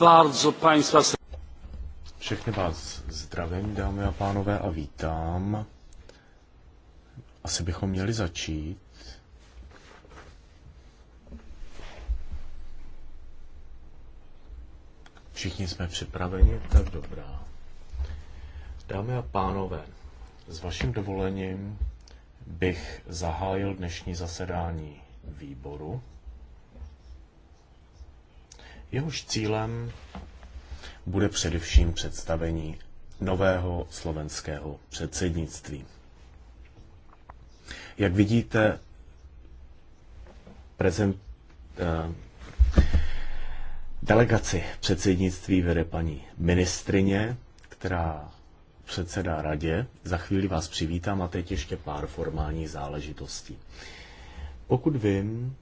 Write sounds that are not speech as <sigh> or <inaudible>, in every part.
Bardzo Państwa všechny vás zdravím, dámy a pánové, a vítám. Asi bychom měli začít. Všichni jsme připraveni, tak dobrá. Dámy a pánové, s vaším dovolením bych zahájil dnešní zasedání výboru. Jehož cílem bude především představení nového slovenského předsednictví. Jak vidíte, prezent, eh, delegaci předsednictví vede paní ministrině, která předseda radě. Za chvíli vás přivítám a teď ještě pár formálních záležitostí. Pokud vím,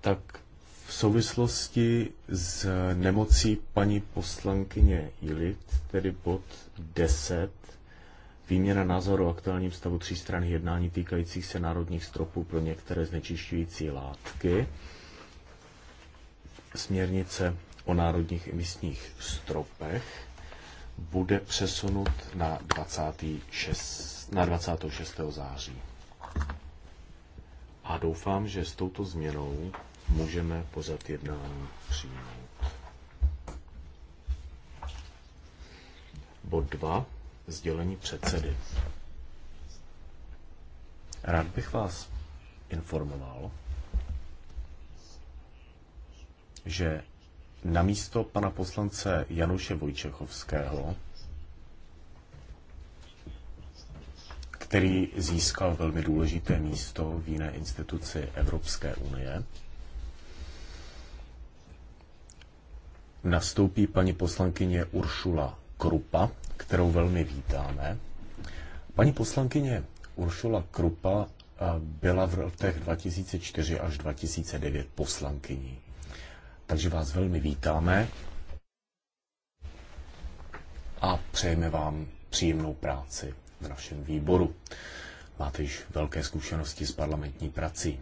tak v souvislosti s nemocí paní poslankyně Jilit, tedy bod 10, výměna názoru o aktuálním stavu strany jednání týkajících se národních stropů pro některé znečišťující látky, směrnice o národních emisních stropech, bude přesunut na, 26, na 26. září. A doufám, že s touto změnou můžeme pořad jednání přijmout. Bod 2. Sdělení předsedy. Rád bych vás informoval, že na místo pana poslance Januše Vojčechovského, který získal velmi důležité místo v jiné instituci Evropské unie, nastoupí paní poslankyně Uršula Krupa, kterou velmi vítáme. Paní poslankyně Uršula Krupa eh, byla v letech 2004 až 2009 poslankyní takže vás velmi vítáme a přejeme vám příjemnou práci v našem výboru. Máte již velké zkušenosti s parlamentní prací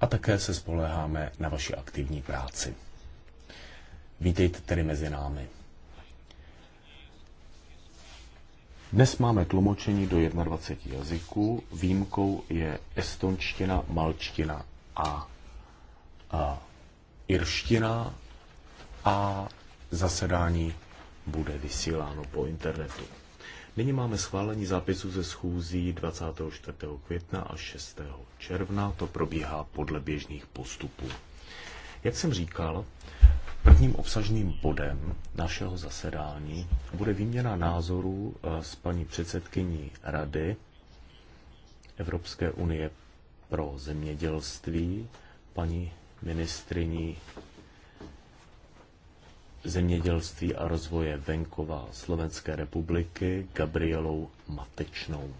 a také se spoleháme na vaši aktivní práci. Vítejte tedy mezi námi. Dnes máme tlumočení do 21 jazyků. Výjimkou je estonština, malčtina a, a irština a zasedání bude vysíláno po internetu. Nyní máme schválení zápisu ze schůzí 24. května a 6. června. To probíhá podle běžných postupů. Jak jsem říkal, prvním obsažným bodem našeho zasedání bude výměna názorů eh, s paní předsedkyní Rady Evropské unie pro zemědělství, paní ministriní zemědělství a rozvoje venkova Slovenské republiky Gabrielou Matečnou.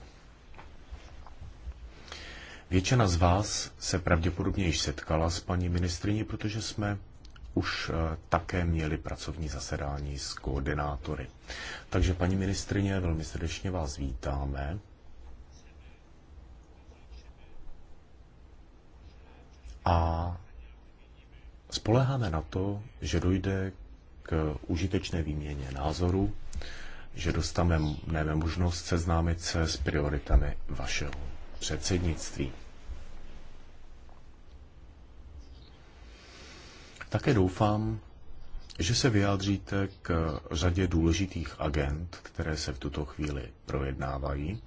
Většina z vás se pravděpodobně již setkala s paní ministriní, protože jsme už eh, také měli pracovní zasedání s koordinátory. Takže paní ministrině, velmi srdečně vás vítáme. A Spoleháme na to, že dojde k užitečné výměně názorů, že dostaneme možnost seznámit se s prioritami vašeho předsednictví. Také doufám, že se vyjádříte k řadě důležitých agent, které se v tuto chvíli projednávají.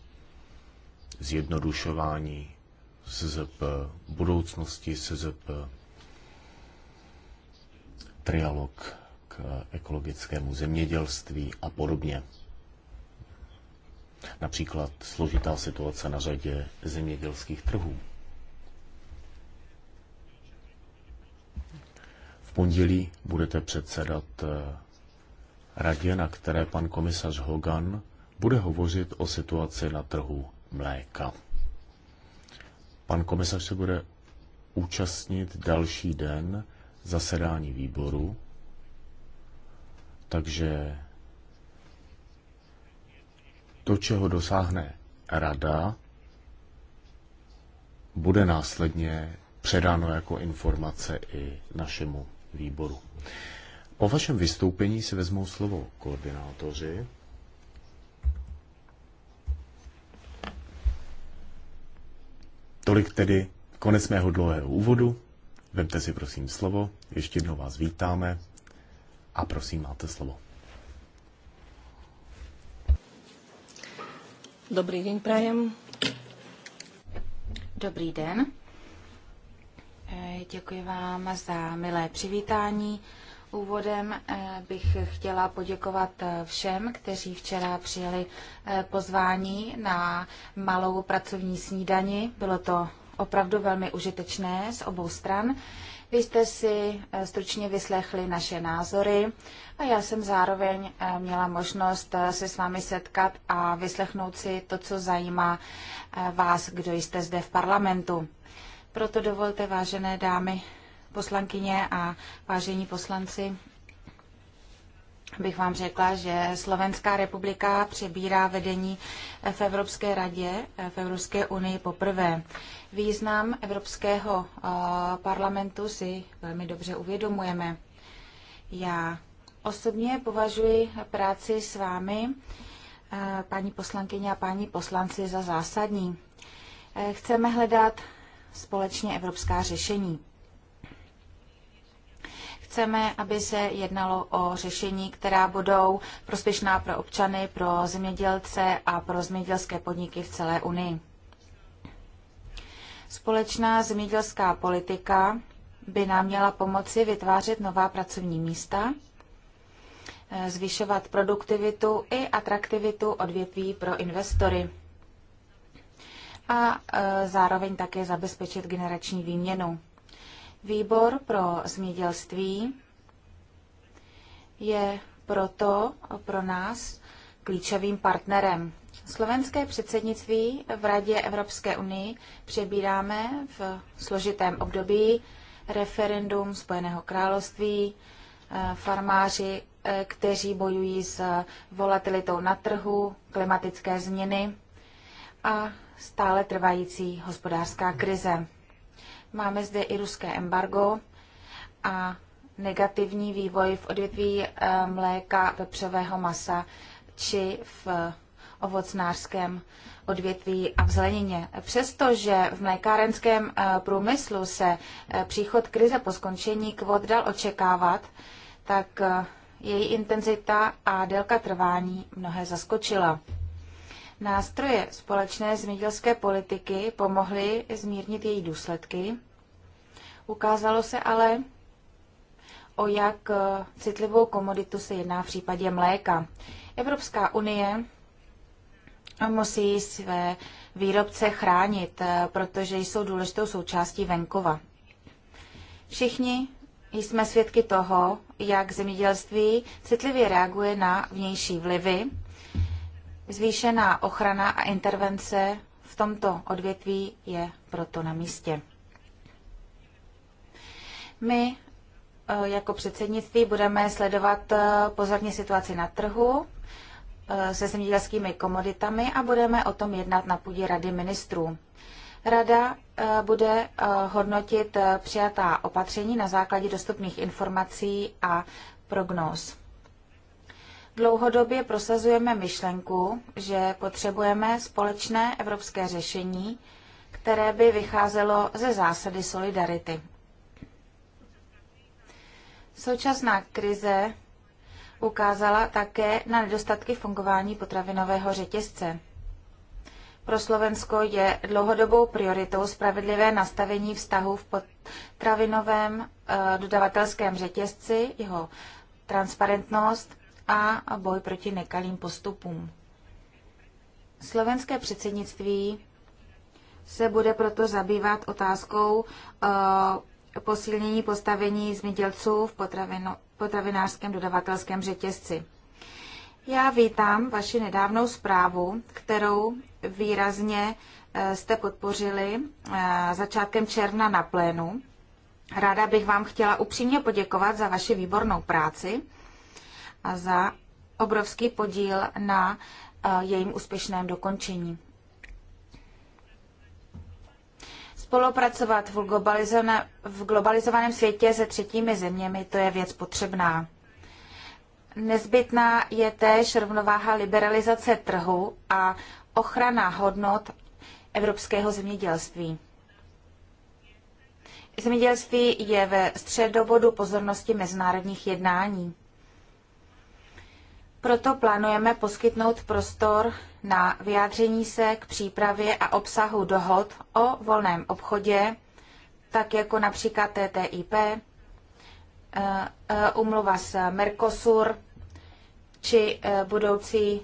Zjednodušování SZP, budoucnosti SZP, trialog k ekologickému zemědělství a podobně. Například složitá situace na řadě zemědělských trhů. V pondělí budete předsedat eh, radě, na které pan komisař Hogan bude hovořit o situaci na trhu mléka. Pan komisař se bude účastnit další den zasedání výboru, takže to, čeho dosáhne rada, bude následně předáno jako informace i našemu výboru. Po vašem vystoupení si vezmou slovo koordinátoři. Tolik tedy konec mého dlouhého úvodu. Vemte si prosím slovo, ještě jednou vás vítáme a prosím, máte slovo. Dobrý den, prajem. Dobrý den. Eh, děkuji vám za milé přivítání. Úvodem eh, bych chtěla poděkovat eh, všem, kteří včera přijeli pozvání na malou pracovní snídani. Bylo to opravdu velmi užitečné z obou stran. Vy jste si eh, stručně vyslechli naše názory a já jsem zároveň eh, měla možnost eh, se s vámi setkat a vyslechnout si to, co zajímá vás, kdo jste zde v parlamentu. Proto dovolte, vážené dámy poslankyně a vážení poslanci, bych vám řekla, že Slovenská republika přebírá vedení v Evropské radě, v Evropské unii poprvé. Význam Evropského eh, parlamentu si velmi dobře uvědomujeme. Já osobně považuji práci s vámi, eh, paní poslankyně a paní poslanci, za zásadní. Eh, chceme hledat společně evropská řešení. Chceme, aby se jednalo o řešení, která budou prospěšná pro občany, pro zemědělce a pro zemědělské podniky v celé Unii. Společná zemědělská politika by nám měla pomoci vytvářet nová pracovní místa, eh, zvyšovat produktivitu i atraktivitu odvětví pro investory a eh, zároveň také zabezpečit generační výměnu. Výbor pro zemědělství je proto pro nás klíčovým partnerem. Slovenské předsednictví v Radě Evropské unii přebíráme v složitém období referendum Spojeného království, eh, farmáři, eh, kteří bojují s volatilitou na trhu, klimatické změny a stále trvající hospodářská krize. Máme zde i ruské embargo a negativní vývoj v odvětví eh, mléka, vepřového masa či v ovocnářském odvětví a v zelenině. Přestože v mlékárenském eh, průmyslu se eh, příchod krize po skončení kvot dal očekávat, tak eh, její intenzita a délka trvání mnohé zaskočila. Nástroje společné zemědělské politiky pomohly zmírnit její důsledky. Ukázalo se ale, o jak citlivou komoditu se jedná v případě mléka. Evropská unie musí své výrobce chránit, eh, protože jsou důležitou součástí venkova. Všichni jsme svědky toho, jak zemědělství citlivě reaguje na vnější vlivy. Zvýšená ochrana a intervence v tomto odvětví je proto na místě. My eh, jako předsednictví budeme sledovat eh, pozorně situaci na trhu Eh, se zemědělskými komoditami a budeme o tom jednat na půdě Rady ministrů. Rada eh, bude eh, hodnotit přijatá opatření na základě dostupných informací a prognóz. Dlouhodobě prosazujeme myšlenku, že potřebujeme společné evropské řešení, které by vycházelo ze zásady solidarity. Současná krize ukázala také na nedostatky fungování potravinového řetězce. Pro Slovensko je dlouhodobou prioritou spravedlivé nastavení vztahu v potravinovém eh, dodavatelském řetězci, jeho transparentnost a boj proti nekalým postupům. Slovenské předsednictví se bude proto zabývat otázkou eh, posílení postavení zemědělců v potravinovém potravinářském dodavatelském řetězci. Já vítám vaši nedávnou zprávu, kterou výrazně eh, jste podpořili eh, začátkem června na plénu. Ráda bych vám chtěla upřímně poděkovat za vaši výbornou práci a za obrovský podíl na eh, jejím úspěšném dokončení. Spolupracovat v, v globalizovaném světě se třetími zeměmi, to je věc potřebná. Nezbytná je též rovnováha liberalizace trhu a ochrana hodnot evropského zemědělství. Zemědělství je ve středobodu pozornosti mezinárodních jednání. Proto plánujeme poskytnout prostor na vyjádření se k přípravě a obsahu dohod o volném obchodě, tak jako například TTIP, eh, eh, umluva s Mercosur či eh, budoucí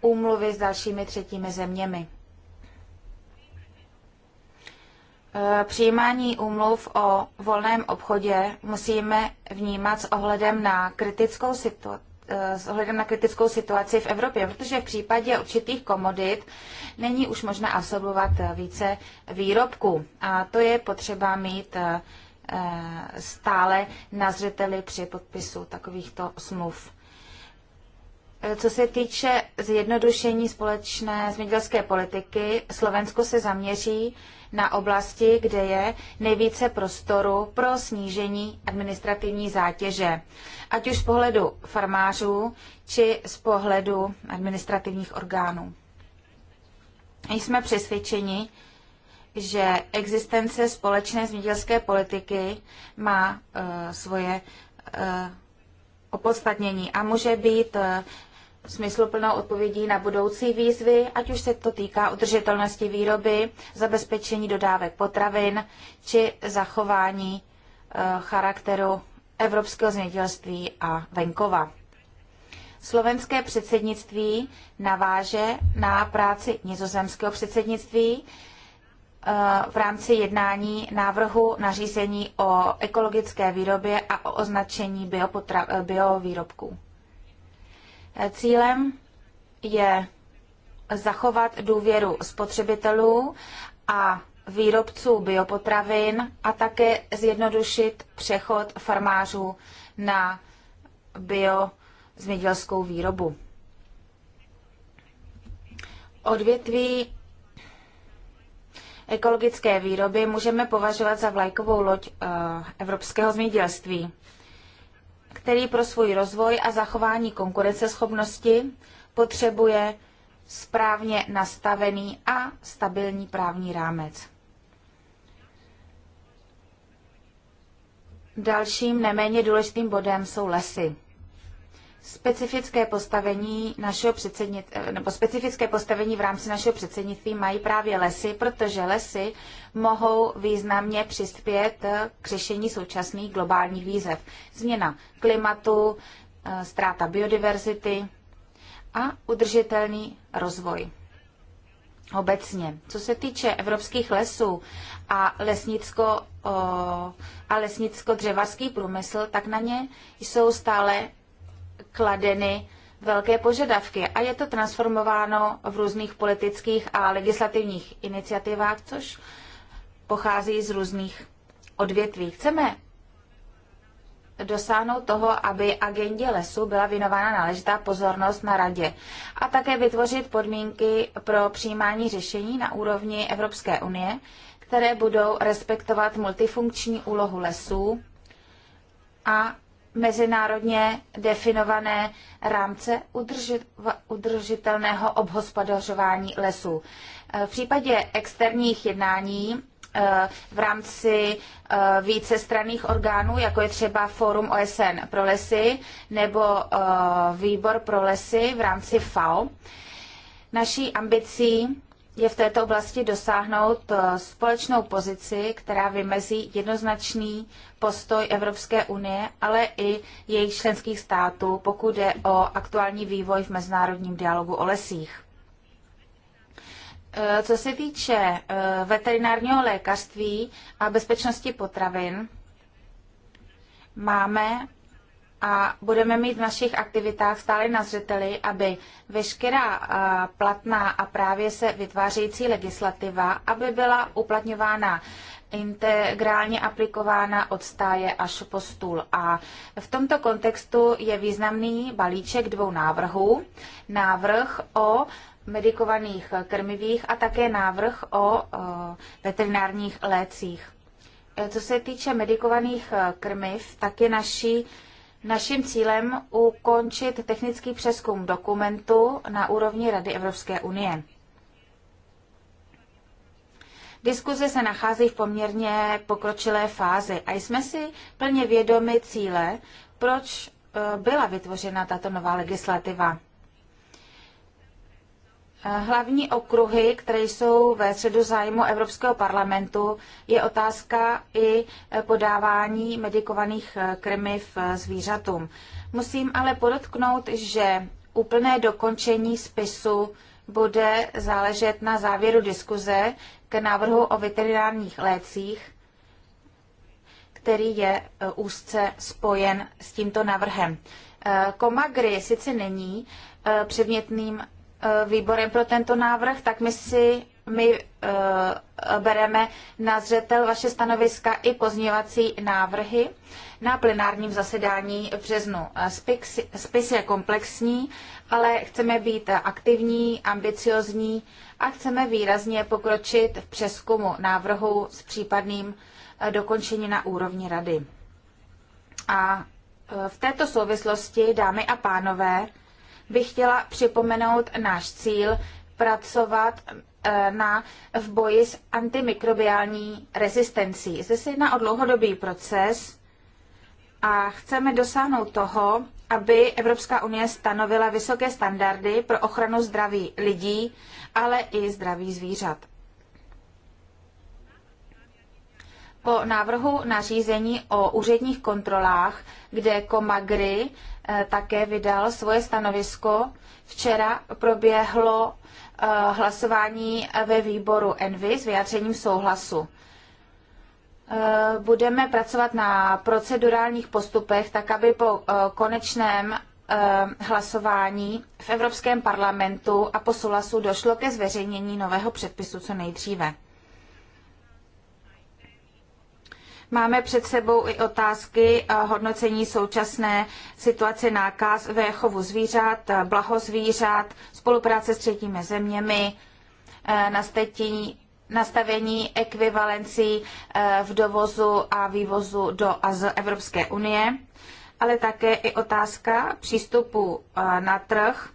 úmluvy s dalšími třetími zeměmi. Přijímání úmluv o volném obchodě musíme vnímat s ohledem na kritickou s ohledem na kritickou situaci v Evropě, protože v případě určitých komodit není už možné absorbovat více výrobků. A to je potřeba mít eh, stále na zřeteli při podpisu takovýchto smluv. Eh, co se týče zjednodušení společné zemědělské politiky, Slovensko se zaměří na oblasti, kde je nejvíce prostoru pro snížení administrativní zátěže, ať už z pohledu farmářů či z pohledu administrativních orgánů. Jsme přesvědčeni, že existence společné zemědělské politiky má uh, svoje uh, opodstatnění a může být smysluplnou odpovědí na budoucí výzvy, ať už se to týká udržitelnosti výroby, zabezpečení dodávek potravin či zachování eh, charakteru evropského zemědělství a venkova. Slovenské předsednictví naváže na práci nizozemského předsednictví eh, v rámci jednání návrhu nařízení o ekologické výrobě a o označení eh, biovýrobků. Cílem je zachovat důvěru spotřebitelů a výrobců biopotravin a také zjednodušit přechod farmářů na biozemědělskou výrobu. Odvětví ekologické výroby můžeme považovat za vlajkovou loď eh, evropského zemědělství který pro svůj rozvoj a zachování konkurenceschopnosti potřebuje správně nastavený a stabilní právní rámec. Dalším neméně důležitým bodem jsou lesy specifické postavení našeho předsednictví, eh, nebo specifické postavení v rámci našeho předsednictví mají právě lesy, protože lesy mohou významně přispět eh, k řešení současných globálních výzev. Změna klimatu, eh, ztráta biodiverzity a udržitelný rozvoj. Obecně. Co se týče evropských lesů a lesnicko, a lesnicko-dřevařský průmysl, tak na ně jsou stále kladeny velké požadavky a je to transformováno v různých politických a legislativních iniciativách, což pochází z různých odvětví. Chceme dosáhnout toho, aby agendě lesu byla věnována náležitá pozornost na radě a také vytvořit podmínky pro přijímání řešení na úrovni Evropské unie, které budou respektovat multifunkční úlohu lesů a mezinárodně definované rámce udržitelného obhospodařování lesů. Eh, v případě externích jednání eh, v rámci eh, vícestranných orgánů, jako je třeba Fórum OSN pro lesy nebo Výbor pro lesy v rámci FAO. Naší ambicí je v této oblasti dosáhnout eh, společnou pozici, která vymezí jednoznačný postoj Evropské unie, ale i jejich členských států, pokud jde o aktuální vývoj v mezinárodním dialogu o lesích. Eh, co se týče eh, veterinárního lékařství a bezpečnosti potravin, máme a budeme mít v našich aktivitách stále na zřeteli, aby veškerá platná a právě se vytvářející legislativa, aby byla uplatňována integrálně aplikována od stáje až po stůl. A v tomto kontextu je významný balíček dvou návrhů. Návrh o medikovaných krmivých a také návrh o veterinárních lécích. E, co se týče medikovaných e, krmiv, tak je naší Naším cílem ukončit technický přeskum dokumentu na úrovni Rady Evropské unie. Diskuze se nachází v poměrně pokročilé fázi a jsme si plně vědomi cíle, proč eh, byla vytvořena tato nová legislativa. Hlavní okruhy, které jsou ve středu zájmu Evropského parlamentu, je otázka i e, podávání medikovaných e, krmiv e, zvířatům. Musím ale podotknout, že úplné dokončení spisu bude záležet na závěru diskuze k návrhu o veterinárních lécích, který je úzce spojen s tímto návrhem. Komagry sice není předmětným Eh, výborem pro tento návrh, tak my si my eh, bereme na zřetel vaše stanoviska i pozměňovací návrhy na plenárním zasedání v březnu. Eh, spis, spis je komplexní, ale chceme být aktivní, ambiciozní a chceme výrazně pokročit v přeskumu návrhu s případným dokončením na úrovni rady. A v této souvislosti, dámy a pánové, bych chtěla připomenout náš cíl pracovat eh, na, v boji s antimikrobiální rezistencí. Zde se jedná o dlouhodobý proces a chceme dosáhnout toho, aby Evropská unie stanovila vysoké standardy pro ochranu zdraví lidí, ale i zdraví zvířat. Po návrhu nařízení o úředních kontrolách, kde Komagry Eh, také vydal svoje stanovisko. Včera proběhlo eh, hlasování ve výboru Envy s vyjádřením souhlasu. Eh, budeme pracovat na procedurálních postupech, tak aby po konečném hlasování v Evropském parlamentu a po souhlasu došlo ke zveřejnění nového předpisu co nejdříve. Máme před sebou i otázky eh, hodnocení současné situace nákaz ve chovu zvířat, eh, blaho zvířat, spolupráce s třetími zeměmi, eh, nastavení ekvivalencí v dovozu a vývozu do a z Evropské unie, ale také i otázka přístupu na trh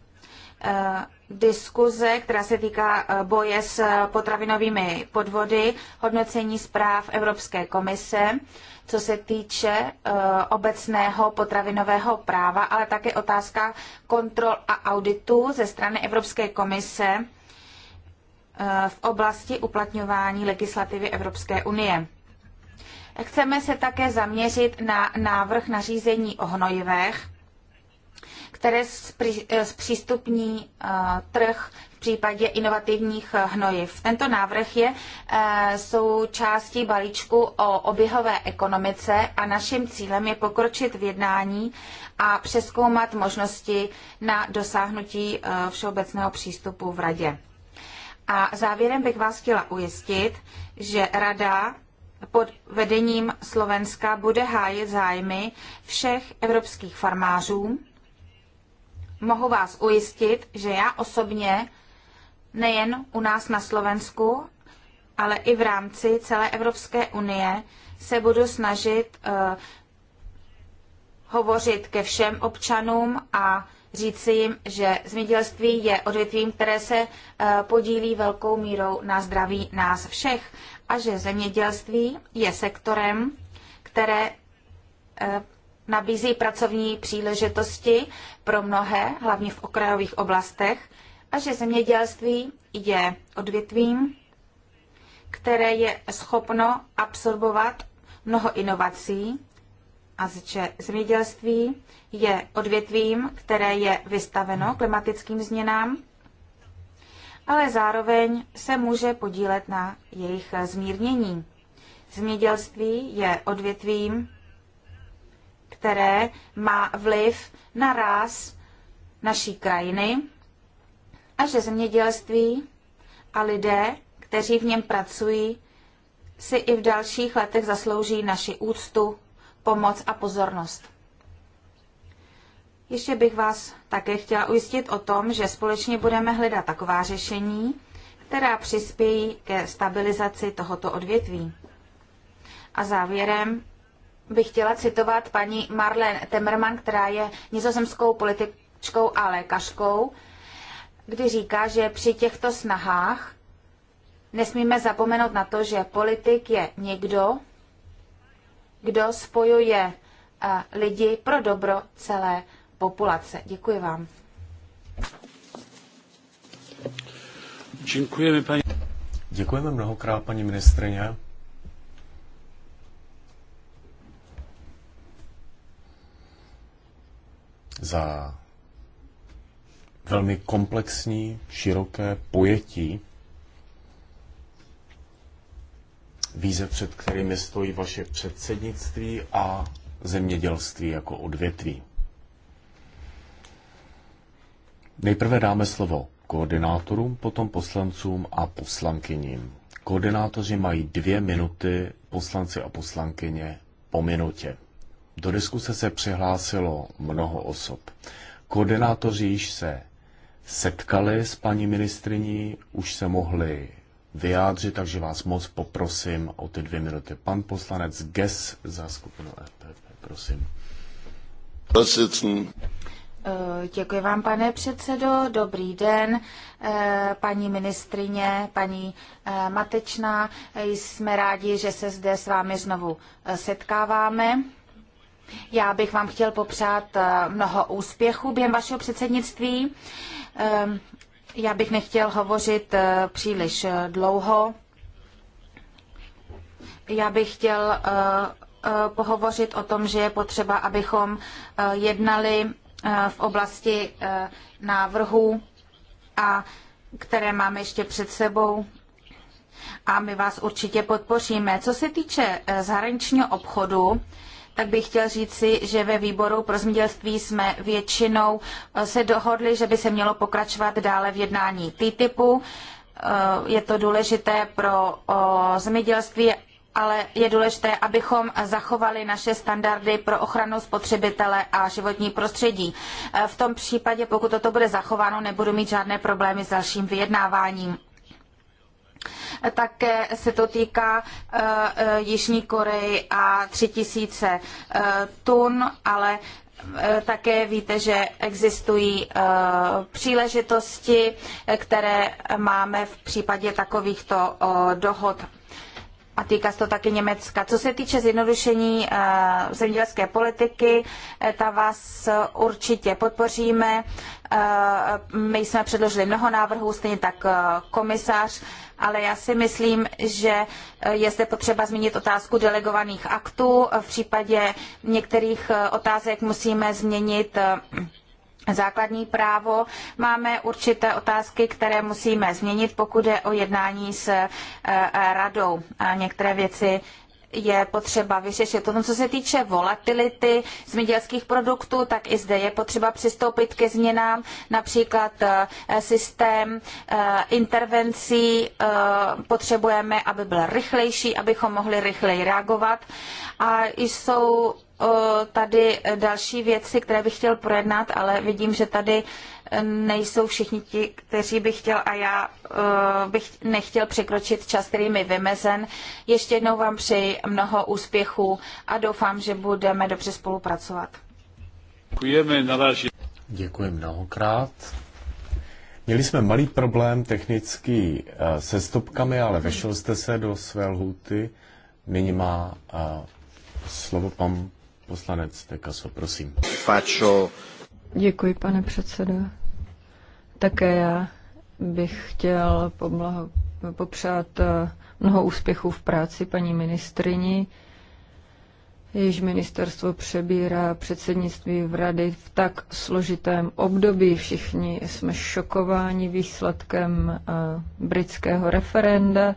diskuze, která se týká eh, boje s eh, potravinovými podvody, hodnocení zpráv Evropské komise, co se týče eh, obecného potravinového práva, ale také otázka kontrol a auditu ze strany Evropské komise v oblasti uplatňování legislativy Evropské unie. Chceme se také zaměřit na návrh nařízení o hnojivech, které eh, zpřístupní eh, trh v případě inovativních eh, hnojiv. Tento návrh je součástí balíčku o oběhové ekonomice a naším cílem je pokročit v jednání a přeskoumat možnosti na dosáhnutí všeobecného přístupu v Radě. A závěrem bych vás chtěla ujistit, že Rada pod vedením Slovenska bude hájit zájmy všech evropských farmářů mohu vás ujistit, že já osobně nejen u nás na Slovensku, ale i v rámci celé Evropské unie se budu snažit uh, hovořit ke všem občanům a říci jim, že zemědělství je odvětvím, které se eh, podílí velkou mírou na zdraví nás všech a že zemědělství je sektorem, které eh, nabízí pracovní příležitosti pro mnohé, hlavně v okrajových oblastech, a že zemědělství je odvětvím, které je schopno absorbovat mnoho inovací a že zemědělství je odvětvím, které je vystaveno klimatickým změnám, ale zároveň se může podílet na jejich zmírnění. Zemědělství je odvětvím, které má vliv na ráz naší krajiny a že zemědělství a lidé, kteří v něm pracují, si i v dalších letech zaslouží naši úctu, pomoc a pozornost. Ještě bych vás také chtěla ujistit o tom, že společně budeme hledat taková řešení, která přispějí ke stabilizaci tohoto odvětví. A závěrem bych chtěla citovat paní Marlene Temerman, která je nizozemskou političkou a lékařkou, kdy říká, že při těchto snahách nesmíme zapomenout na to, že politik je někdo, kdo spojuje eh, lidi pro dobro celé populace. Děkuji vám. Děkujeme, paní... Děkujeme mnohokrát, paní ministrině. za velmi komplexní, široké pojetí výzev, před kterými stojí vaše předsednictví a zemědělství jako odvětví. Nejprve dáme slovo koordinátorům, potom poslancům a poslankyním. Koordinátoři mají dvě minuty, poslanci a poslankyně po minutě. Do diskuse se přihlásilo mnoho osob. Koordinátoři již se setkali s paní ministriní, už se mohli vyjádřit, takže vás moc poprosím o ty dvě minuty. Pan poslanec Ges za skupinu FPP, e prosím. Děkuji vám, pane předsedo. Dobrý den, eh, paní ministrině, paní eh, Matečná. Jsme rádi, že se zde s vámi znovu eh, setkáváme. Já bych vám chtěl popřát eh, mnoho úspěchů během vašeho předsednictví. Ehm, já bych nechtěl hovořit eh, příliš eh, dlouho. Já bych chtěl pohovořit o tom, že je potřeba, abychom jednali v oblasti návrhů, a které máme ještě před sebou. A my vás určitě podpoříme. Co se týče zahraničního obchodu, tak bych chtěl říci, že ve výboru pro zemědělství jsme většinou eh, se dohodli, že by se mělo pokračovat dále v jednání TTIPu. Eh, je to důležité pro zemědělství ale je důležité, abychom zachovali naše standardy pro ochranu spotřebitele a životní prostředí. Eh, v tom případě, pokud toto bude zachováno, nebudu mít žádné problémy s dalším vyjednáváním. Také se to týká uh, Jižní Koreji a 3000 uh, eh, tun, ale eh, také víte, že existují příležitosti, které máme v případě takovýchto dohod a týká se to taky Německa. Co se týče zjednodušení uh, zemědělské politiky, eh, ta vás určitě podpoříme. Uh, my jsme předložili mnoho návrhů, stejně tak uh, komisař, ale já si myslím, že je zde potřeba zmínit otázku delegovaných aktů. V případě některých otázek musíme změnit uh, základní právo. Máme určité otázky, které musíme změnit, pokud je o jednání s eh, radou. A některé věci je potřeba vyřešit. Potom, co se týče volatility zemědělských produktů, tak i zde je potřeba přistoupit ke změnám, například eh, systém eh, intervencí potřebujeme, aby byl rychlejší, abychom mohli rychleji reagovat. A jsou tady další věci, které bych chtěl projednat, ale vidím, že tady nejsou všichni ti, kteří bych chtěl a já bych nechtěl překročit čas, který mi vymezen. Ještě jednou vám přeji mnoho úspěchů a doufám, že budeme dobře spolupracovat. Děkujeme Děkuji mnohokrát. Měli jsme malý problém technický e, se stopkami, ale vešel jste se do své lhuty. Nyní má e, slovo pan Poslanec Tekaso, prosím. Fačo. Děkuji, pane předsedo. Také já bych chtěl popřát eh, mnoho úspěchů v práci paní ministrini. Jejíž ministerstvo přebírá předsednictví v rady v tak složitém období. Všichni jsme šokováni výsledkem eh, britského referenda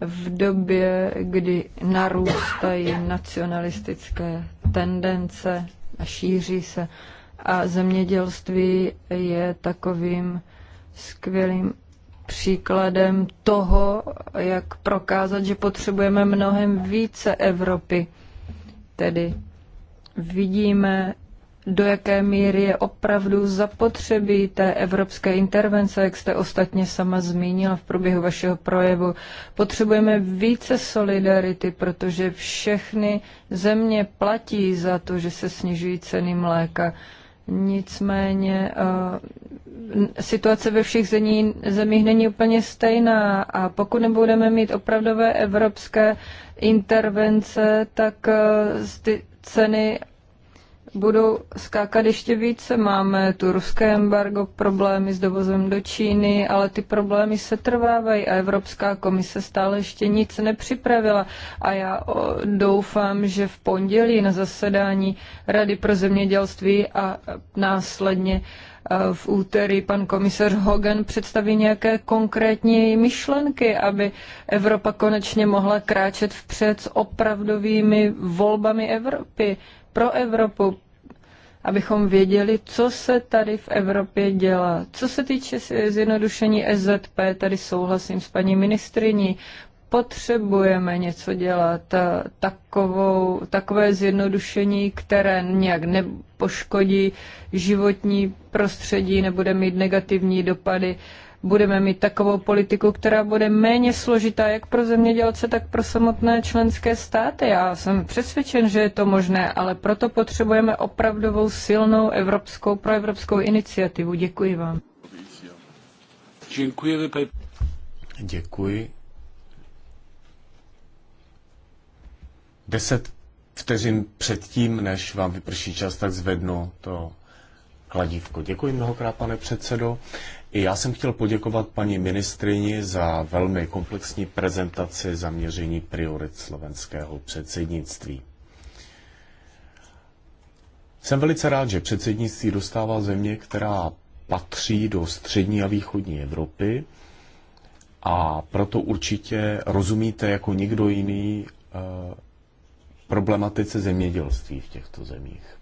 v době, kdy narůstají nacionalistické tendence a šíří se. A zemědělství je takovým skvělým příkladem toho, jak prokázat, že potřebujeme mnohem více Evropy. Tedy vidíme, do jaké míry je opravdu zapotřebí té evropské intervence, jak jste ostatně sama zmínila v průběhu vašeho projevu. Potřebujeme více solidarity, protože všechny země platí za to, že se snižují ceny mléka. Nicméně eh, situace ve všech zemí, zemích není úplně stejná a pokud nebudeme mít opravdové evropské intervence, tak eh, ty ceny budou skákat ještě více. Máme tu ruské embargo, problémy s dovozem do Číny, ale ty problémy se trvávají a Evropská komise stále ještě nic nepřipravila. A já doufám, že v pondělí na zasedání Rady pro zemědělství a následně e, v úterý pan komisař Hogan představí nějaké konkrétní myšlenky, aby Evropa konečně mohla kráčet vpřed s opravdovými volbami Evropy pro Evropu, abychom věděli, co se tady v Evropě dělá. Co se týče zjednodušení SZP, tady souhlasím s paní ministriní, potřebujeme něco dělat, eh, takovou, takové zjednodušení, které nějak nepoškodí životní prostředí, nebude mít negativní dopady budeme mít takovou politiku, která bude méně složitá jak pro zemědělce, tak pro samotné členské státy. Já jsem přesvědčen, že je to možné, ale proto potřebujeme opravdovou silnou evropskou proevropskou iniciativu. Děkuji vám. Děkuji. Děkuji. Deset vteřin předtím, než vám vyprší čas, tak zvednu to kladívko. Děkuji mnohokrát, pane předsedo. I já jsem chtěl poděkovat paní ministrini za velmi komplexní prezentaci zaměření priorit slovenského předsednictví. Jsem velice rád, že předsednictví dostává země, která patří do střední a východní Evropy a proto určitě rozumíte jako nikdo jiný eh, problematice zemědělství v těchto zemích.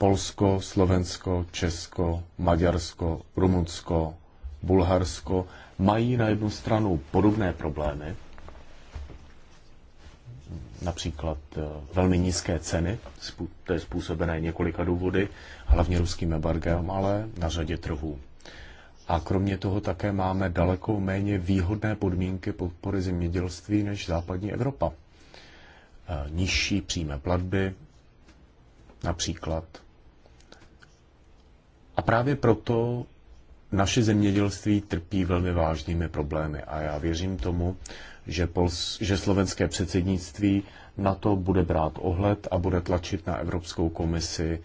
Polsko, Slovensko, Česko, Maďarsko, Rumunsko, Bulharsko mají na jednu stranu podobné problémy, například eh, velmi nízké ceny, to je způsobené několika důvody, hlavně ruským embargem, ale na řadě trhů. A kromě toho také máme daleko méně výhodné podmínky podpory zemědělství než západní Evropa. Eh, nižší přímé platby, například a právě proto naše zemědělství trpí velmi vážnými problémy a já věřím tomu, že, Pols, že slovenské předsednictví na to bude brát ohled a bude tlačit na Evropskou komisi,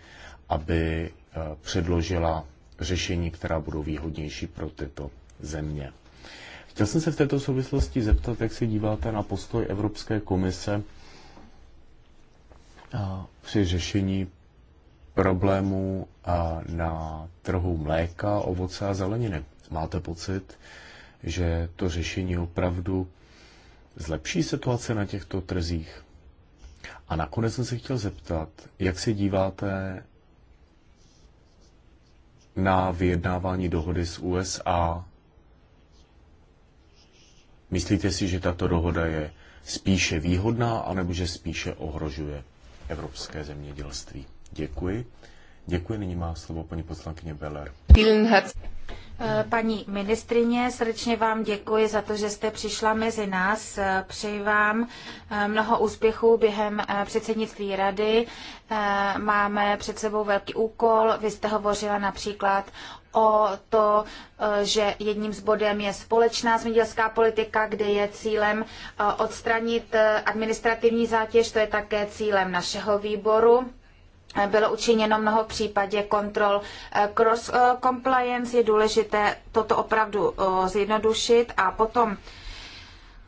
aby eh, předložila řešení, která budou výhodnější pro tyto země. Chtěl jsem se v této souvislosti zeptat, jak se díváte na postoj Evropské komise eh, při řešení problémů na trhu mléka, ovoce a zeleniny. Máte pocit, že to řešení opravdu zlepší situace na těchto trzích? A nakonec jsem se chtěl zeptat, jak se díváte na vyjednávání dohody s USA? Myslíte si, že tato dohoda je spíše výhodná, anebo že spíše ohrožuje evropské zemědělství? Děkuji. Děkuji, nyní má slovo paní poslankyně Beller. Paní ministrině, srdečně vám děkuji za to, že jste přišla mezi nás. Přeji vám eh, mnoho úspěchů během eh, předsednictví rady. Eh, máme před sebou velký úkol. Vy jste hovořila například o to, že jedním z bodem je společná zemědělská politika, kde je cílem odstranit administrativní zátěž, to je také cílem našeho výboru bylo učiněno mnoho v případě kontrol. Eh, cross eh, compliance je důležité toto opravdu eh, zjednodušit a potom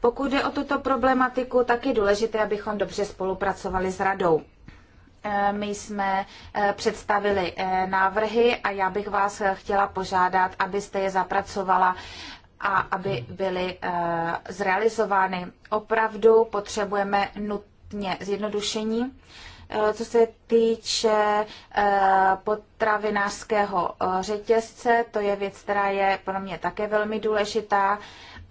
pokud jde o tuto problematiku, tak je důležité, abychom dobře spolupracovali s radou. My jsme představili návrhy a já bych vás chtěla požádat, abyste je zapracovala a aby byly zrealizovány. Opravdu potřebujeme nutně zjednodušení Eh, co se týče eh, potravinářského eh, řetězce, to je věc, která je pro mě také velmi důležitá.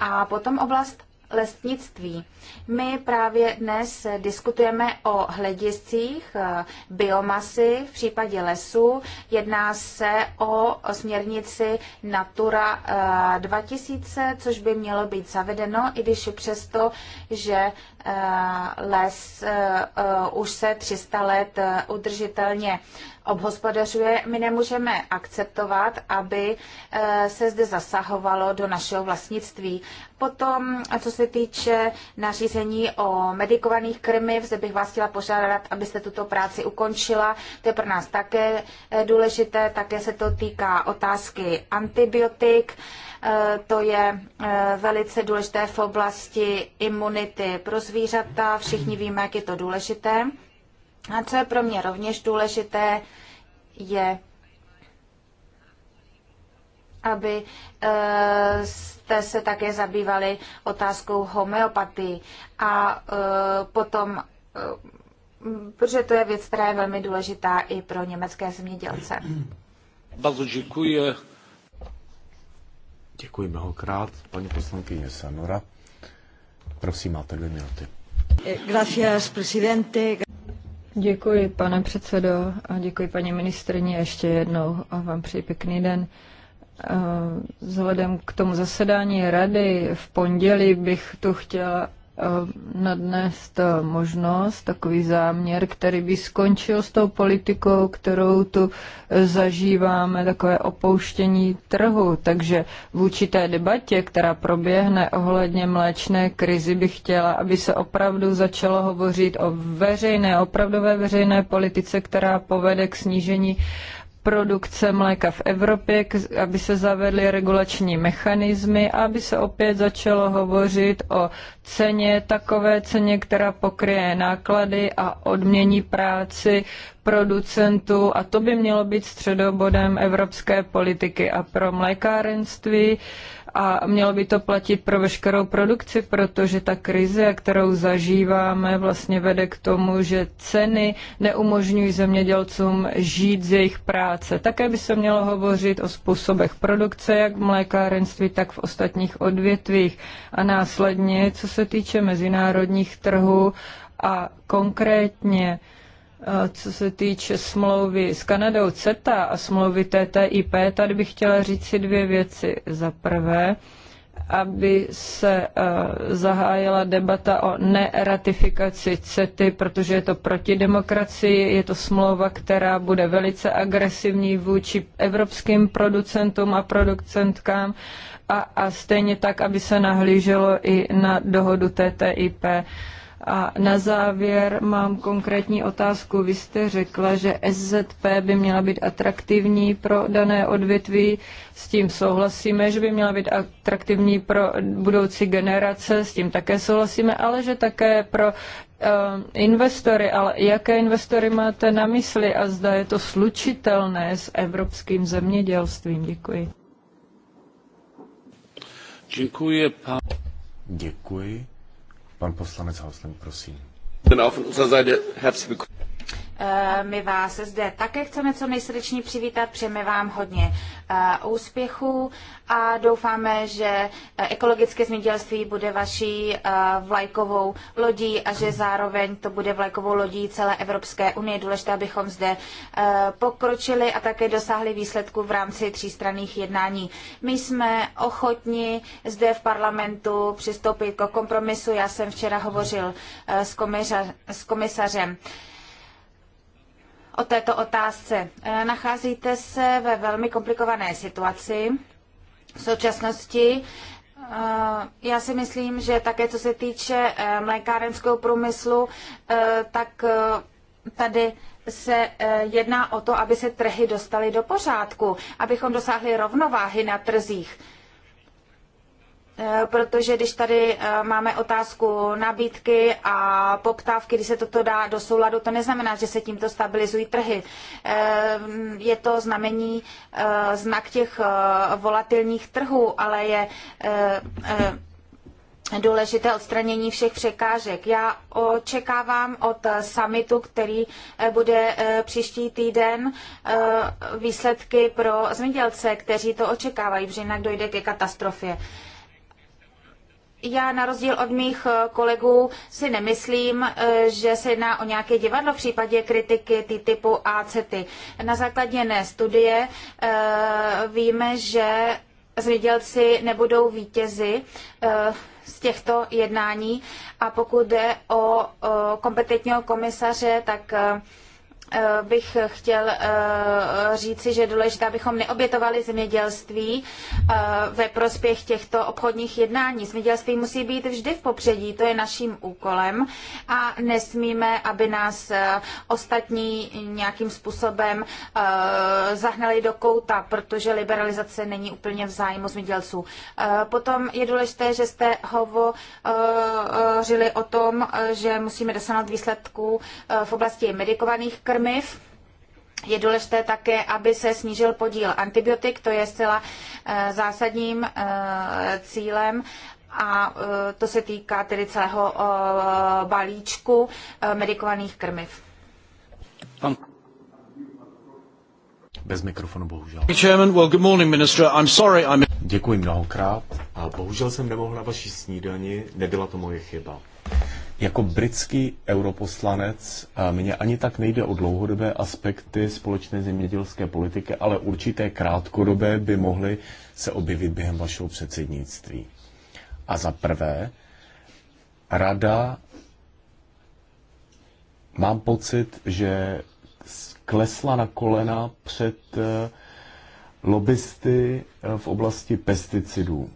A potom oblast lesnictví. My právě dnes diskutujeme o hlediscích biomasy v případě lesu. Jedná se o směrnici Natura 2000, což by mělo být zavedeno, i když přesto, že Eh, les eh, eh, už se 300 let udržitelně obhospodařuje. My nemůžeme akceptovat, aby se zde zasahovalo do našeho vlastnictví. Potom, co se týče nařízení o medikovaných krmiv, zde bych vás chtěla požádat, abyste tuto práci ukončila. To je pro nás také důležité, také se to týká otázky antibiotik. Eh, to je eh, velice důležité v oblasti imunity pro zvířata. Všichni víme, jak je to důležité. A co je pro mě rovněž důležité, je, aby eh, jste se také zabývali otázkou homeopatii. A potom, protože to je věc, která je velmi důležitá i pro německé zemědělce. Bardzo děkuji. Děkuji mnohokrát, paní poslankyně Sanora. Prosím, máte dvě minuty. Gracias, presidente. Děkuji, pane předsedo, a děkuji, paní ministrině, ještě jednou a vám přeji pěkný den. Eh, vzhledem k tomu zasedání rady v pondělí bych tu chtěla Eh, nadnést eh, možnost, takový záměr, který by skončil s tou politikou, kterou tu eh, zažíváme, takové opouštění trhu. Takže v určité debatě, která proběhne ohledně mléčné krizi, bych chtěla, aby se opravdu začalo hovořit o veřejné, opravdové veřejné politice, která povede k snížení uh, produkce mléka v Evropě, aby se zavedly regulační mechanismy a aby se opět začalo hovořit o ceně, takové ceně, která pokryje náklady a odmění práci producentů a to by mělo být středobodem evropské politiky a pro mlékárenství a mělo by to platit pro veškerou produkci, protože ta krize, kterou zažíváme, vlastně vede k tomu, že ceny neumožňují zemědělcům žít z jejich práce. Také by se mělo hovořit o způsobech produkce, jak v mlékárenství, tak v ostatních odvětvích. A následně, co se týče mezinárodních trhů a konkrétně co se týče smlouvy s Kanadou CETA a smlouvy TTIP, tady bych chtěla říct si dvě věci. Za prvé, aby se eh, zahájila debata o neratifikaci CETY, protože je to proti demokracii, je to smlouva, která bude velice agresivní vůči evropským producentům a producentkám a, a stejně tak, aby se nahlíželo i na dohodu TTIP. A na závěr mám konkrétní otázku. Vy jste řekla, že SZP by měla být atraktivní pro dané odvětví. S tím souhlasíme, že by měla být atraktivní pro budoucí generace, s tím také souhlasíme, ale že také pro eh, investory, ale jaké investory máte na mysli a zda je to slučitelné s evropským zemědělstvím? Děkuji. Děkuji. Pan... Děkuji. Pan poslanec Hausling, prosím. Eh, my vás zde také chceme co nejsrdečně přivítat, přejeme vám hodně eh, úspěchů a doufáme, že eh, ekologické zemědělství bude vaší vlajkovou lodí a že zároveň to bude vlajkovou lodí celé Evropské unie. Důležité, abychom zde pokročili a také dosáhli výsledku v rámci třístranných jednání. My jsme ochotni zde v parlamentu přistoupit k kompromisu. Já jsem včera hovořil s, komisařem o této otázce. E, nacházíte se ve velmi komplikované situaci v současnosti. E, já si myslím, že také co se týče e, mlékárenského průmyslu, tak tady se jedná o to, aby se trhy dostaly do pořádku, abychom dosáhli rovnováhy na trzích. Eh, protože když tady eh, máme otázku nabídky a poptávky, když se toto dá do souladu, to neznamená, že se tímto stabilizují trhy. Eh, je to znamení, znak těch volatilních trhů, ale je důležité odstranění všech překážek. Já očekávám od summitu, který bude příští týden, výsledky pro zemědělce, kteří to očekávají, protože jinak dojde ke katastrofě já na rozdíl od mých eh, kolegů si nemyslím, eh, že se jedná o nějaké divadlo v případě kritiky ty typu ACT. Na základě ne studie eh, víme, že zvědělci nebudou vítězi z těchto jednání a pokud jde o kompetentního komisaře, tak Eh, bych chtěl eh, říci, že je důležité, abychom neobětovali zemědělství eh, ve prospěch těchto obchodních jednání. Zemědělství musí být vždy v popředí, to je naším úkolem a nesmíme, aby nás ostatní nějakým způsobem zahnali do kouta, protože liberalizace není úplně v zájmu zemědělců. Potom je důležité, že jste hovořili o tom, že musíme dosáhnout výsledků v oblasti medikovaných krv, krmiv. Je důležité také, aby se snížil podíl antibiotik, to je zcela eh, zásadním eh, cílem a eh, to se týká tedy celého balíčku medikovaných krmiv. Pan. Bez mikrofonu, bohužel. Děkuji mnohokrát a bohužel jsem nemohl na vaší snídani, nebyla to moje chyba. Jako britský europoslanec mě ani tak nejde o dlouhodobé aspekty společné zemědělské politiky, ale určité krátkodobé by mohly se objevit během vašeho předsednictví. A za prvé, rada, mám pocit, že klesla na kolena před eh, lobbysty eh, v oblasti pesticidů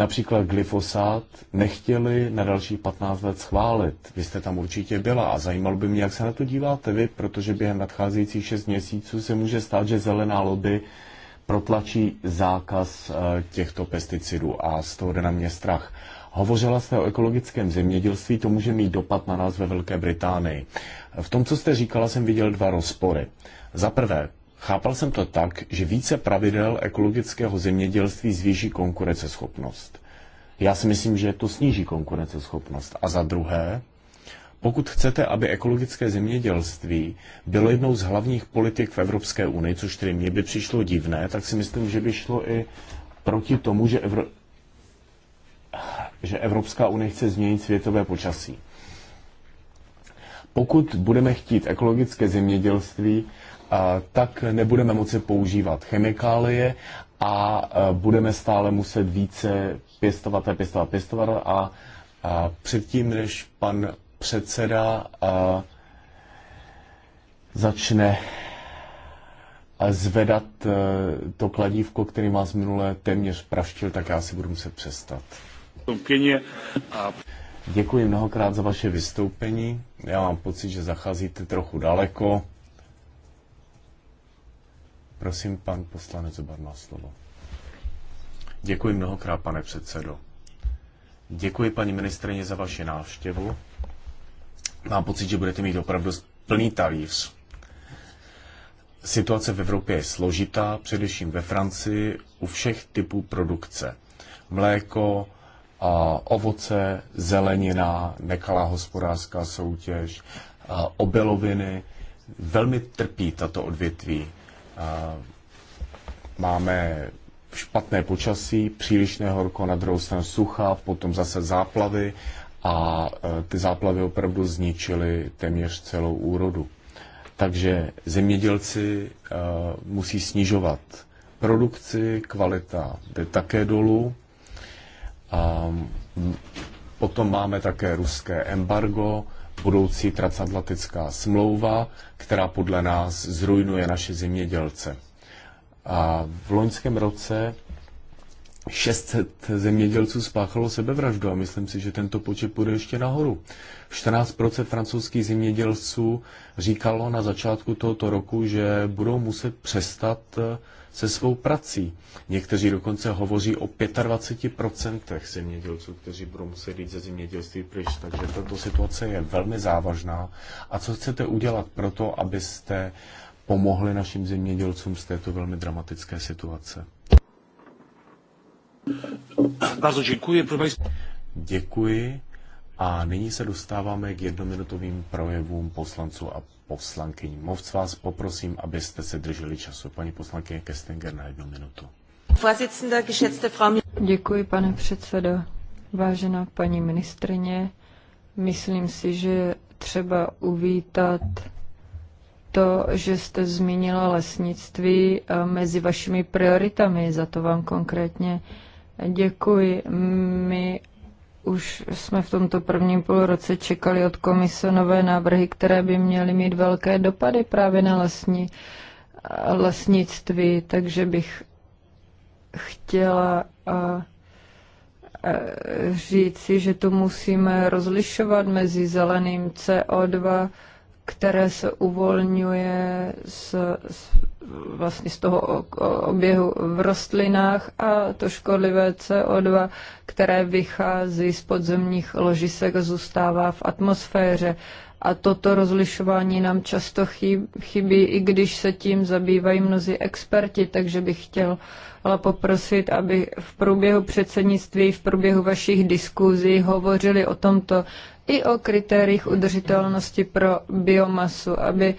například glyfosát nechtěli na dalších 15 let schválit. Vy jste tam určitě byla a zajímalo by mě, jak se na to díváte vy, protože během nadcházejících 6 měsíců se může stát, že zelená lobby protlačí zákaz eh, těchto pesticidů a z toho jde na mě strach. Hovořila jste o ekologickém zemědělství, to může mít dopad na nás ve Velké Británii. V tom, co jste říkala, jsem viděl dva rozpory. Za prvé, Chápal jsem to tak, že více pravidel ekologického zemědělství zvýší konkurenceschopnost. Já si myslím, že to sníží konkurenceschopnost. A za druhé, pokud chcete, aby ekologické zemědělství bylo jednou z hlavních politik v Evropské unii, což tedy mně by přišlo divné, tak si myslím, že by šlo i proti tomu, že, Evro... že Evropská unie chce změnit světové počasí. Pokud budeme chtít ekologické zemědělství, tak nebudeme moci používat chemikálie a e, budeme stále muset více pěstovat a pěstovat, pěstovat a, předtím, než pan předseda e, začne e, zvedat to kladívko, který vás minule téměř praštil, tak já si budu muset přestat. Děkuji mnohokrát za vaše vystoupení. Já mám pocit, že zacházíte trochu daleko. Prosím, pan poslanec Zubar má slovo. Děkuji mnohokrát, pane předsedo. Děkuji, paní ministrině, za vaši návštěvu. Mám pocit, že budete mít opravdu plný talíř. Situace v Evropě je složitá, především ve Francii, u všech typů produkce. Mléko, ovoce, zelenina, nekalá hospodářská soutěž, obiloviny. Velmi trpí tato odvětví Máme špatné počasí, přílišné horko, na druhou stranu sucha, potom zase záplavy a e, ty záplavy opravdu zničily téměř celou úrodu. Takže zemědělci e, musí snižovat produkci, kvalita jde také dolů. A potom máme také ruské embargo, budoucí transatlantická smlouva, která podle nás zrujnuje naše zemědělce. A v loňském roce 600 zemědělců spáchalo sebevraždu a myslím si, že tento počet půjde ještě nahoru. 14% francouzských zemědělců říkalo na začátku tohoto roku, že budou muset přestat eh, se svou prací. Někteří dokonce hovoří o 25% zemědělců, kteří budou muset jít ze zemědělství pryč. Takže tato situace je velmi závažná. A co chcete udělat pro to, abyste pomohli našim zemědělcům z této velmi dramatické situace? Bardzo děkuji. Děkuji. A nyní se dostáváme k jednominutovým projevům poslanců a poslankyní. Moc vás poprosím, abyste se drželi času. Paní poslankyně Kestinger na jednu minutu. Děkuji, pane předsedo. Vážená paní ministrině, myslím si, že třeba uvítat to, že jste zmínila lesnictví eh, mezi vašimi prioritami. Za to vám konkrétně děkuji. My už jsme v tomto prvním půlroce čekali od komise nové návrhy, které by měly mít velké dopady právě na lesní, lesnictví, takže bych chtěla říci, že tu musíme rozlišovat mezi zeleným CO2 které se uvolňuje z, z, vlastně z toho oběhu v rostlinách a to škodlivé CO2, které vychází z podzemních ložisek a zůstává v atmosféře. A toto rozlišování nám často chybí, i když se tím zabývají mnozí experti, takže bych chtěl ale poprosit, aby v průběhu předsednictví, v průběhu vašich diskuzí hovořili o tomto, i o kritériích udržitelnosti pro biomasu, aby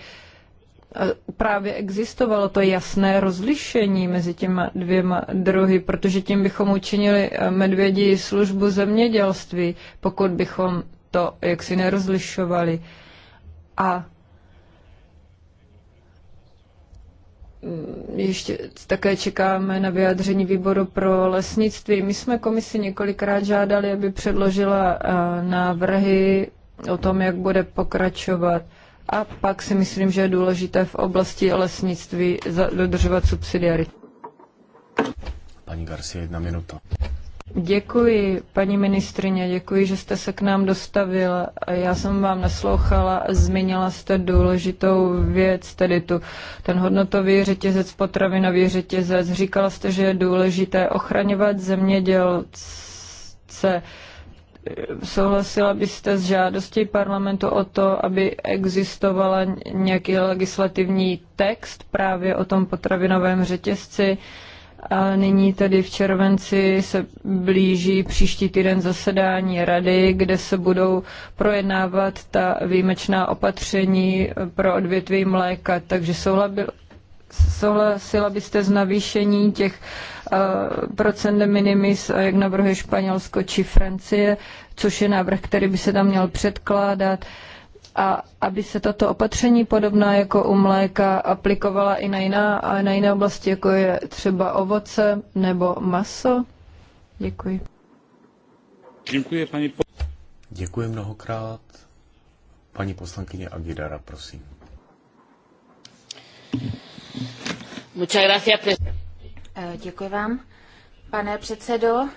právě existovalo to jasné rozlišení mezi těma dvěma druhy, protože tím bychom učinili eh, medvědí službu zemědělství, pokud bychom to jaksi nerozlišovali. A Mm, ještě také čekáme na vyjádření výboru pro lesnictví. My jsme komisi několikrát žádali, aby předložila eh, návrhy o tom, jak bude pokračovat. A pak si myslím, že je důležité v oblasti lesnictví dodržovat subsidiaritu. Paní Garcia, jedna minuta. Děkuji, paní ministrině, děkuji, že jste se k nám dostavila. Já jsem vám naslouchala a zmínila jste důležitou věc, tedy tu, ten hodnotový řetězec, potravinový řetězec. Říkala jste, že je důležité ochraňovat zemědělce. Souhlasila byste s žádostí parlamentu o to, aby existovala nějaký legislativní text právě o tom potravinovém řetězci? A nyní tedy v červenci se blíží příští týden zasedání rady, kde se budou projednávat ta výjimečná opatření pro odvětví mléka. Takže souhlasila byste s navýšení těch uh, procent de minimis, jak navrhuje Španělsko či Francie, což je návrh, který by se tam měl předkládat. Uh, a aby se tato opatření podobná jako u mléka aplikovala i na, jiná, a na jiné oblasti, jako je třeba ovoce nebo maso? Děkuji. Děkuji, paní Děkuji mnohokrát. Paní poslankyně Agidara, prosím. Eh, děkuji vám, pane předsedo.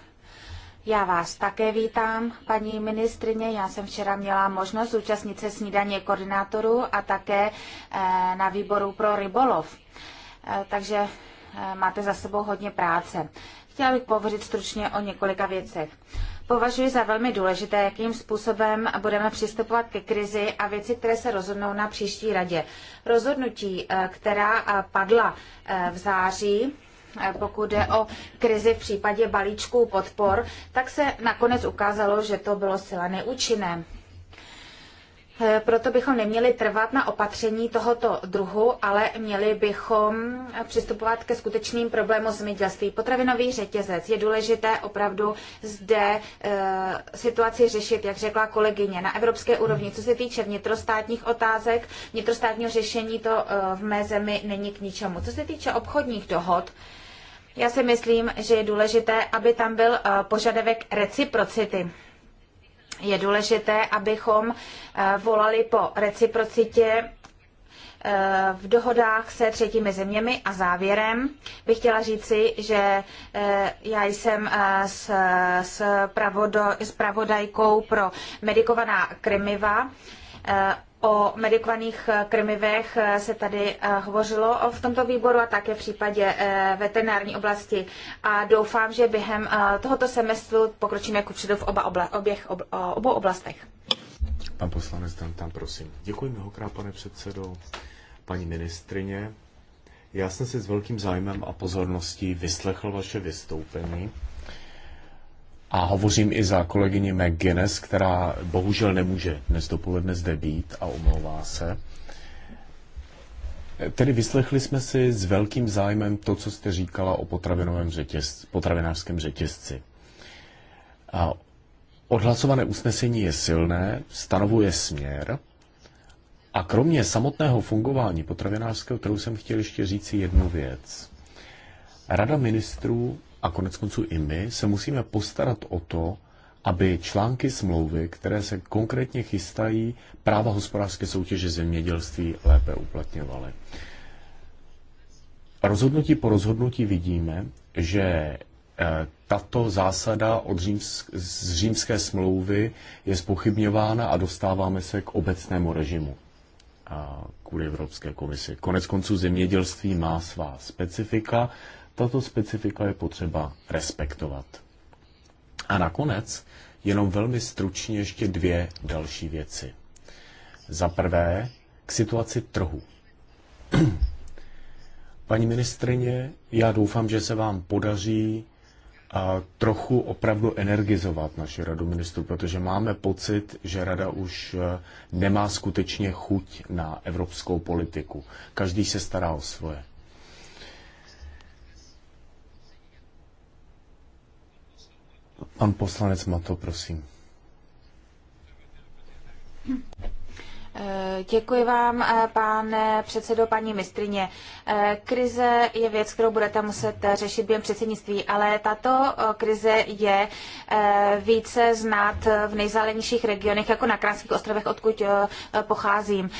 Já vás také vítám, paní ministrině. Já jsem včera měla možnost účastnit se snídaně koordinátorů a také eh, na výboru pro rybolov. Eh, takže eh, máte za sebou hodně práce. Chtěla bych pohovořit stručně o několika věcech. Považuji za velmi důležité, jakým způsobem budeme přistupovat ke krizi a věci, které se rozhodnou na příští radě. Rozhodnutí, která padla v září, Eh, pokud jde o krizi v případě balíčků podpor, tak se nakonec ukázalo, že to bylo sila neúčinné. Eh, proto bychom neměli trvat na opatření tohoto druhu, ale měli bychom přistupovat ke skutečným problémům zemědělství. Potravinový řetězec je důležité opravdu zde e, situaci řešit, jak řekla kolegyně, na evropské úrovni. Co se týče vnitrostátních otázek, vnitrostátního řešení to e, v mé zemi není k ničemu. Co se týče obchodních dohod, e, já si myslím, že je důležité, aby tam byl eh, požadavek reciprocity. Je důležité, abychom eh, volali po reciprocitě eh, v dohodách se třetími zeměmi a závěrem bych chtěla říci, že já jsem s, s, pravodo, s pravodajkou pro medikovaná krmiva O medikovaných eh, krmivech eh, se tady eh, hovořilo v tomto výboru a také v případě veterinární oblasti. A doufám, že během tohoto semestru pokročíme jako předu v oba obla, oběch, ob, obou oblastech. Pan poslanec tam prosím. Děkuji mnohokrát, pane předsedo, paní ministrině. Já jsem si s velkým zájmem a pozorností vyslechl vaše vystoupení. A hovořím i za kolegyni McGuinness, která bohužel nemůže dnes dopoledne zde být a omlouvá se. Tedy vyslechli jsme si s velkým zájmem to, co jste říkala o potravinovém řetěz, potravinářském řetězci. A odhlasované usnesení je silné, stanovuje směr a kromě samotného fungování potravinářského trhu jsem chtěl ještě říct jednu věc. Rada ministrů a konec konců i my se musíme postarat o to, aby články smlouvy, které se konkrétně chystají, práva hospodářské soutěže zemědělství lépe uplatňovaly. Rozhodnutí po rozhodnutí vidíme, že eh, tato zásada od římsk- z římské smlouvy je spochybňována a dostáváme se k obecnému režimu eh, kvůli Evropské komisi. Konec konců zemědělství má svá specifika, tato specifika je potřeba respektovat. A nakonec jenom velmi stručně ještě dvě další věci. Za prvé k situaci trhu. <clears throat> Paní ministrině, já doufám, že se vám podaří a trochu opravdu energizovat naši radu ministrů, protože máme pocit, že rada už e, nemá skutečně chuť na evropskou politiku. Každý se stará o svoje. Pan poslanec Mato, prosím. Děkuji vám, eh, pane předsedo, paní mistrině. Eh, krize je věc, kterou budete muset eh, řešit během předsednictví, ale tato krize je více znát v nejzálenějších regionech, jako na Kránských ostrovech, odkud pocházím.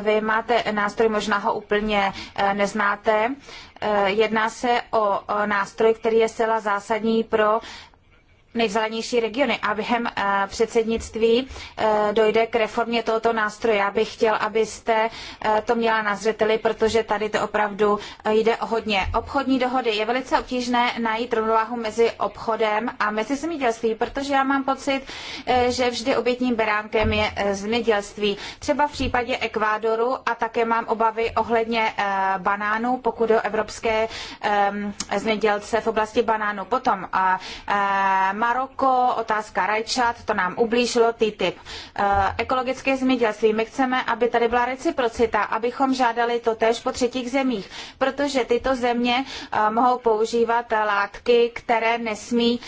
Vy máte nástroj, možná ho úplně neznáte. Jedná se o nástroj, který je zcela zásadní pro nejvzdálenější regiony a během eh, předsednictví eh, dojde k reformě tohoto nástroje. Já bych chtěl, abyste eh, to měla na zřeteli, protože tady to opravdu jde o hodně. Obchodní dohody je velice obtížné najít rovnováhu mezi obchodem a mezi zemědělství, protože já mám pocit, že vždy obětním beránkem je zemědělství. Třeba v případě Ekvádoru a také mám obavy ohledně banánů, pokud o evropské ehm, zemědělce v oblasti banánů. Potom Maroko, otázka rajčat, to nám ublížilo TTIP. Eh, ekologické zemědělství, my chceme, aby tady byla reciprocita, abychom žádali to též po třetích zemích, protože tyto země eh, mohou používat eh, látky, které nesmí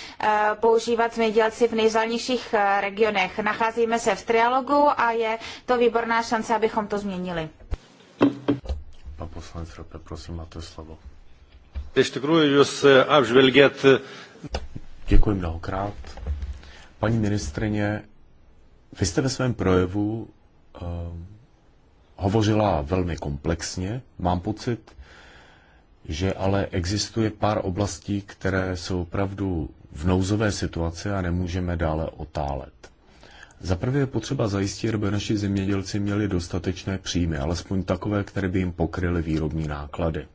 používat zemědělci v nejvzdálenějších regionech. Nacházíme se v trialogu a je to výborná šance, abychom to změnili. Pan poslanec Rope, prosím, máte slovo. Iš tikrųjų, jūs apžvelgėt Děkuji mnohokrát. Paní ministrině, vy jste ve svém projevu uh, hovořila velmi komplexně, mám pocit, že ale existuje pár oblastí, které jsou opravdu v nouzové situaci a nemůžeme dále otálet. Za prvé je potřeba zajistit, aby naši zemědělci měli dostatečné příjmy, alespoň takové, které by jim pokryly výrobní náklady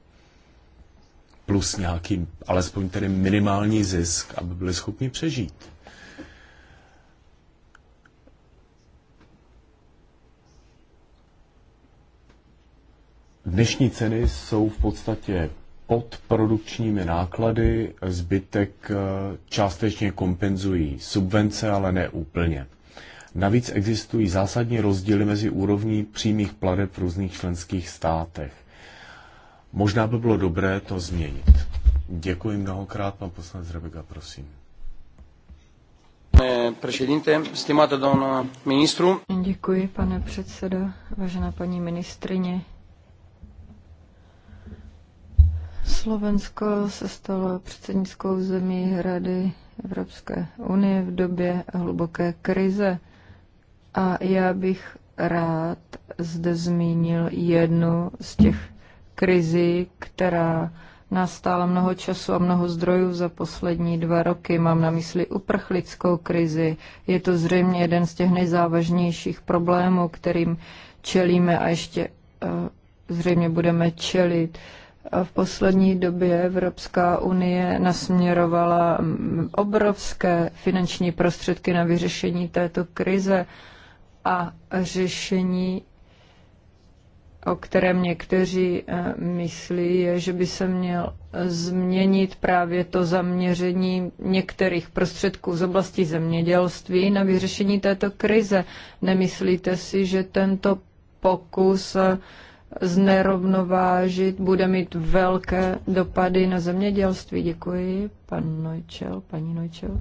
plus nějaký, alespoň tedy minimální zisk, aby byli schopni přežít. Dnešní ceny jsou v podstatě pod produkčními náklady, zbytek eh, částečně kompenzují subvence, ale ne úplně. Navíc existují zásadní rozdíly mezi úrovní přímých pladeb v různých členských státech. Možná by bylo dobré to změnit. Děkuji mnohokrát, pan poslanec Rebega, prosím. Děkuji, pane předsedo, vážená paní ministrině. Slovensko se stalo předsednickou zemí Rady Evropské unie v době hluboké krize. A já bych rád zde zmínil jednu z těch krizi, která nastala mnoho času a mnoho zdrojů za poslední dva roky. Mám na mysli uprchlickou krizi. Je to zřejmě jeden z těch nejzávažnějších problémů, kterým čelíme a ještě eh, zřejmě budeme čelit. V poslední době Evropská unie nasměrovala mm, obrovské finanční prostředky na vyřešení této krize a řešení o kterém někteří eh, myslí, je, že by se měl změnit právě to zaměření některých prostředků z oblasti zemědělství na vyřešení této krize. Nemyslíte si, že tento pokus eh, znerovnovážit bude mít velké dopady na zemědělství? Děkuji, pan Nojčel, paní Nojčel.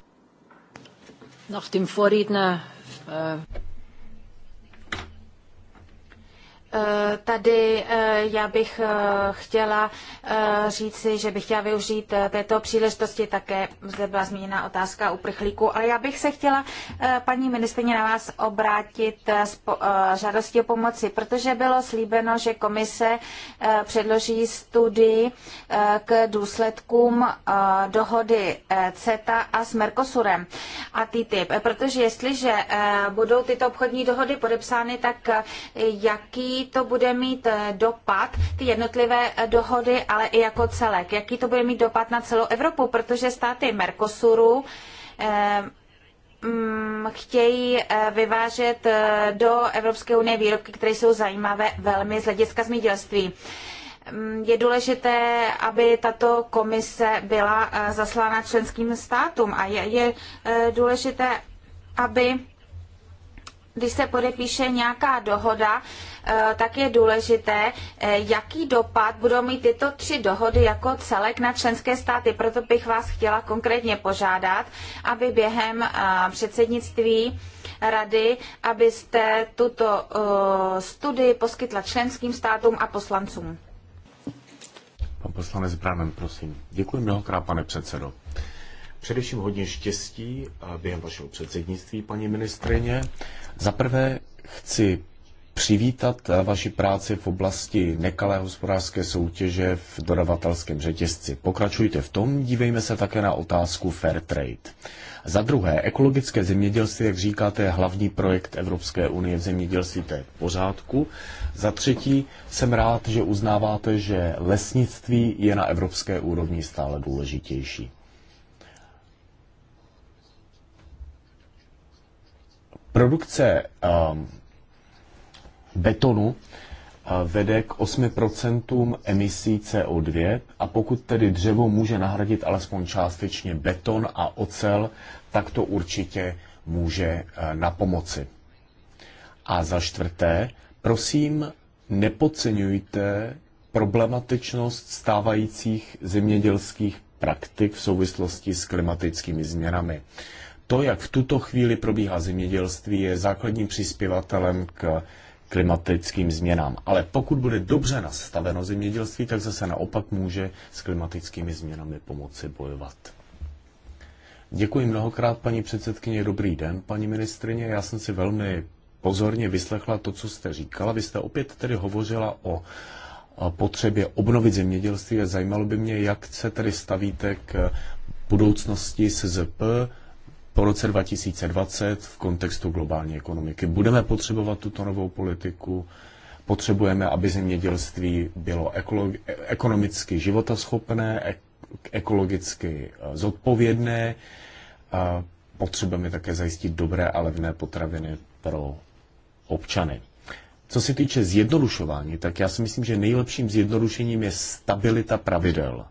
Nach dem Vorredner eh, Eh, tady eh, já bych eh, chtěla říci, že bych chtěla využít této příležitosti také. Zde byla zmíněna otázka uprchlíků, ale já bych se chtěla, paní ministrině, na vás obrátit s žádostí o pomoci, protože bylo slíbeno, že komise předloží studii k důsledkům dohody CETA a s Mercosurem a TTIP, protože jestliže budou tyto obchodní dohody podepsány, tak jaký jaký to bude mít eh, dopad, ty jednotlivé eh, dohody, ale i jako celek. Jaký to bude mít dopad na celou Evropu, protože státy Mercosuru eh, mm, chtějí vyvážet do Evropské unie výrobky, které jsou zajímavé velmi z hlediska zemědělství. Mm, je důležité, aby tato komise byla zaslána členským státům a je, je důležité, aby když se podepíše nějaká dohoda, eh, tak je důležité, eh, jaký dopad budou mít tyto tři dohody jako celek na členské státy. Proto bych vás chtěla konkrétně požádat, aby během eh, předsednictví rady, abyste tuto studii poskytla členským státům a poslancům. Pan poslanec Branen, prosím. Děkuji mnohokrát, pane předsedo. Především hodně štěstí během vašeho předsednictví, paní ministrině. Za prvé chci přivítat vaši práci v oblasti nekalé hospodářské soutěže v dodavatelském řetězci. Pokračujte v tom, dívejme se také na otázku fair trade. Za druhé, ekologické zemědělství, jak říkáte, je hlavní projekt Evropské unie v zemědělství, to je v pořádku. Za třetí, jsem rád, že uznáváte, že lesnictví je na evropské úrovni stále důležitější. Produkce um, betonu eh, vede k 8% emisí CO2 a pokud tedy dřevo může nahradit alespoň částečně beton a ocel, tak to určitě může eh, na pomoci. A za čtvrté, prosím, nepodceňujte problematičnost stávajících zemědělských praktik v souvislosti s klimatickými změnami to, jak v tuto chvíli probíhá zemědělství, je základním přispěvatelem k klimatickým změnám. Ale pokud bude dobře nastaveno zemědělství, tak zase naopak může s klimatickými změnami pomoci bojovat. Děkuji mnohokrát, paní předsedkyně. Dobrý den, paní ministrině. Já jsem si velmi pozorně vyslechla to, co jste říkala. Vy jste opět tedy hovořila o potřebě obnovit zemědělství a zajímalo by mě, jak se tedy stavíte k budoucnosti SZP, po roce 2020 v kontextu globální ekonomiky. Budeme potřebovat tuto novou politiku, potřebujeme, aby zemědělství bylo ekologi- ekonomicky životaschopné, ekologicky eh, zodpovědné. A potřebujeme také zajistit dobré a levné potraviny pro občany. Co se týče zjednodušování, tak já si myslím, že nejlepším zjednodušením je stabilita pravidel.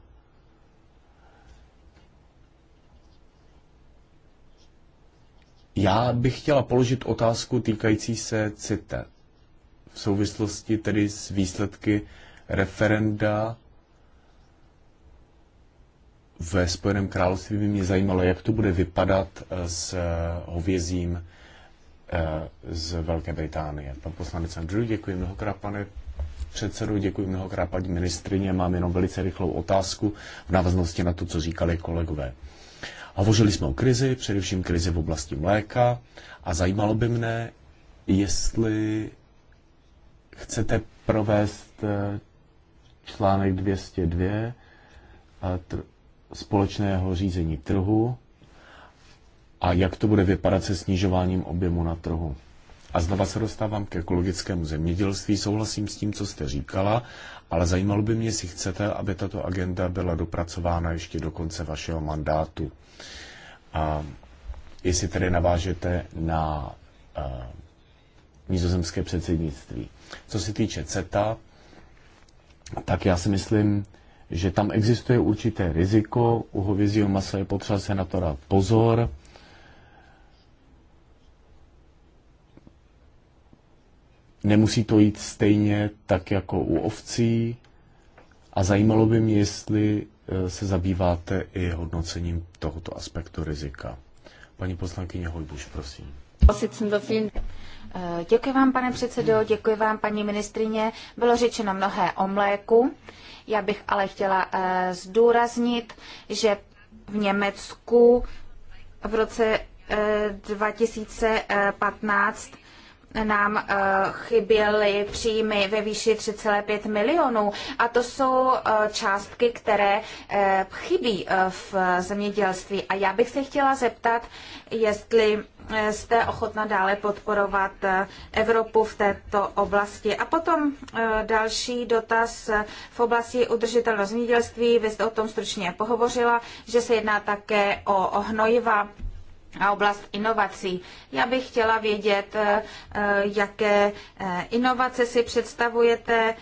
Já bych chtěla položit otázku týkající se CITE v souvislosti tedy s výsledky referenda ve Spojeném království by mě zajímalo, jak to bude vypadat eh, s eh, hovězím eh, z Velké Británie. Pan poslanec Andrew, děkuji mnohokrát, pane předsedu, děkuji mnohokrát paní ministrině. Mám jenom velice rychlou otázku v návaznosti na to, co říkali kolegové. Hovořili jsme o krizi, především krizi v oblasti mléka a zajímalo by mne, jestli chcete provést eh, článek 202 eh, společného řízení trhu a jak to bude vypadat se snižováním objemu na trhu. A znova se dostávám k ekologickému zemědělství. Souhlasím s tím, co jste říkala, ale zajímalo by mě, jestli chcete, aby tato agenda byla dopracována ještě do konce vašeho mandátu. A jestli tedy navážete na eh, nizozemské předsednictví. Co se týče CETA, tak já si myslím, že tam existuje určité riziko. U hovězího masa je potřeba se na to dát pozor. Nemusí to jít stejně tak jako u ovcí. A zajímalo by mě, jestli e, se zabýváte i hodnocením tohoto aspektu rizika. Paní poslankyně Hojbuš, prosím. E, děkuji vám, pane předsedo, děkuji vám, paní ministrině. Bylo řečeno mnohé o mléku. Já bych ale chtěla e, zdůraznit, že v Německu v roce 2015 nám eh, chyběly příjmy ve výši 3,5 milionů a to jsou eh, částky, které eh, chybí v zemědělství. A já bych se chtěla zeptat, jestli jste ochotna dále podporovat Evropu v této oblasti. A potom další dotaz v oblasti udržitelného zemědělství. Vy jste o tom stručně pohovořila, že se jedná také o hnojiva a oblast inovací. Já bych chtěla vědět, eh, eh, jaké eh, inovace si představujete,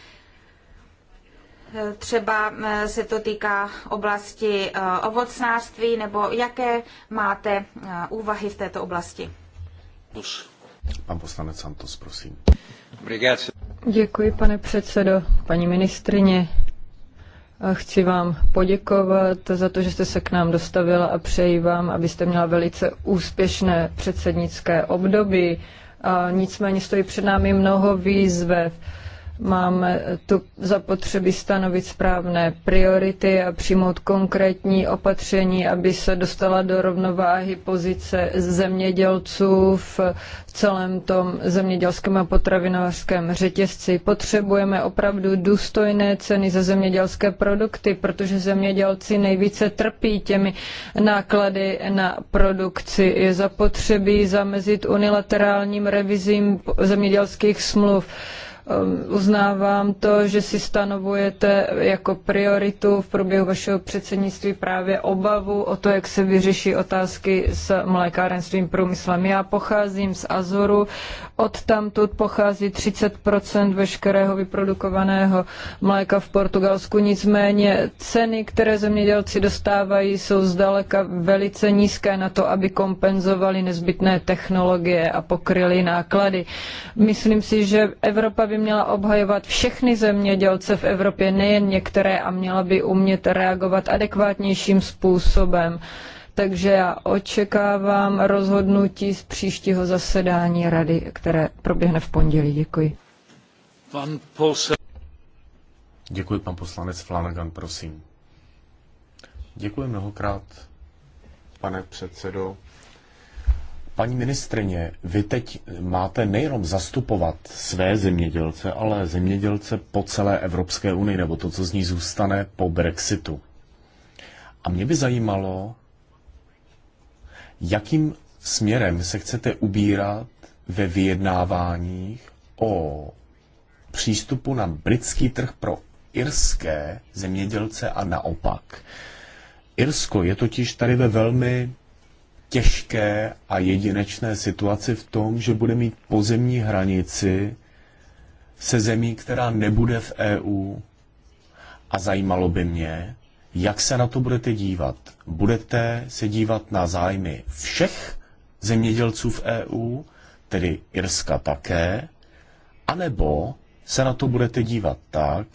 třeba se to týká oblasti ovocnářství, nebo jaké máte úvahy v této oblasti? Pan poslanec Santos, prosím. Děkuji, pane předsedo, paní ministrině, Chci vám poděkovat za to, že jste se k nám dostavila a přeji vám, abyste měla velice úspěšné předsednické období. Nicméně stojí před námi mnoho výzvev Máme tu zapotřebí stanovit správné priority a přijmout konkrétní opatření, aby se dostala do rovnováhy pozice zemědělců v celém tom zemědělském a potravinářském řetězci. Potřebujeme opravdu důstojné ceny za zemědělské produkty, protože zemědělci nejvíce trpí těmi náklady na produkci. Je zapotřebí zamezit unilaterálním revizím zemědělských smluv Ehm, uznávám to, že si stanovujete jako prioritu v průběhu vašeho předsednictví právě obavu o to, jak se vyřeší otázky s mlékárenstvím průmyslem. Já pocházím z Azoru, od tamtud pochází 30 veškerého vyprodukovaného mléka v Portugalsku, nicméně ceny, které zemědělci dostávají, jsou zdaleka velice nízké na to, aby kompenzovali nezbytné technologie a pokryli náklady. Myslím si, že Evropa by měla obhajovat všechny zemědělce v Evropě, nejen některé, a měla by umět reagovat adekvátnějším způsobem. Takže já očekávám rozhodnutí z příštího zasedání rady, které proběhne v pondělí. Děkuji. Pan posel... Děkuji, pan poslanec Flanagan, prosím. Děkuji mnohokrát, pane předsedo. Paní ministrině, vy teď máte nejenom zastupovat své zemědělce, ale zemědělce po celé Evropské unii, nebo to, co z ní zůstane po Brexitu. A mě by zajímalo, jakým směrem se chcete ubírat ve vyjednáváních o přístupu na britský trh pro irské zemědělce a naopak. Irsko je totiž tady ve velmi těžké a jedinečné situaci v tom, že bude mít pozemní hranici se zemí, která nebude v EU. A zajímalo by mě, jak se na to budete dívat. Budete se dívat na zájmy všech zemědělců v EU, tedy Irska také, anebo se na to budete dívat tak,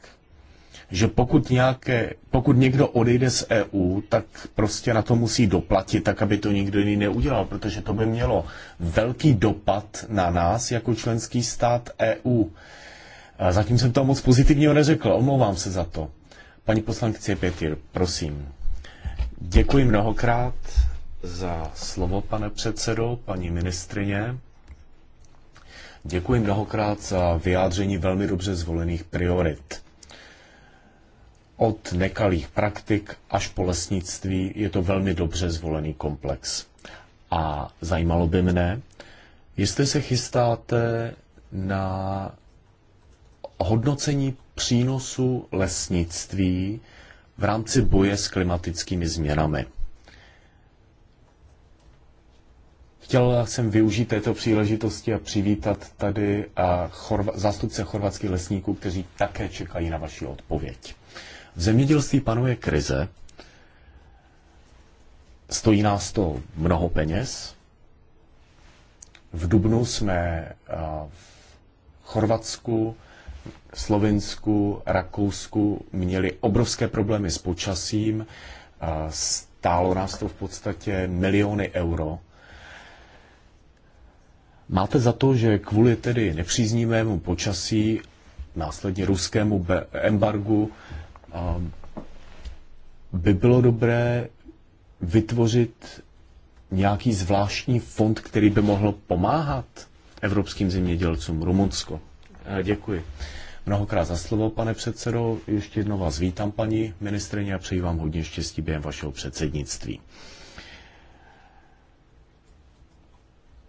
že pokud, nějaké, pokud někdo odejde z EU, tak prostě na to musí doplatit, tak aby to nikdo jiný neudělal, protože to by mělo velký dopad na nás jako členský stát EU. A zatím jsem to moc pozitivního neřekl, omlouvám se za to. Paní poslankyně Pětir, prosím. Děkuji mnohokrát za slovo, pane předsedo, paní ministrině. Děkuji mnohokrát za vyjádření velmi dobře zvolených priorit od nekalých praktik až po lesnictví je to velmi dobře zvolený komplex. A zajímalo by mne, jestli se chystáte na hodnocení přínosu lesnictví v rámci boje s klimatickými změnami. Chtěl jsem využít této příležitosti a přivítat tady chorva- zástupce chorvatských lesníků, kteří také čekají na vaši odpověď. V zemědělství panuje krize, stojí nás to mnoho peněz. V Dubnu jsme eh, v Chorvatsku, Slovinsku, Rakousku měli obrovské problémy s počasím, eh, stálo nás to v podstatě miliony euro. Máte za to, že kvůli tedy nepříznivému počasí, následně ruskému embargu, by bylo dobré vytvořit nějaký zvláštní fond, který by mohl pomáhat evropským zemědělcům Rumunsko. E, děkuji. Mnohokrát za slovo, pane předsedo. Ještě jednou vás vítám, paní ministrině, a přeji vám hodně štěstí během vašeho předsednictví.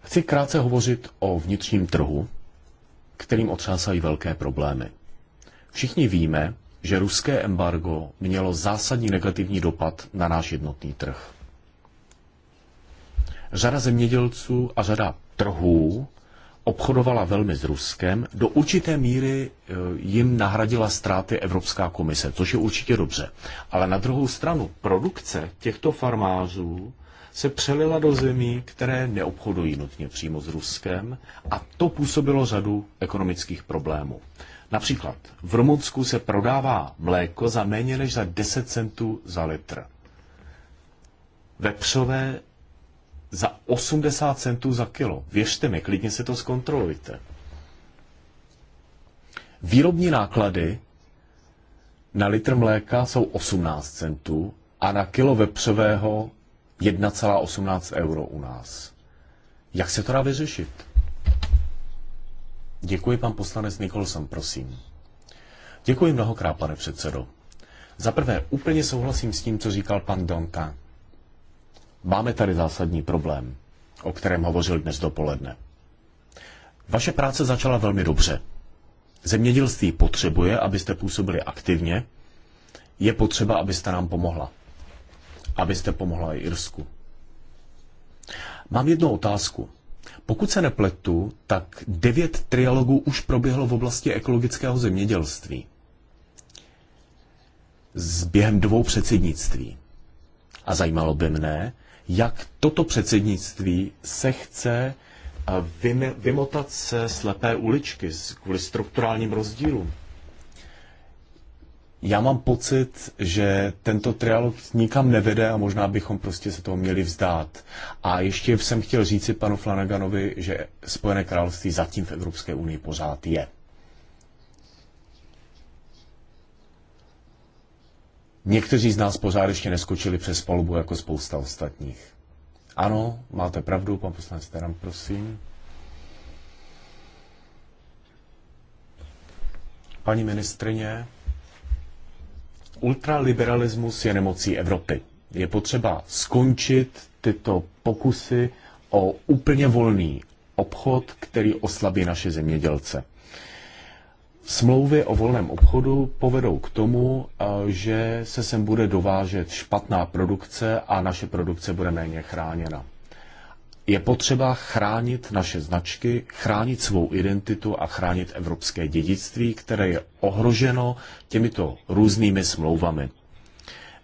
Chci krátce hovořit o vnitřním trhu, kterým otřásají velké problémy. Všichni víme, že ruské embargo mělo zásadní negativní dopad na náš jednotný trh. Řada zemědělců a řada trhů obchodovala velmi s Ruskem, do určité míry e, jim nahradila ztráty Evropská komise, což je určitě dobře. Ale na druhou stranu produkce těchto farmářů se přelila do zemí, které neobchodují nutně přímo s Ruskem a to působilo řadu ekonomických problémů. Například v Rumunsku se prodává mléko za méně než za 10 centů za litr. Vepřové za 80 centů za kilo. Věřte mi, klidně se to zkontrolujte. Výrobní náklady na litr mléka jsou 18 centů a na kilo vepřového 1,18 euro u nás. Jak se to dá vyřešit? Děkuji, pan poslanec Nikolson, prosím. Děkuji mnohokrát, pane předsedo. Za prvé, úplně souhlasím s tím, co říkal pan Donta. Máme tady zásadní problém, o kterém hovořil dnes dopoledne. Vaše práce začala velmi dobře. Zemědělství potřebuje, abyste působili aktivně. Je potřeba, abyste nám pomohla. Abyste pomohla i Irsku. Mám jednu otázku. Pokud se nepletu, tak devět trialogů už proběhlo v oblasti ekologického zemědělství. S během dvou předsednictví. A zajímalo by mne, jak toto předsednictví se chce eh, vymotat se slepé uličky kvůli strukturálním rozdílům. Já mám pocit, že tento trialog nikam nevede a možná bychom prostě se toho měli vzdát. A ještě jsem chtěl říci panu Flanaganovi, že Spojené království zatím v Evropské unii pořád je. Někteří z nás pořád ještě neskočili přes palubu jako spousta ostatních. Ano, máte pravdu, pan poslanec Teram, prosím. Paní ministrině, Ultraliberalismus je nemocí Evropy. Je potřeba skončit tyto pokusy o úplně volný obchod, který oslabí naše zemědělce. Smlouvy o volném obchodu povedou k tomu, eh, že se sem bude dovážet špatná produkce a naše produkce bude méně chráněna je potřeba chránit naše značky, chránit svou identitu a chránit evropské dědictví, které je ohroženo těmito různými smlouvami.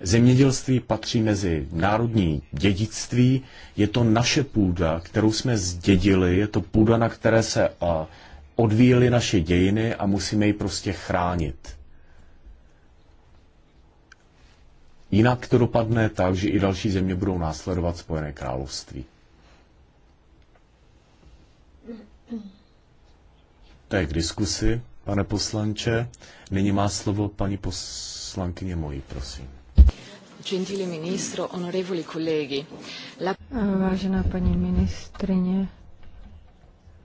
Zemědělství patří mezi národní dědictví, je to naše půda, kterou jsme zdědili, je to půda, na které se odvíjely naše dějiny a musíme ji prostě chránit. Jinak to dopadne tak, že i další země budou následovat Spojené království. To je k diskusi, pane poslanče. Nyní má slovo paní poslankyně mojí, prosím. Gentile ministro, onorevoli colleghi. La... Vážená paní ministrině,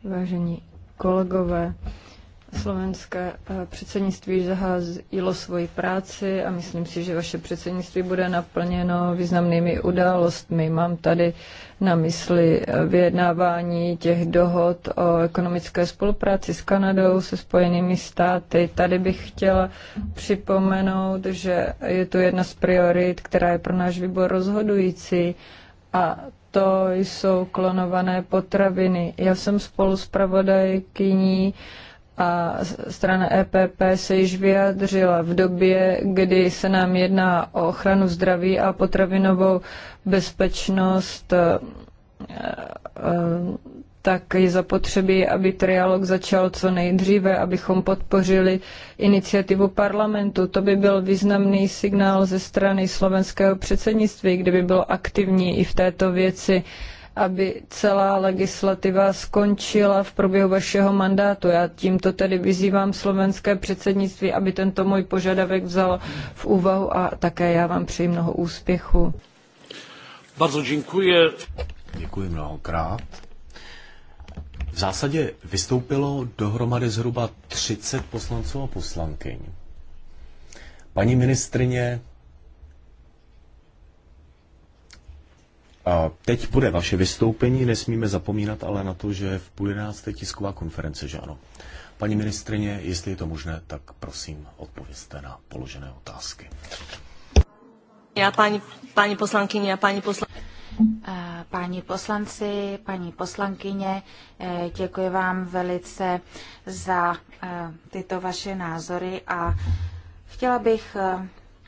vážení kolegové, slovenské eh, předsednictví zahájilo svoji práci a myslím si, že vaše předsednictví bude naplněno významnými událostmi. Mám tady na mysli vyjednávání těch dohod o ekonomické spolupráci s Kanadou, se Spojenými státy. Tady bych chtěla připomenout, že je to jedna z priorit, která je pro náš výbor rozhodující a to jsou klonované potraviny. Já jsem spolu s pravodajkyní uh, a strana EPP se již vyjadřila v době, kdy se nám jedná o ochranu zdraví a potravinovou bezpečnost, eh, eh, tak je zapotřebí, aby trialog začal co nejdříve, abychom podpořili iniciativu parlamentu. To by byl významný signál ze strany slovenského předsednictví, kdyby bylo aktivní i v této věci aby celá legislativa skončila v průběhu vašeho mandátu. Já tímto tedy vyzývám slovenské předsednictví, aby tento můj požadavek vzal v úvahu a také já vám přeji mnoho úspěchu. Bardzo děkuji. Děkuji mnohokrát. V zásadě vystoupilo dohromady zhruba 30 poslanců a poslankyň. Paní ministrině A teď bude vaše vystoupení, nesmíme zapomínat ale na to, že v půl jedenácté tisková konference, že ano. Paní ministrině, jestli je to možné, tak prosím odpovězte na položené otázky. Já, paní, paní poslankyně a paní poslankyně. Eh, Páni poslanci, paní poslankyně, eh, děkuji vám velice za eh, tyto vaše názory a chtěla bych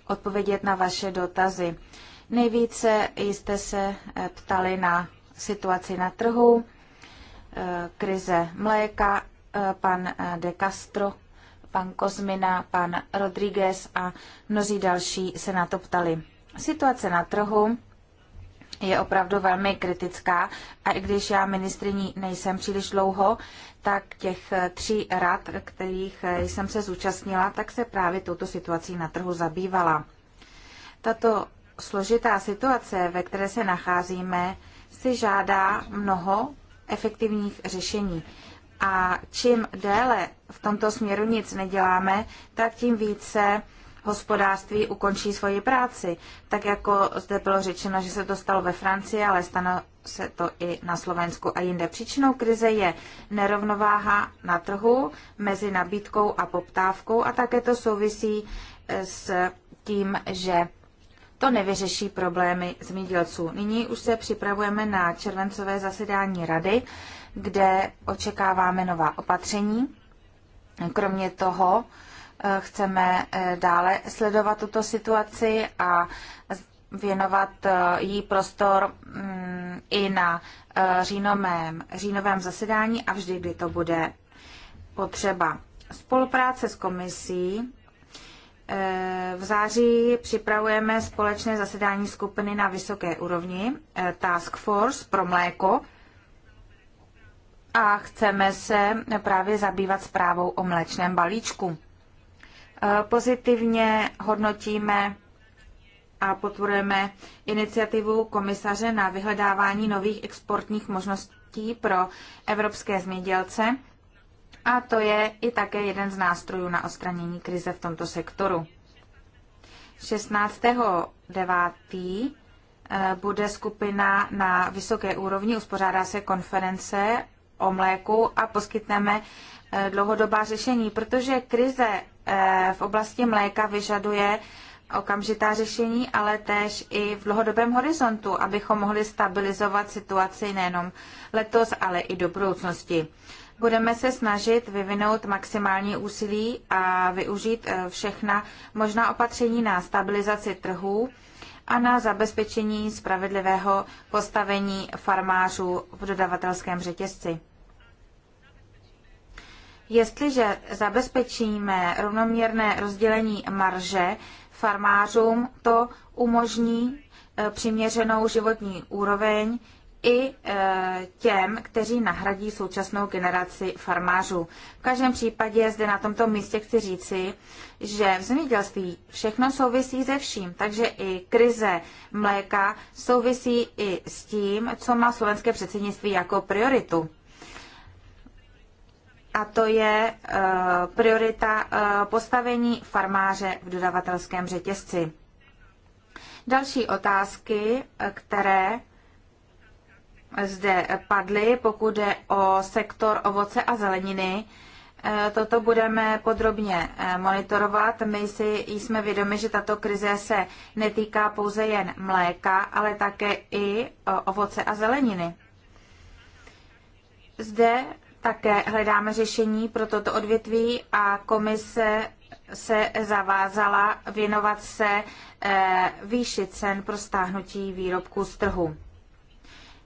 odpovědět na vaše dotazy. Nejvíce jste se eh, ptali na situaci na trhu, eh, krize mléka, eh, pan De Castro, pan Kozmina, pan Rodriguez a mnozí další se na to ptali. Situace na trhu je opravdu velmi kritická a i když já ministriní nejsem příliš dlouho, tak těch tří rad, kterých jsem se zúčastnila, tak se právě touto situací na trhu zabývala. Tato složitá situace, ve které se nacházíme, si žádá mnoho efektivních řešení. A čím déle v tomto směru nic neděláme, tak tím více hospodářství ukončí svoji práci. Tak jako zde bylo řečeno, že se to stalo ve Francii, ale stane se to i na Slovensku a jinde. Příčinou krize je nerovnováha na trhu mezi nabídkou a poptávkou a také to souvisí s tím, že to nevyřeší problémy zemědělců. Nyní už se připravujeme na červencové zasedání rady, kde očekáváme nová opatření. Kromě toho eh, chceme eh, dále sledovat tuto situaci a věnovat eh, jí prostor mm, i na říjnovém, říjnovém zasedání a vždy, kdy to bude potřeba. Spolupráce s komisí E, v září připravujeme společné zasedání skupiny na vysoké úrovni e, Task Force pro mléko a chceme se právě zabývat zprávou o mléčném balíčku. E, pozitivně hodnotíme a potvrdujeme iniciativu komisaře na vyhledávání nových exportních možností pro evropské zemědělce a to je i také jeden z nástrojů na odstranění krize v tomto sektoru. 16. 9 eh, bude skupina na vysoké úrovni, uspořádá se konference o mléku a poskytneme eh, dlouhodobá řešení, protože krize eh, v oblasti mléka vyžaduje okamžitá řešení, ale též i v dlouhodobém horizontu, abychom mohli stabilizovat situaci nejenom letos, ale i do budoucnosti. Budeme se snažit vyvinout maximální úsilí a využít eh, všechna možná opatření na stabilizaci trhů a na zabezpečení spravedlivého postavení farmářů v dodavatelském řetězci. Jestliže zabezpečíme rovnoměrné rozdělení marže farmářům, to umožní eh, přiměřenou životní úroveň i e, těm, kteří nahradí současnou generaci farmářů. V každém případě zde na tomto místě chci říci, že v zemědělství všechno souvisí se vším, takže i krize mléka souvisí i s tím, co má slovenské předsednictví jako prioritu. A to je e, priorita e, postavení farmáře v dodavatelském řetězci. Další otázky, které zde padly, pokud je o sektor ovoce a zeleniny. E, toto budeme podrobně e, monitorovat. My si jsme vědomi, že tato krize se netýká pouze jen mléka, ale také i e, ovoce a zeleniny. Zde také hledáme řešení pro toto odvětví a komise se zavázala věnovat se výši cen pro stáhnutí výrobků z trhu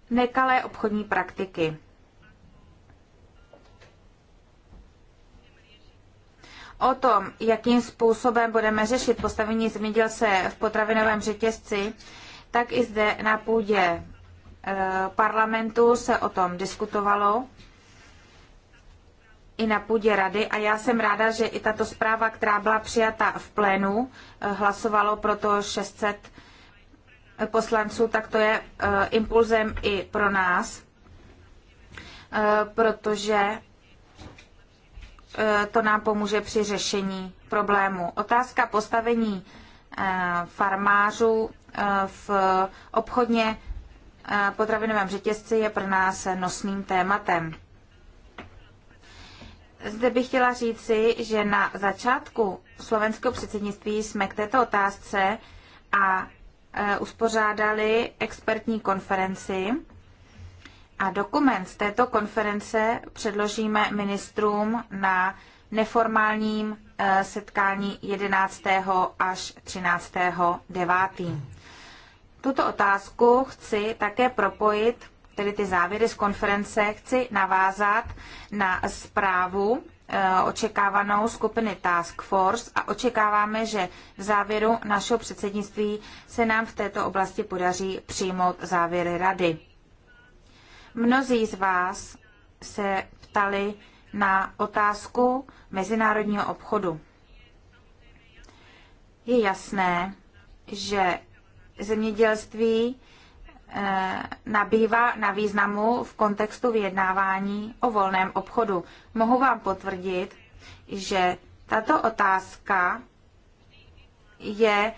nekalé obchodní praktiky. O tom, jakým způsobem budeme řešit postavení zemědělce v potravinovém řetězci, tak i zde na půdě eh, parlamentu se o tom diskutovalo i na půdě rady a já jsem ráda, že i tato zpráva, která byla přijata v plénu, eh, hlasovalo proto 600 poslanců, tak to je eh, impulzem i pro nás, eh, protože eh, to nám pomůže při řešení problému. Otázka postavení farmářů v obchodně potravinovém řetězci je pro nás nosným tématem. Zde bych chtěla říci, že na začátku slovenského předsednictví jsme k této otázce a Eh, uspořádali expertní konferenci a dokument z této konference předložíme ministrům na neformálním eh, setkání 11. až 13. 9. Tuto otázku chci také propojit, tedy ty závěry z konference, chci navázat na zprávu Eh, očekávanou skupiny Task Force a očekáváme, že v závěru našeho předsednictví se nám v této oblasti podaří přijmout závěry rady. Mnozí z vás se ptali na otázku mezinárodního obchodu. Je jasné, že zemědělství Eh, nabývá na významu v kontextu vyjednávání o volném obchodu. Mohu vám potvrdit, že tato otázka je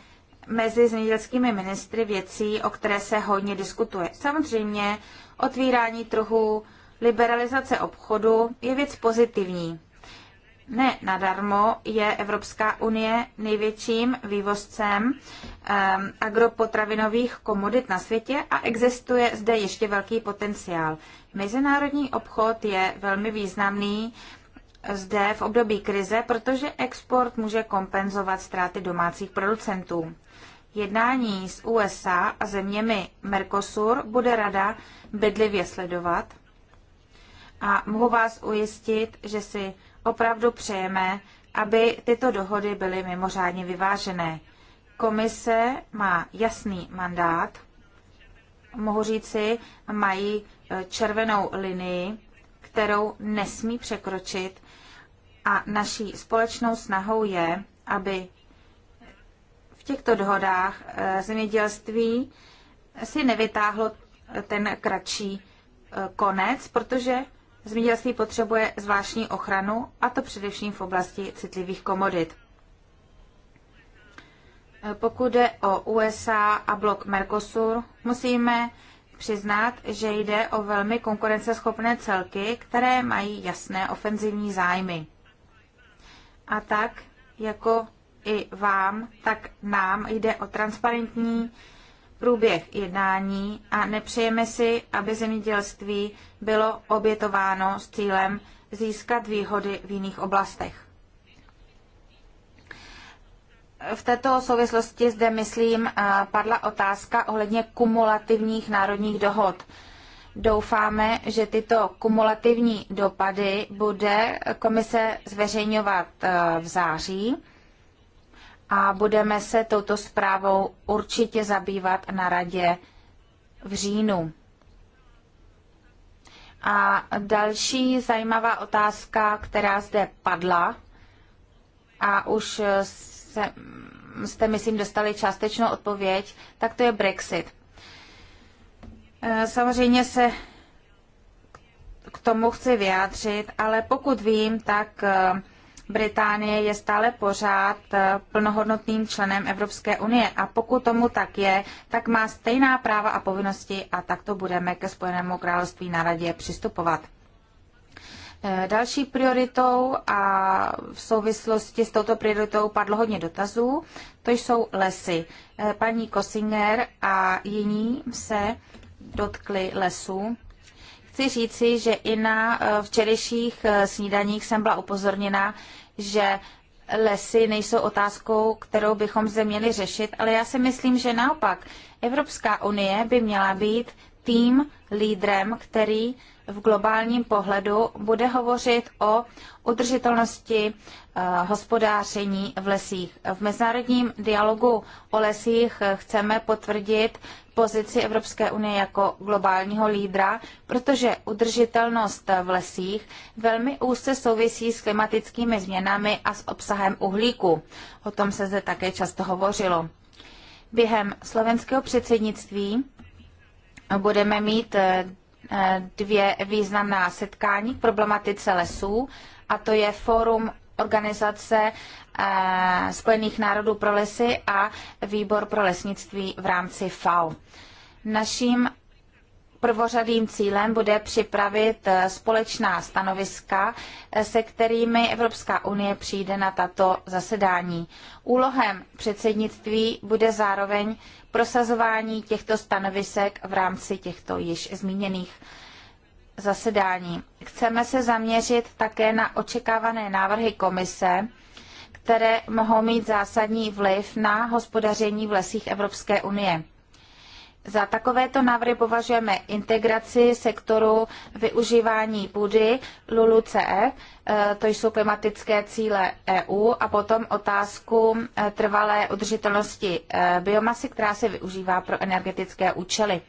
mezi zemědělskými ministry věcí, o které se hodně diskutuje. Samozřejmě otvírání trhu, liberalizace obchodu je věc pozitivní. Ne nadarmo je Evropská unie největším vývozcem um, agropotravinových komodit na světě a existuje zde ještě velký potenciál. Mezinárodní obchod je velmi významný eh, zde v období krize, protože export může kompenzovat ztráty domácích producentů. Jednání s USA a zeměmi Mercosur bude rada bedlivě sledovat a mohu vás ujistit, že si opravdu přejeme, aby tyto dohody byly mimořádně vyvážené. Komise má jasný mandát, mohu říci, mají e, červenou linii, kterou nesmí překročit a naší společnou snahou je, aby v těchto dohodách e, zemědělství si nevytáhlo ten kratší e, konec, protože Zemědělství potřebuje zvláštní ochranu, a to především v oblasti citlivých komodit. E, pokud jde o USA a blok Mercosur, musíme přiznat, že jde o velmi konkurenceschopné celky, které mají jasné ofenzivní zájmy. A tak, jako i vám, tak nám jde o transparentní průběh jednání a nepřejeme si, aby zemědělství bylo obětováno s cílem získat výhody v jiných oblastech. V této souvislosti zde, myslím, padla otázka ohledně kumulativních národních dohod. Doufáme, že tyto kumulativní dopady bude komise zveřejňovat v září a budeme se touto zprávou určitě zabývat na radě v říjnu. A další zajímavá otázka, která zde padla, a už se, jste, myslím, dostali částečnou odpověď, tak to je Brexit. E, samozřejmě se k tomu chci vyjádřit, ale pokud vím, tak e, Británie je stále pořád eh, plnohodnotným členem Evropské unie a pokud tomu tak je, tak má stejná práva a povinnosti a takto budeme ke Spojenému království na radě přistupovat. Eh, další prioritou a v souvislosti s touto prioritou padlo hodně dotazů, to jsou lesy. Eh, paní Kosinger a jiní se dotkli lesů chci říci, že i na eh, včerejších eh, snídaních jsem byla upozorněna, že lesy nejsou otázkou, kterou bychom zde měli řešit, ale já si myslím, že naopak Evropská unie by měla být tým lídrem, který v globálním pohledu bude hovořit o udržitelnosti eh, hospodáření v lesích. V mezinárodním dialogu o lesích eh, chceme potvrdit pozici Evropské unie jako globálního lídra, protože udržitelnost v lesích velmi úzce souvisí s klimatickými změnami a s obsahem uhlíku. O tom se zde také často hovořilo. Během slovenského předsednictví budeme mít eh, eh, dvě významná setkání k problematice lesů, a to je Fórum organizace eh, Spojených národů pro lesy a Výbor pro lesnictví v rámci FAO. Naším prvořadým cílem bude připravit společná stanoviska, se kterými Evropská unie přijde na tato zasedání. Úlohem předsednictví bude zároveň prosazování těchto stanovisek v rámci těchto již zmíněných zasedání. Chceme se zaměřit také na očekávané návrhy komise, které mohou mít zásadní vliv na hospodaření v lesích Evropské unie. Za takovéto návrhy považujeme integraci sektoru využívání půdy LULUCF, eh, to jsou klimatické cíle EU, a potom otázku eh, trvalé udržitelnosti eh, biomasy, která se využívá pro energetické účely.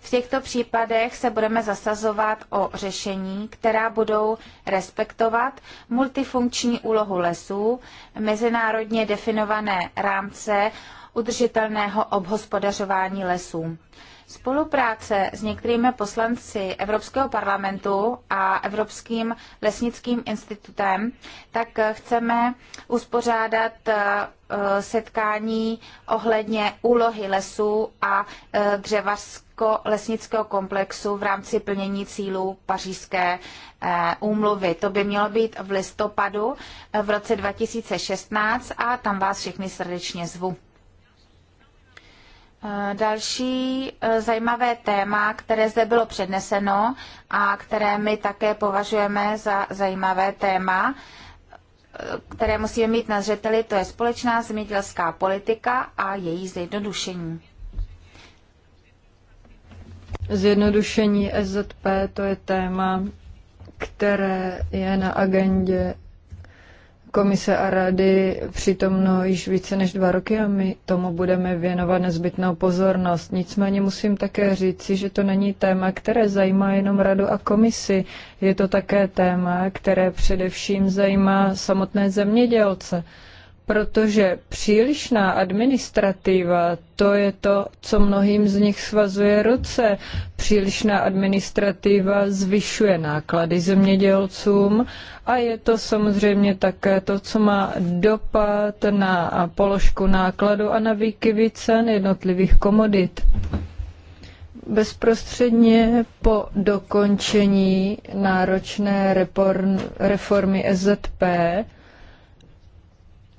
V těchto případech se budeme zasazovat o řešení, která budou respektovat multifunkční úlohu lesů, mezinárodně definované rámce udržitelného obhospodařování lesů. Spolupráce s některými poslanci Evropského parlamentu a Evropským lesnickým institutem, tak chceme uspořádat eh, setkání ohledně úlohy lesů a eh, dřevařsko-lesnického komplexu v rámci plnění cílů pařížské eh, úmluvy. To by mělo být v listopadu v roce 2016 a tam vás všechny srdečně zvu. Eh, další eh, zajímavé téma, které zde bylo předneseno a které my také považujeme za zajímavé téma, eh, které musíme mít na zřeteli, to je společná zemědělská politika a její zjednodušení. Zjednodušení SZP to je téma, které je na agendě komise a rady přitomno již více než dva roky a my tomu budeme věnovat nezbytnou pozornost. Nicméně musím také říci, že to není téma, které zajímá jenom radu a komisi. Je to také téma, které především zajímá samotné zemědělce protože přílišná administrativa, to je to, co mnohým z nich svazuje ruce. Přílišná administrativa zvyšuje náklady zemědělcům a je to samozřejmě také to, co má dopad na položku nákladu a na výkyvy cen jednotlivých komodit. Bezprostředně po dokončení náročné reformy SZP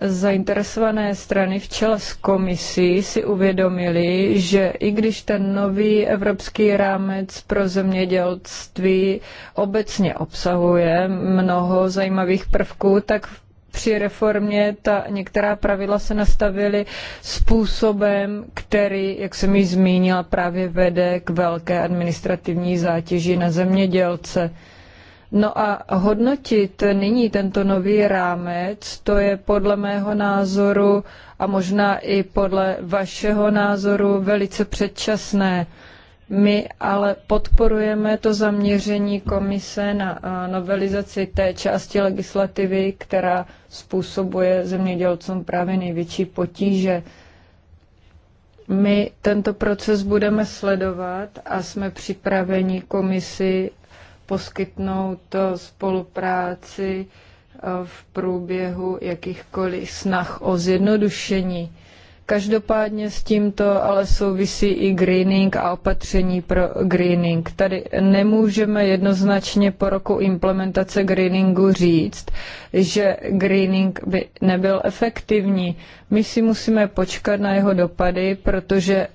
zainteresované strany v čele s komisí si uvědomili, že i když ten nový evropský rámec pro zemědělství obecně obsahuje mnoho zajímavých prvků, tak při reformě ta některá pravidla se nastavily způsobem, který, jak jsem již zmínila, právě vede k velké administrativní zátěži na zemědělce. No a hodnotit nyní tento nový rámec, to je podle mého názoru a možná i podle vašeho názoru velice předčasné. My ale podporujeme to zaměření komise na novelizaci té části legislativy, která způsobuje zemědělcům právě největší potíže. My tento proces budeme sledovat a jsme připraveni komisi poskytnout eh, spolupráci eh, v průběhu jakýchkoliv snah o zjednodušení. Každopádně s tímto ale souvisí i greening a opatření pro greening. Tady nemůžeme jednoznačně po roku implementace greeningu říct, že greening by nebyl efektivní. My si musíme počkat na jeho dopady, protože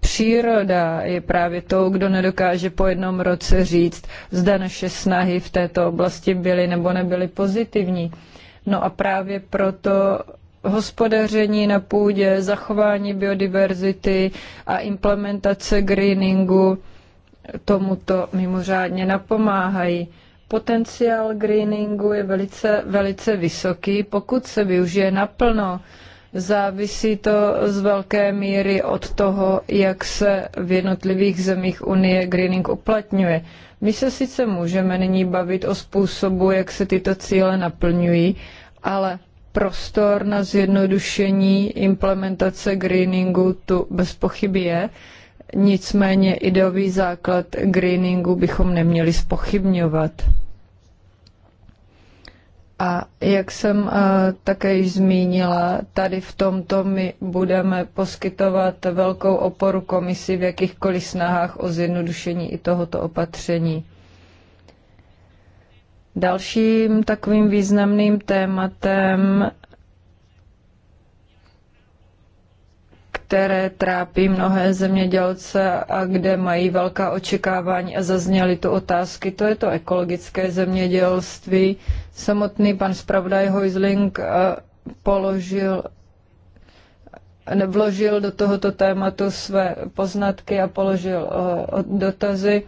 Příroda je právě tou, kdo nedokáže po jednom roce říct, zda naše snahy v této oblasti byly nebo nebyly pozitivní. No a právě proto hospodaření na půdě, zachování biodiverzity a implementace greeningu tomuto mimořádně napomáhají. Potenciál greeningu je velice, velice vysoký, pokud se využije naplno. Závisí to z velké míry od toho, jak se v jednotlivých zemích Unie greening uplatňuje. My se sice můžeme nyní bavit o způsobu, jak se tyto cíle naplňují, ale prostor na zjednodušení implementace greeningu tu bez pochyby je. Nicméně ideový základ greeningu bychom neměli spochybňovat. A jak jsem eh, také již zmínila, tady v tomto my budeme poskytovat velkou oporu komisi v jakýchkoliv snahách o zjednodušení i tohoto opatření. Dalším takovým významným tématem které trápí mnohé zemědělce a kde mají velká očekávání a zazněly tu otázky. To je to ekologické zemědělství. Samotný pan zpravodaj Hojzling eh, položil vložil do tohoto tématu své poznatky a položil eh, dotazy.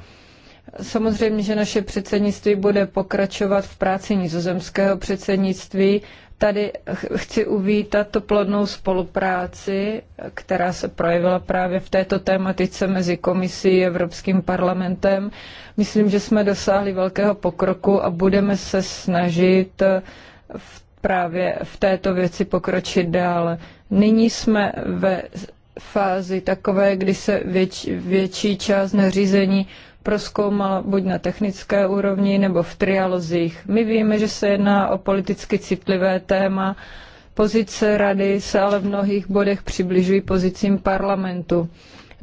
Samozřejmě, že naše předsednictví bude pokračovat v práci nizozemského předsednictví Tady chci uvítat tu plodnou spolupráci, která se projevila právě v této tématice mezi komisí a Evropským parlamentem. Myslím, že jsme dosáhli velkého pokroku a budeme se snažit eh, v, právě v této věci pokročit dál. Nyní jsme ve fázi takové, kdy se věč, větší část nařízení proskoumal buď na technické úrovni nebo v trialozích. My víme, že se jedná o politicky citlivé téma. Pozice rady se ale v mnohých bodech přibližují pozicím parlamentu.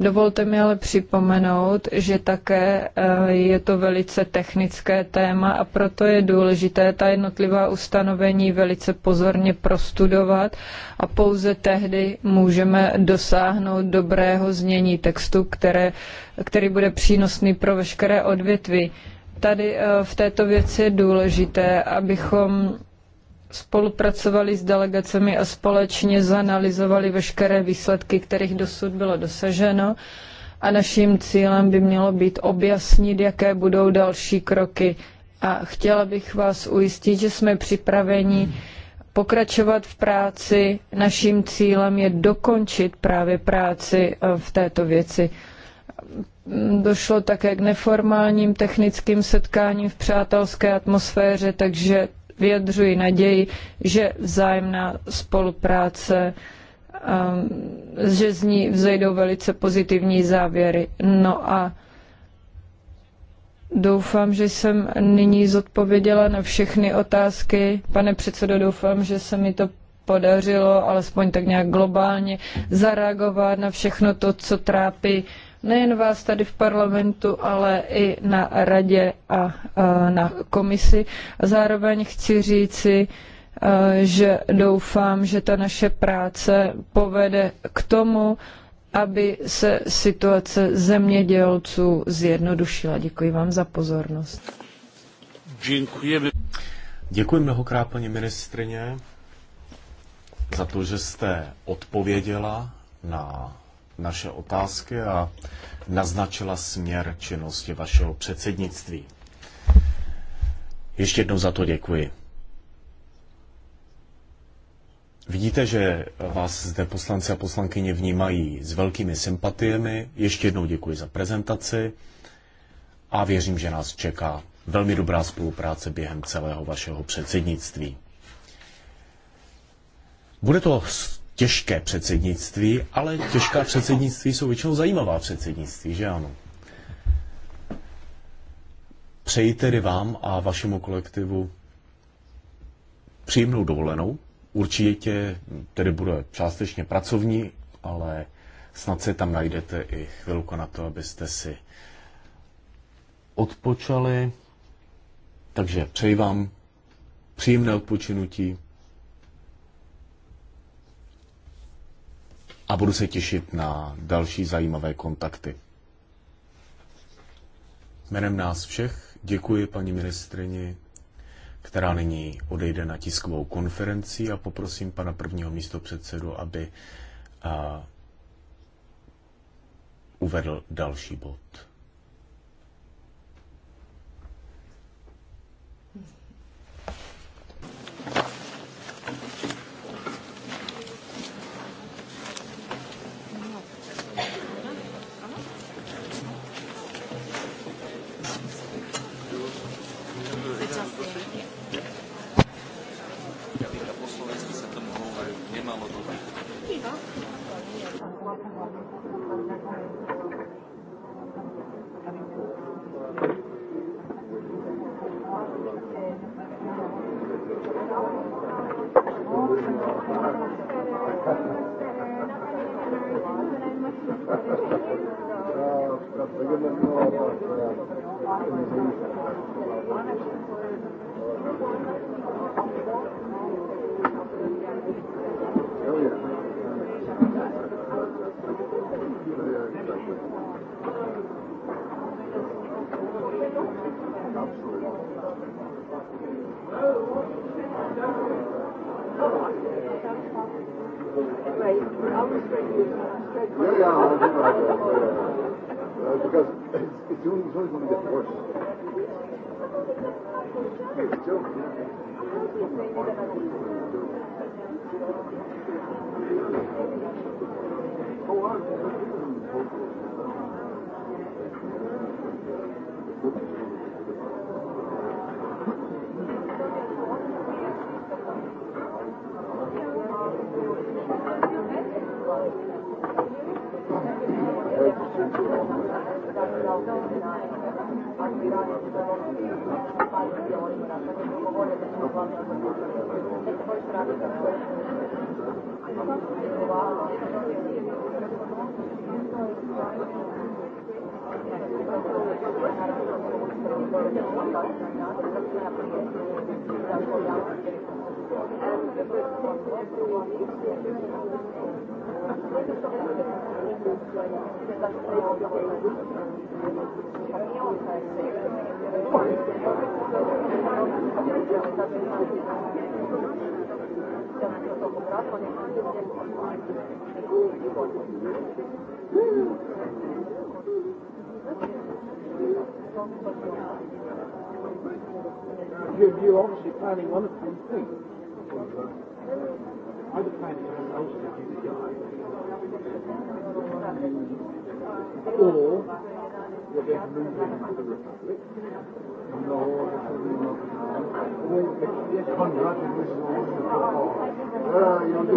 Dovolte mi ale připomenout, že také eh, je to velice technické téma a proto je důležité ta jednotlivá ustanovení velice pozorně prostudovat a pouze tehdy můžeme dosáhnout dobrého znění textu, které, který bude přínosný pro veškeré odvětví tady eh, v této věci je důležité, abychom spolupracovali s delegacemi a společně zanalizovali veškeré výsledky, kterých dosud bylo dosaženo. A naším cílem by mělo být objasnit, jaké budou další kroky. A chtěla bych vás ujistit, že jsme připraveni pokračovat v práci. Naším cílem je dokončit právě práci eh, v této věci. Došlo také k neformálním technickým setkáním v přátelské atmosféře, takže vyjadřuji naději, že vzájemná spolupráce um, že z ní vzejdou velice pozitivní závěry. No a doufám, že jsem nyní zodpověděla na všechny otázky. Pane předsedo, doufám, že se mi to podařilo alespoň tak nějak globálně zareagovat na všechno to, co trápí nejen vás tady v parlamentu, ale i na radě a, na komisi. A zároveň chci říci, že doufám, že ta naše práce povede k tomu, aby se situace zemědělců zjednodušila. Děkuji vám za pozornost. Děkujeme. Děkuji mnohokrát, paní ministrině, za to, že jste odpověděla na naše otázky a naznačila směr činnosti vašeho předsednictví. Ještě jednou za to děkuji. Vidíte, že vás zde poslanci a poslankyně vnímají s velkými sympatiemi. Ještě jednou děkuji za prezentaci a věřím, že nás čeká velmi dobrá spolupráce během celého vašeho předsednictví. Bude to těžké předsednictví, ale těžká předsednictví jsou většinou zajímavá předsednictví, že ano? Přeji tedy vám a vašemu kolektivu příjemnou dovolenou. Určitě tedy bude částečně pracovní, ale snad se tam najdete i chvilku na to, abyste si odpočali. Takže přeji vám příjemné odpočinutí, a budu se těšit na další zajímavé kontakty. Jmenem nás všech děkuji paní ministrini, která nyní odejde na tiskovou konferenci a poprosím pana prvního místopředsedu, aby uvedl další bod. You're, you're obviously planning one of three things. Either planning an ulcer to the eye, or you're going to move into the Republic. No, absolutely not. Conrad, this is all the you're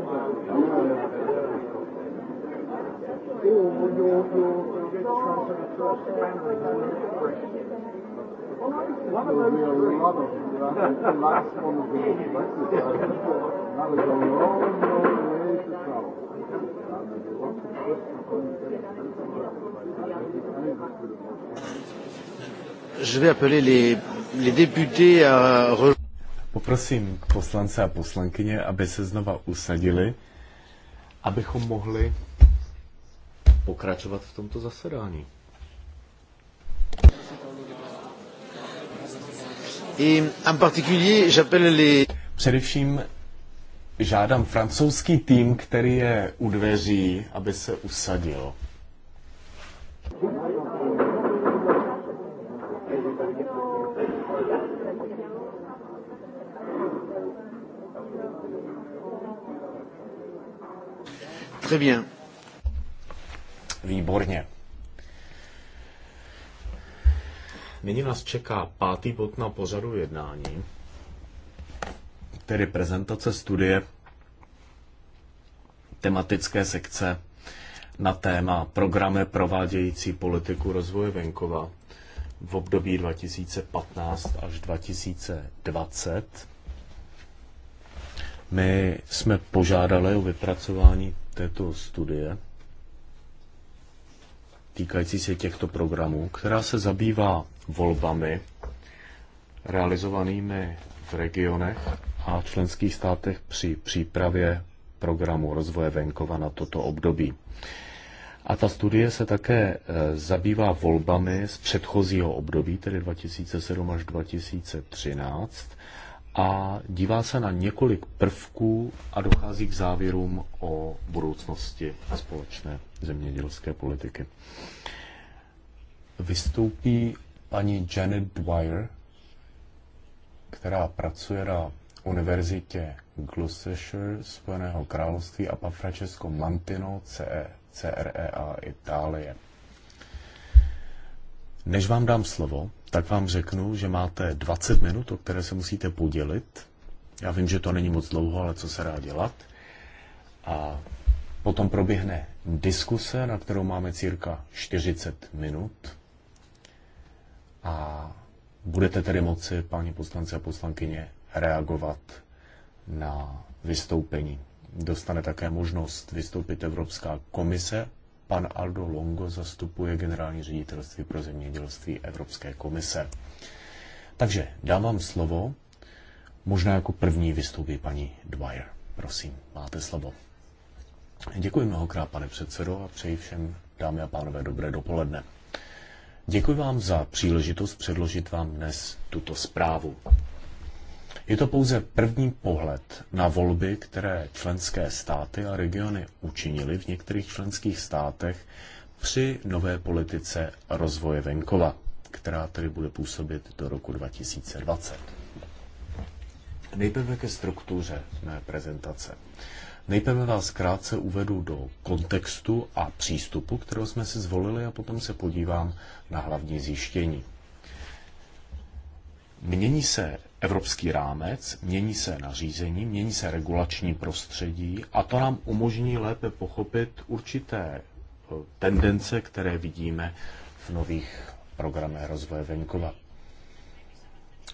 doing that a Je vais appeler les, les députés à Poprosím poslance a poslankyně, aby se znova usadili, abychom mohli pokračovat v tomto zasedání. Především žádám francouzský tým, který je u dveří, aby se usadil. Très bien výborně. Nyní nás čeká pátý bod na pořadu jednání, tedy prezentace studie tematické sekce na téma programy provádějící politiku rozvoje venkova v období 2015 až 2020. My jsme požádali o vypracování této studie týkající se těchto programů, která se zabývá volbami realizovanými v regionech a členských státech při přípravě programu rozvoje venkova na toto období. A ta studie se také e, zabývá volbami z předchozího období, tedy 2007 až 2013, a dívá se na několik prvků a dochází k závěrům o budoucnosti společné zemědělské politiky. Vystoupí paní Janet Dwyer, která pracuje na univerzitě Gloucestershire Spojeného království a pan Francesco Mantino CE, CREA Itálie. Než vám dám slovo, tak vám řeknu, že máte 20 minut, o které se musíte podělit. Já vím, že to není moc dlouho, ale co se dá dělat. A potom proběhne diskuse, na kterou máme cirka 40 minut. A budete tedy moci, páni poslanci a poslankyně, reagovat na vystoupení. Dostane také možnost vystoupit Evropská komise Pan Aldo Longo zastupuje generální ředitelství pro zemědělství Evropské komise. Takže dám vám slovo. Možná jako první vystoupí paní Dwyer. Prosím, máte slovo. Děkuji mnohokrát, pane předsedo, a přeji všem, dámy a pánové, dobré dopoledne. Děkuji vám za příležitost předložit vám dnes tuto zprávu. Je to pouze první pohled na volby, které členské státy a regiony učinily v některých členských státech při nové politice rozvoje venkova, která tedy bude působit do roku 2020. Nejprve ke struktuře mé prezentace. Nejprve vás krátce uvedu do kontextu a přístupu, kterého jsme si zvolili, a potom se podívám na hlavní zjištění. Mění se evropský rámec, mění se nařízení, mění se regulační prostředí a to nám umožní lépe pochopit určité e, tendence, které vidíme v nových programech rozvoje venkova.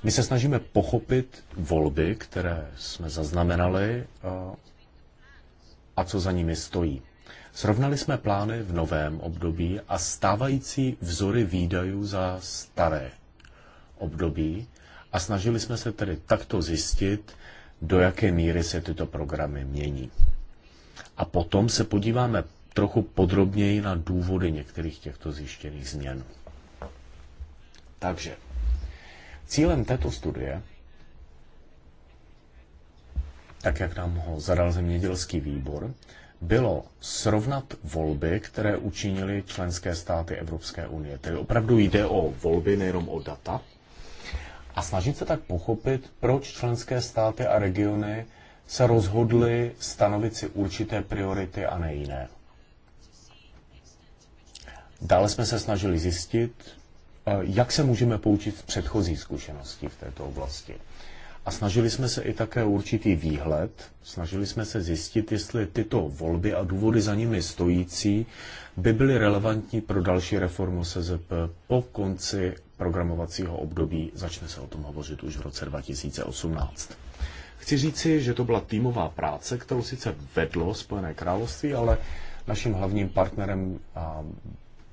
My se snažíme pochopit volby, které jsme zaznamenali e, a co za nimi stojí. Srovnali jsme plány v novém období a stávající vzory výdajů za staré období a snažili jsme se tedy takto zjistit, do jaké míry se tyto programy mění. A potom se podíváme trochu podrobněji na důvody některých těchto zjištěných změn. Takže cílem této studie, tak jak nám ho zadal zemědělský výbor, bylo srovnat volby, které učinili členské státy Evropské unie. Tedy opravdu jde o volby, nejenom o data, a snažit se tak pochopit, proč členské státy a regiony se rozhodly stanovit si určité priority a ne jiné. Dále jsme se snažili zjistit, eh, jak se můžeme poučit z předchozí zkušeností v této oblasti. A snažili jsme se i také určitý výhled, snažili jsme se zjistit, jestli tyto volby a důvody za nimi stojící by byly relevantní pro další reformu SZP po konci programovacího období. Začne se o tom hovořit už v roce 2018. Chci říci, že to byla týmová práce, kterou sice vedlo Spojené království, ale naším hlavním partnerem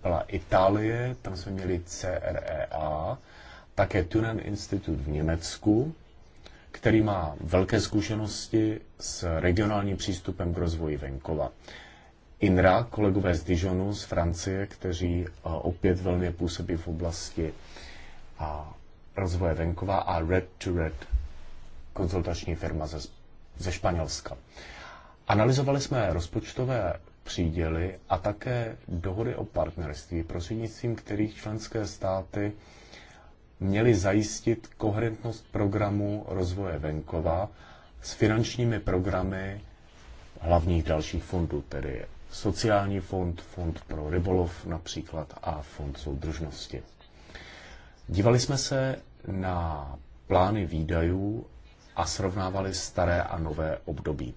byla Itálie, tam jsme měli CREA, také Tunen Institut v Německu, který má velké zkušenosti s regionálním přístupem k rozvoji venkova. INRA, kolegové z Dijonu, z Francie, kteří eh, opět velmi působí v oblasti a rozvoje venkova a Red to Red, konzultační firma ze, ze Španělska. Analyzovali jsme rozpočtové příděly a také dohody o partnerství, prostřednictvím kterých členské státy měly zajistit koherentnost programu rozvoje venkova s finančními programy hlavních dalších fondů, tedy sociální fond, fond pro rybolov například a fond soudržnosti. Dívali jsme se na plány výdajů a srovnávali staré a nové období.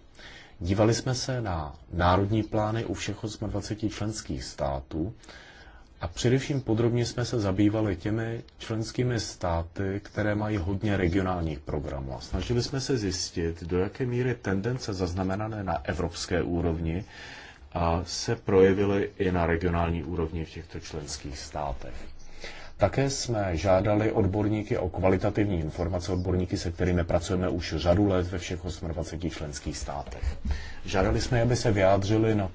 Dívali jsme se na národní plány u všech 28 členských států a především podrobně jsme se zabývali těmi členskými státy, které mají hodně regionálních programů. A snažili jsme se zjistit, do jaké míry tendence zaznamenané na evropské úrovni a se projevily i na regionální úrovni v těchto členských státech. Také jsme žádali odborníky o kvalitativní informace, odborníky, se kterými pracujeme už řadu let ve všech 28 členských státech. Žádali jsme, aby se vyjádřili na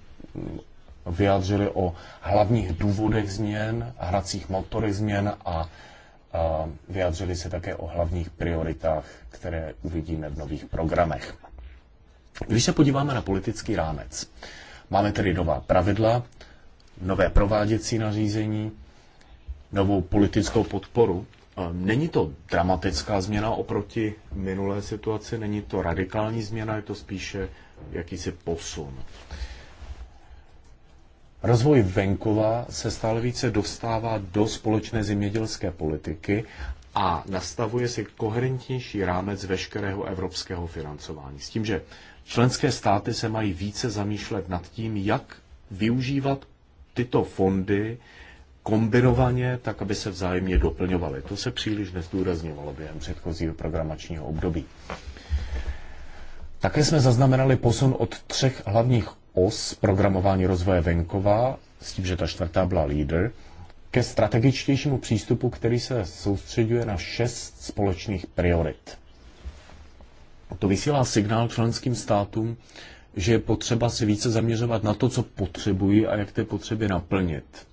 vyjádřili o hlavních důvodech změn, hracích motorech změn a, a vyjádřili se také o hlavních prioritách, které uvidíme v nových programech. Když se podíváme na politický rámec, máme tedy nová pravidla, nové prováděcí nařízení, novou politickou podporu. Není to dramatická změna oproti minulé situaci, není to radikální změna, je to spíše jakýsi posun. Rozvoj venkova se stále více dostává do společné zemědělské politiky a nastavuje si koherentnější rámec veškerého evropského financování. S tím, že členské státy se mají více zamýšlet nad tím, jak využívat tyto fondy kombinovaně, tak aby se vzájemně doplňovaly. To se příliš nezdůrazňovalo během předchozího programačního období. Také jsme zaznamenali posun od třech hlavních os programování rozvoje venkova, s tím, že ta čtvrtá byla líder, ke strategičtějšímu přístupu, který se soustředuje na šest společných priorit. To vysílá signál členským státům, že je potřeba se více zaměřovat na to, co potřebují a jak ty potřeby naplnit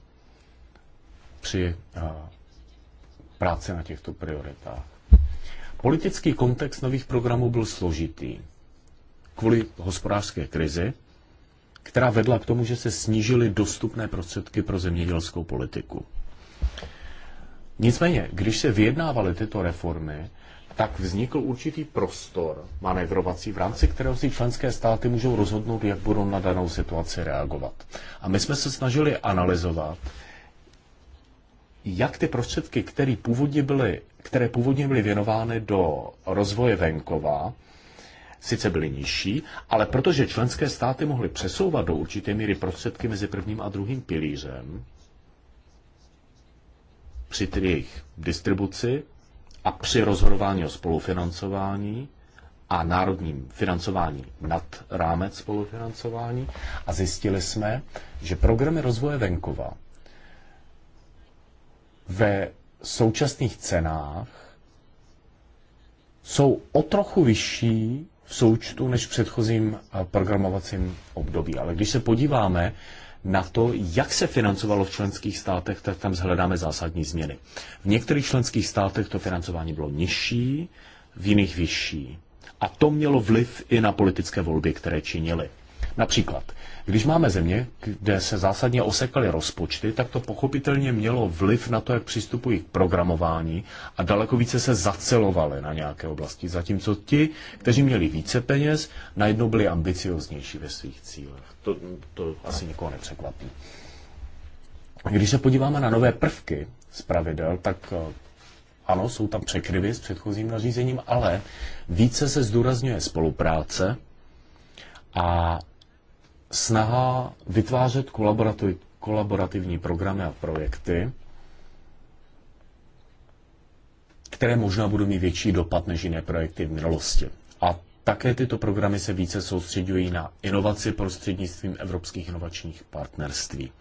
při a, práci na těchto prioritách. Politický kontext nových programů byl složitý. Kvůli hospodářské krizi která vedla k tomu, že se snížily dostupné prostředky pro zemědělskou politiku. Nicméně, když se vyjednávaly tyto reformy, tak vznikl určitý prostor manévrovací, v rámci kterého si členské státy můžou rozhodnout, jak budou na danou situaci reagovat. A my jsme se snažili analyzovat, jak ty prostředky, které původně byly, které původně byly věnovány do rozvoje venkova, sice byly nižší, ale protože členské státy mohly přesouvat do určité míry prostředky mezi prvním a druhým pilířem při jejich distribuci a při rozhodování o spolufinancování a národním financování nad rámec spolufinancování a zjistili jsme, že programy rozvoje venkova ve současných cenách jsou o trochu vyšší v součtu než v předchozím eh, programovacím období. Ale když se podíváme na to, jak se financovalo v členských státech, tak tam zhledáme zásadní změny. V některých členských státech to financování bylo nižší, v jiných vyšší. A to mělo vliv i na politické volby, které činili. Například když máme země, kde se zásadně osekaly rozpočty, tak to pochopitelně mělo vliv na to, jak přistupují k programování a daleko více se zacelovaly na nějaké oblasti. Zatímco ti, kteří měli více peněz, najednou byli ambicioznější ve svých cílech. To, to asi nikoho nepřekvapí. Když se podíváme na nové prvky z pravidel, tak eh, ano, jsou tam překryvy s předchozím nařízením, ale více se zdůrazňuje spolupráce a snaha vytvářet kolaborativní programy a projekty, které možná budou mít větší dopad než jiné projekty v minulosti. A také tyto programy se více soustředují na inovaci prostřednictvím evropských inovačních partnerství.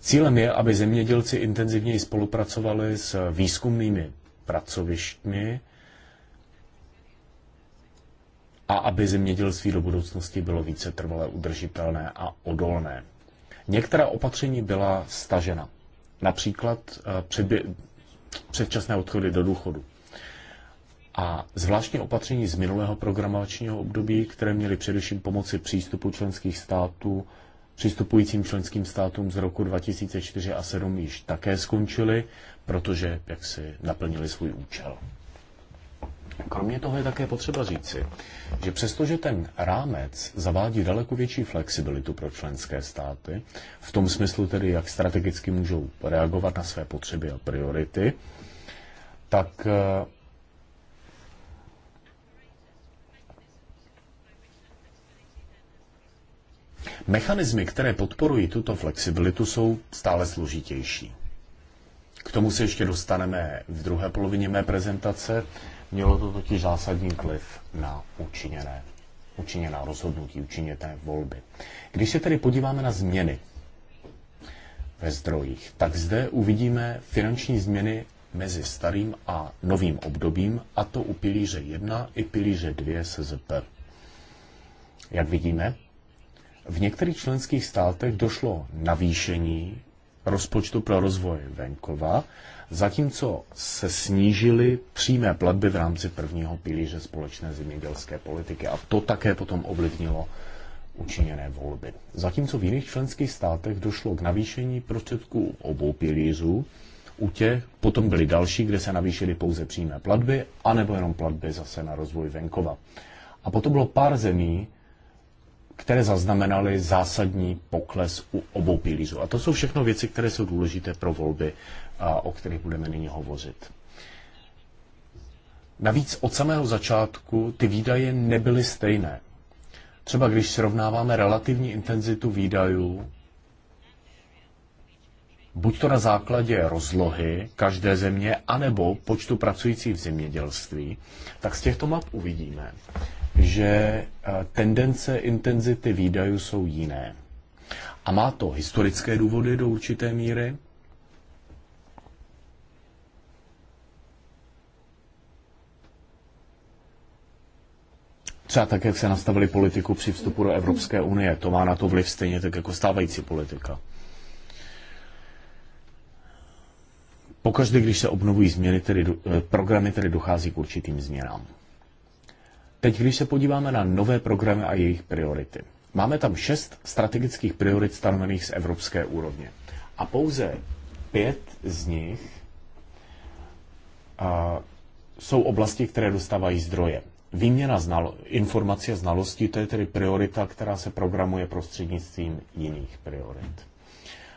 Cílem je, aby zemědělci intenzivněji spolupracovali s výzkumnými pracovištmi, a aby zemědělství do budoucnosti bylo více trvalé, udržitelné a odolné. Některá opatření byla stažena, například eh, předbě- předčasné odchody do důchodu. A zvláštní opatření z minulého programovačního období, které měly především pomoci přístupu členských států, přístupujícím členským státům z roku 2004 a 2007 již také skončily, protože jak si naplnili svůj účel. Kromě toho je také potřeba říci, že přestože ten rámec zavádí daleko větší flexibilitu pro členské státy, v tom smyslu tedy, jak strategicky můžou reagovat na své potřeby a priority, tak eh, Mechanismy, které podporují tuto flexibilitu, jsou stále složitější. K tomu se ještě dostaneme v druhé polovině mé prezentace, Mělo to totiž zásadní vliv na učiněné, učiněná rozhodnutí, učiněné volby. Když se tedy podíváme na změny ve zdrojích, tak zde uvidíme finanční změny mezi starým a novým obdobím, a to u pilíře 1 i pilíře 2 SZP. Jak vidíme, v některých členských státech došlo navýšení rozpočtu pro rozvoj venkova zatímco se snížily přímé platby v rámci prvního pilíře společné zemědělské politiky a to také potom ovlivnilo učiněné volby. Zatímco v jiných členských státech došlo k navýšení prostředků obou pilířů, u těch potom byly další, kde se navýšily pouze přímé platby, anebo jenom platby zase na rozvoj venkova. A potom bylo pár zemí, které zaznamenaly zásadní pokles u obou pilířů. A to jsou všechno věci, které jsou důležité pro volby, o kterých budeme nyní hovořit. Navíc od samého začátku ty výdaje nebyly stejné. Třeba když srovnáváme relativní intenzitu výdajů, buď to na základě rozlohy každé země, anebo počtu pracujících v zemědělství, tak z těchto map uvidíme, že eh, tendence intenzity výdajů jsou jiné. A má to historické důvody do určité míry. Třeba tak, jak se nastavili politiku při vstupu do Evropské unie. To má na to vliv stejně tak jako stávající politika. Pokaždé, když se obnovují změny, tedy, eh, programy, tedy dochází k určitým změnám. Teď, když se podíváme na nové programy a jejich priority, máme tam šest strategických priorit stanovených z evropské úrovně. A pouze pět z nich jsou oblasti, které dostávají zdroje. Výměna znalo, informací a znalostí, to je tedy priorita, která se programuje prostřednictvím jiných priorit.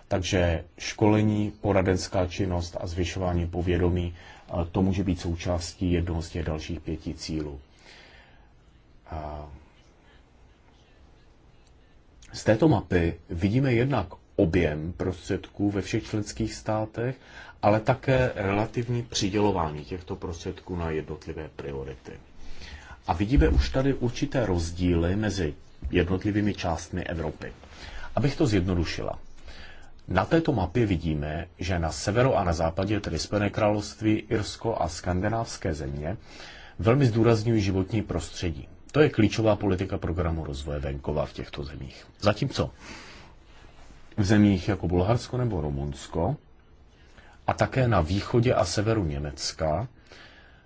Takže školení, poradenská činnost a zvyšování povědomí, to může být součástí jednoho z těch dalších pěti cílů z této mapy vidíme jednak objem prostředků ve všech členských státech, ale také relativní přidělování těchto prostředků na jednotlivé priority. A vidíme už tady určité rozdíly mezi jednotlivými částmi Evropy. Abych to zjednodušila. Na této mapě vidíme, že na severu a na západě, tedy Spojené království, Irsko a skandinávské země, velmi zdůrazňují životní prostředí. To je klíčová politika programu rozvoje venkova v těchto zemích. Zatímco v zemích jako Bulharsko nebo Rumunsko a také na východě a severu Německa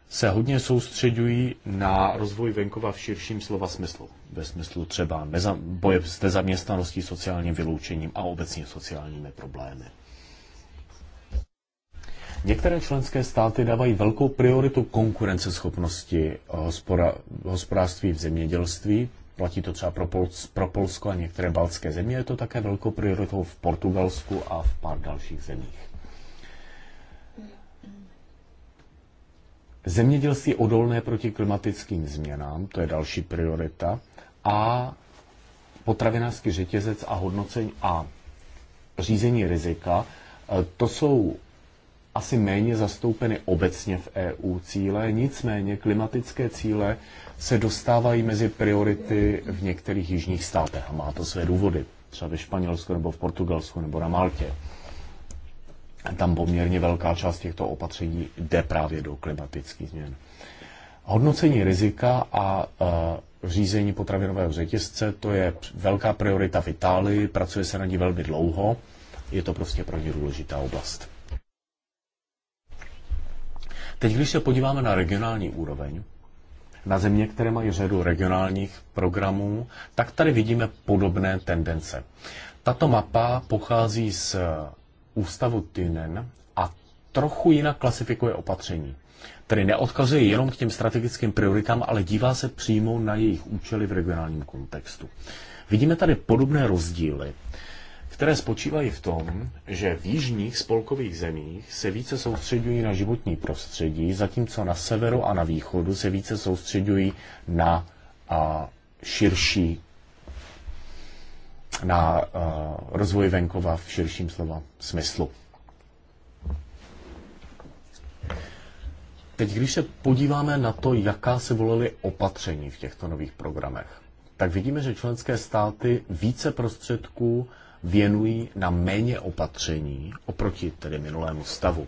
se hodně soustředují na rozvoj venkova v širším slova smyslu. Ve smyslu třeba boje s nezaměstnaností, sociálním vyloučením a obecně sociálními problémy. Některé členské státy dávají velkou prioritu konkurenceschopnosti eh, hospodářství v zemědělství. Platí to třeba pro, Pol- pro Polsko a některé baltské země. Je to také velkou prioritou v Portugalsku a v pár dalších zemích. Zemědělství odolné proti klimatickým změnám, to je další priorita. A potravinářský řetězec a hodnocení a řízení rizika, eh, to jsou asi méně zastoupeny obecně v EU cíle, nicméně klimatické cíle se dostávají mezi priority v některých jižních státech a má to své důvody, třeba ve Španělsku nebo v Portugalsku nebo na Maltě. Tam poměrně velká část těchto opatření jde právě do klimatických změn. Hodnocení rizika a e, řízení potravinového řetězce, to je velká priorita v Itálii, pracuje se na ní velmi dlouho, je to prostě pro ně důležitá oblast. Teď, když se podíváme na regionální úroveň, na země, které mají řadu regionálních programů, tak tady vidíme podobné tendence. Tato mapa pochází z eh, ústavu Tynen a trochu jinak klasifikuje opatření. Tedy neodkazuje jenom k těm strategickým prioritám, ale dívá se přímo na jejich účely v regionálním kontextu. Vidíme tady podobné rozdíly které spočívají v tom, že v jižních spolkových zemích se více soustředují na životní prostředí, zatímco na severu a na východu se více soustředují na a, širší na a, rozvoj venkova v širším slova smyslu. Teď, když se podíváme na to, jaká se volily opatření v těchto nových programech, tak vidíme, že členské státy více prostředků věnují na méně opatření oproti tedy minulému stavu.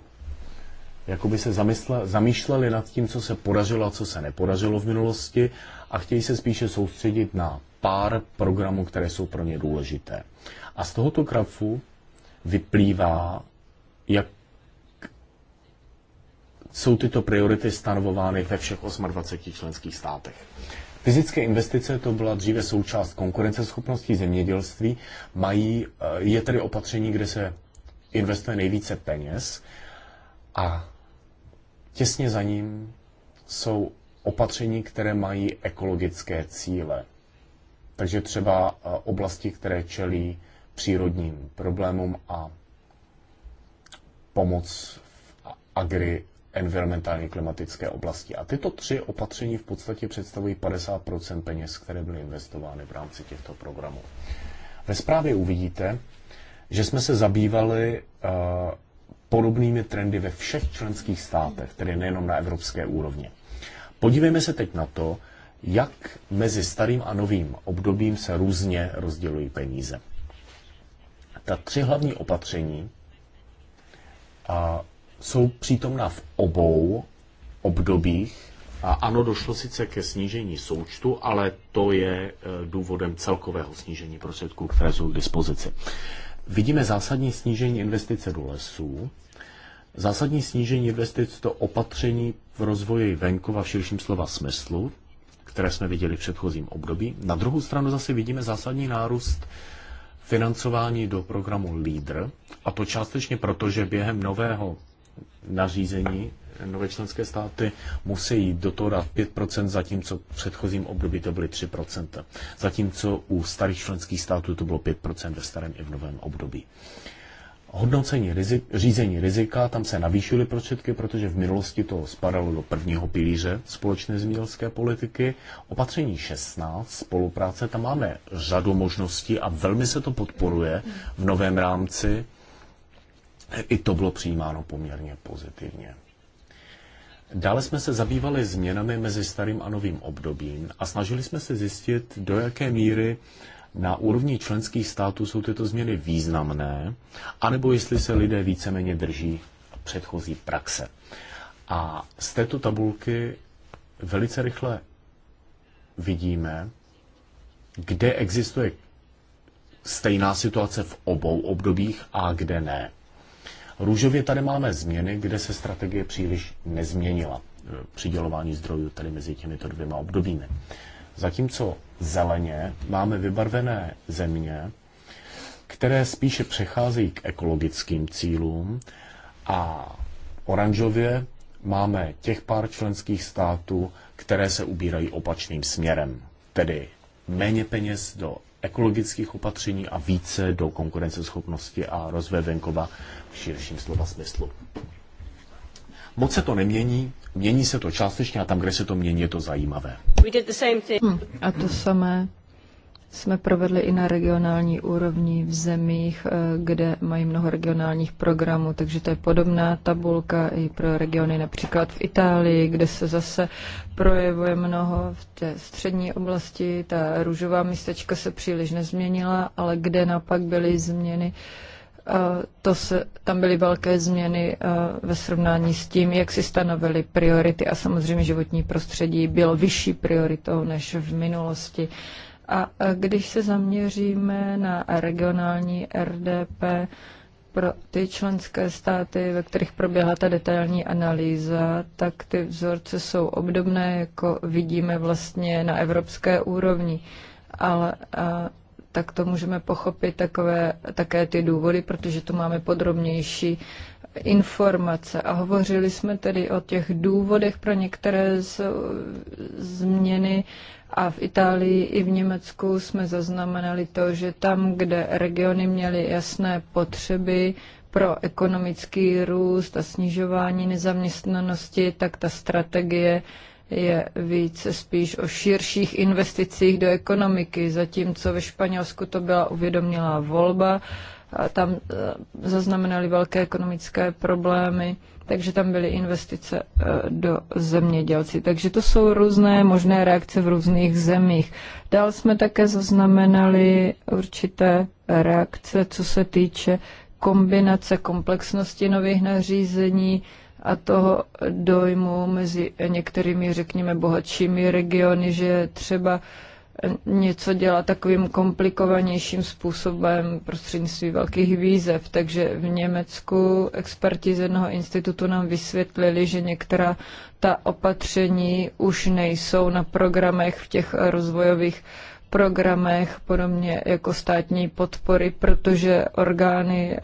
Jakoby se zamysle, zamýšleli nad tím, co se podařilo a co se nepodařilo v minulosti a chtějí se spíše soustředit na pár programů, které jsou pro ně důležité. A z tohoto grafu vyplývá, jak jsou tyto priority stanovovány ve všech 28 členských státech. Fyzické investice, to byla dříve součást konkurenceschopnosti zemědělství, mají, eh, je tedy opatření, kde se investuje nejvíce peněz a těsně za ním jsou opatření, které mají ekologické cíle. Takže třeba eh, oblasti, které čelí přírodním problémům a pomoc v agri environmentální klimatické oblasti. A tyto tři opatření v podstatě představují 50 peněz, které byly investovány v rámci těchto programů. Ve zprávě uvidíte, že jsme se zabývali eh, podobnými trendy ve všech členských státech, tedy nejenom na evropské úrovni. Podívejme se teď na to, jak mezi starým a novým obdobím se různě rozdělují peníze. Ta tři hlavní opatření a jsou přítomna v obou obdobích. A ano, došlo sice ke snížení součtu, ale to je e, důvodem celkového snížení prostředků, které jsou k dispozici. Vidíme zásadní snížení investice do lesů, zásadní snížení investic do opatření v rozvoji venkova v širším slova smyslu, které jsme viděli v předchozím období. Na druhou stranu zase vidíme zásadní nárůst financování do programu LEADER, a to částečně proto, že během nového nařízení nové členské státy musí jít do toho dát 5%, zatímco v předchozím období to byly 3%. Zatímco u starých členských států to bylo 5% ve starém i v novém období. Hodnocení rizik, řízení rizika, tam se navýšily prostředky, protože v minulosti to spadalo do prvního pilíře společné zemědělské politiky. Opatření 16, spolupráce, tam máme řadu možností a velmi se to podporuje v novém rámci i to bylo přijímáno poměrně pozitivně. Dále jsme se zabývali změnami mezi starým a novým obdobím a snažili jsme se zjistit, do jaké míry na úrovni členských států jsou tyto změny významné, anebo jestli se lidé víceméně drží předchozí praxe. A z této tabulky velice rychle vidíme, kde existuje stejná situace v obou obdobích a kde ne. Růžově tady máme změny, kde se strategie příliš nezměnila. E, přidělování zdrojů tady mezi těmito dvěma obdobími. Zatímco zeleně máme vybarvené země, které spíše přecházejí k ekologickým cílům a oranžově máme těch pár členských států, které se ubírají opačným směrem, tedy méně peněz do ekologických opatření a více do konkurenceschopnosti a rozvoje venkova v širším slova smyslu. Moc se to nemění, mění se to částečně a tam, kde se to mění, je to zajímavé. Hmm, a to samé jsme provedli i na regionální úrovni v zemích, eh, kde mají mnoho regionálních programů, takže to je podobná tabulka i pro regiony například v Itálii, kde se zase projevuje mnoho v té střední oblasti. Ta růžová místečka se příliš nezměnila, ale kde napak byly změny, eh, to se, tam byly velké změny eh, ve srovnání s tím, jak si stanovili priority a samozřejmě životní prostředí bylo vyšší prioritou než v minulosti. A když se zaměříme na regionální RDP pro ty členské státy, ve kterých proběhla ta detailní analýza, tak ty vzorce jsou obdobné, jako vidíme vlastně na evropské úrovni. Ale a, tak to můžeme pochopit takové, také ty důvody, protože tu máme podrobnější informace. A hovořili jsme tedy o těch důvodech pro některé z, změny a v Itálii i v Německu jsme zaznamenali to, že tam, kde regiony měly jasné potřeby pro ekonomický růst a snižování nezaměstnanosti, tak ta strategie je více spíš o širších investicích do ekonomiky, zatímco ve Španělsku to byla uvědomělá volba, a tam eh, zaznamenali velké ekonomické problémy takže tam byly investice eh, do zemědělci. Takže to jsou různé možné reakce v různých zemích. Dál jsme také zaznamenali určité reakce, co se týče kombinace komplexnosti nových nařízení, a toho dojmu mezi některými, řekněme, bohatšími regiony, že třeba něco dělat takovým komplikovanějším způsobem prostřednictvím velkých výzev. Takže v Německu experti z jednoho institutu nám vysvětlili, že některá ta opatření už nejsou na programech v těch rozvojových programech, podobně jako státní podpory, protože orgány eh,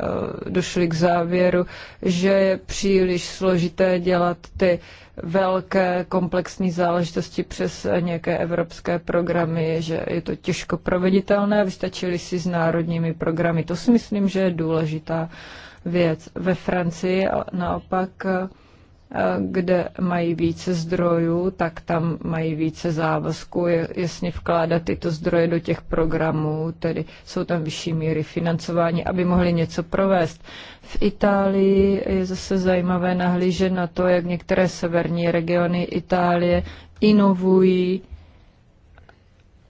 došly k závěru, že je příliš složité dělat ty velké komplexní záležitosti přes nějaké evropské programy, že je to těžko proveditelné, vystačili si s národními programy. To si myslím, že je důležitá věc. Ve Francii naopak eh, Eh, kde mají více zdrojů, tak tam mají více závazků, jasně vkládat tyto zdroje do těch programů, tedy jsou tam vyšší míry financování, aby mohli něco provést. V Itálii je zase zajímavé nahlížet na to, jak některé severní regiony Itálie inovují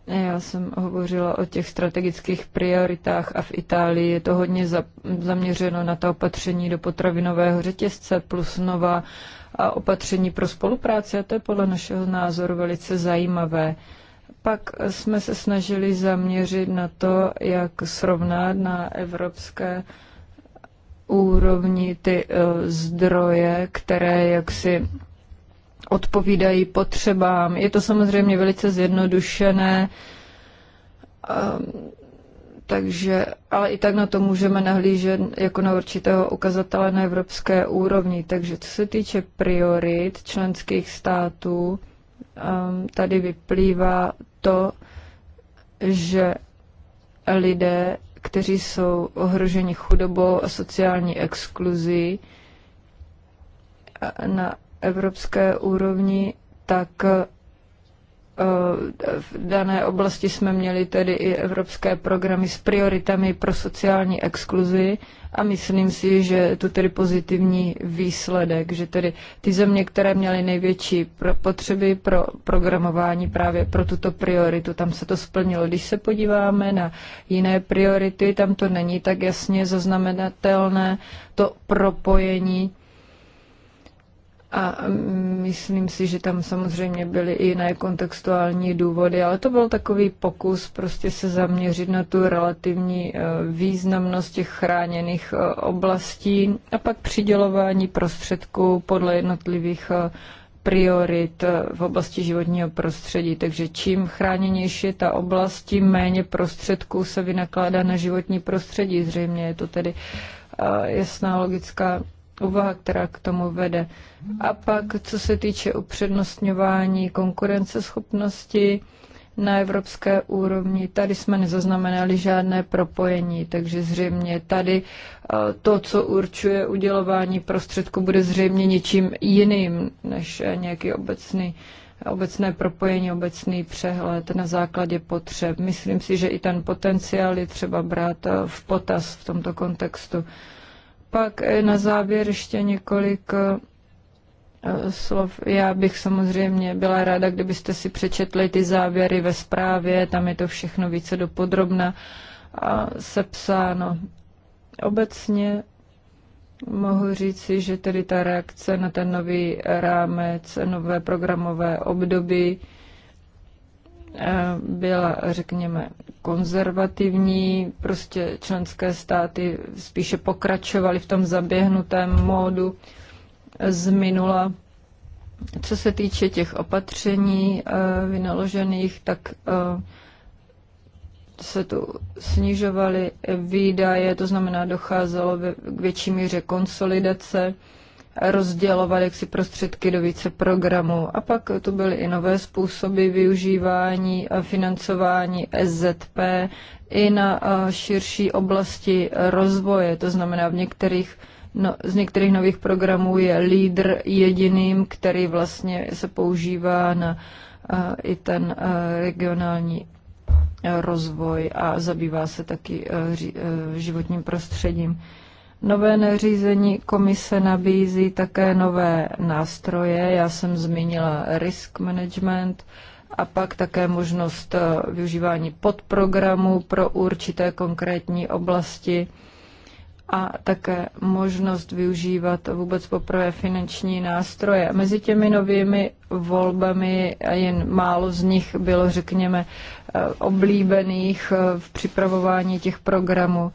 já jsem hovořila o těch strategických prioritách a v Itálii je to hodně za, zaměřeno na ta opatření do potravinového řetězce plus nová a opatření pro spolupráci a to je podle našeho názoru velice zajímavé. Pak jsme se snažili zaměřit na to, jak srovnat na evropské úrovni ty eh, zdroje, které jaksi odpovídají potřebám. Je to samozřejmě velice zjednodušené, ehm, takže, ale i tak na to můžeme nahlížet jako na určitého ukazatele na evropské úrovni. Takže co se týče priorit členských států, ehm, tady vyplývá to, že lidé, kteří jsou ohroženi chudobou a sociální exkluzí, na evropské úrovni, tak eh, v dané oblasti jsme měli tedy i evropské programy s prioritami pro sociální exkluzi a myslím si, že je tu tedy pozitivní výsledek, že tedy ty země, které měly největší potřeby pro programování právě pro tuto prioritu, tam se to splnilo. Když se podíváme na jiné priority, tam to není tak jasně zaznamenatelné to propojení a mm, myslím si, že tam samozřejmě byly i jiné kontextuální důvody, ale to byl takový pokus prostě se zaměřit na tu relativní e, významnost těch chráněných e, oblastí a pak přidělování prostředků podle jednotlivých e, priorit v oblasti životního prostředí. Takže čím chráněnější je ta oblast, tím méně prostředků se vynakládá na životní prostředí. Zřejmě je to tedy jasná logická uvaha, která k tomu vede. A pak, co se týče upřednostňování konkurenceschopnosti na evropské úrovni, tady jsme nezaznamenali žádné propojení, takže zřejmě tady eh, to, co určuje udělování prostředku, bude zřejmě něčím jiným než eh, nějaký obecný obecné propojení, obecný přehled na základě potřeb. Myslím si, že i ten potenciál je třeba brát eh, v potaz v tomto kontextu. Pak e, na závěr ještě několik e, e, slov. Já bych samozřejmě byla ráda, kdybyste si přečetli ty závěry ve zprávě, tam je to všechno více dopodrobna sepsáno. Obecně mohu říci, že tedy ta reakce na ten nový rámec, nové programové období, Eh, byla, řekněme, konzervativní, prostě členské státy spíše pokračovaly v tom zaběhnutém módu z minula. Co se týče těch opatření eh, vynaložených, tak eh, se tu snižovaly výdaje, to znamená, docházelo k větší míře konsolidace rozdělovat jaksi prostředky do více programů. A pak to byly i nové způsoby využívání a financování SZP i na širší oblasti rozvoje, to znamená v některých No, z některých nových programů je lídr jediným, který vlastně se používá na uh, i ten uh, regionální rozvoj a zabývá se taky životním prostředím. Nové nařízení komise nabízí také nové nástroje. Já jsem zmínila risk management a pak také možnost eh, využívání podprogramů pro určité konkrétní oblasti a také možnost využívat vůbec poprvé finanční nástroje. Mezi těmi novými volbami jen málo z nich bylo, řekněme, eh, oblíbených eh, v připravování těch programů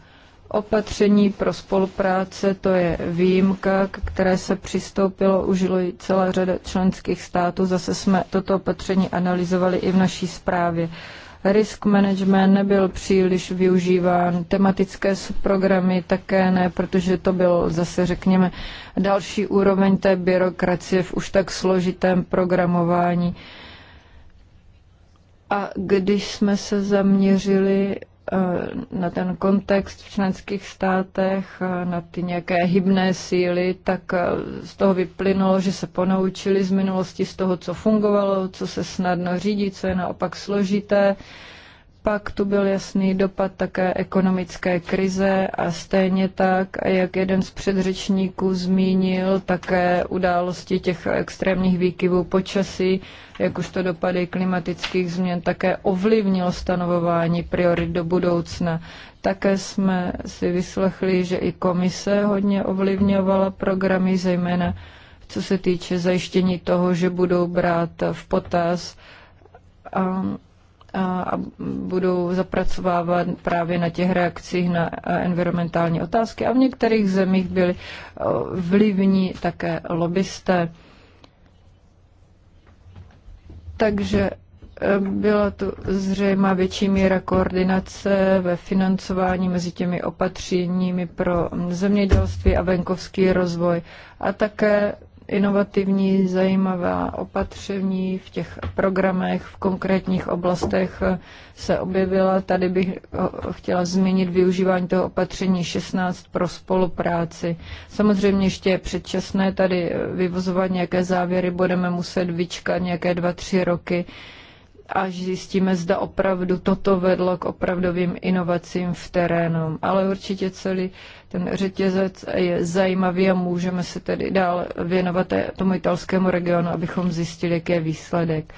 opatření pro spolupráce, to je výjimka, k které se přistoupilo, užilo i celá řada členských států. Zase jsme toto opatření analyzovali i v naší zprávě. Risk management nebyl příliš využíván, tematické programy také ne, protože to byl zase, řekněme, další úroveň té byrokracie v už tak složitém programování. A když jsme se zaměřili Eh, na ten kontext v členských státech, eh, na ty nějaké hybné síly, tak eh, z toho vyplynulo, že se ponaučili z minulosti, z toho, co fungovalo, co se snadno řídí, co je naopak složité. Pak tu byl jasný dopad také ekonomické krize a stejně tak, jak jeden z předřečníků zmínil, také události těch extrémních výkyvů počasí, jak už to dopady klimatických změn, také ovlivnilo stanovování priorit do budoucna. Také jsme si vyslechli, že i komise hodně ovlivňovala programy, zejména co se týče zajištění toho, že budou brát v potaz a budou zapracovávat právě na těch reakcích na environmentální otázky a v některých zemích byli vlivní také lobbysté. Takže e, byla tu zřejmá větší míra koordinace ve financování mezi těmi opatřeními pro zemědělství a venkovský rozvoj. A také inovativní, zajímavá opatření v těch programech, v konkrétních oblastech se objevila. Tady bych eh, chtěla zmínit využívání toho opatření 16 pro spolupráci. Samozřejmě ještě je předčasné tady vyvozovat nějaké závěry, budeme muset vyčkat nějaké 2-3 roky až zjistíme, zda opravdu toto vedlo k opravdovým inovacím v terénu. Ale určitě celý ten řetězec je zajímavý a můžeme se tedy dál věnovat tomu italskému regionu, abychom zjistili, jaký je výsledek.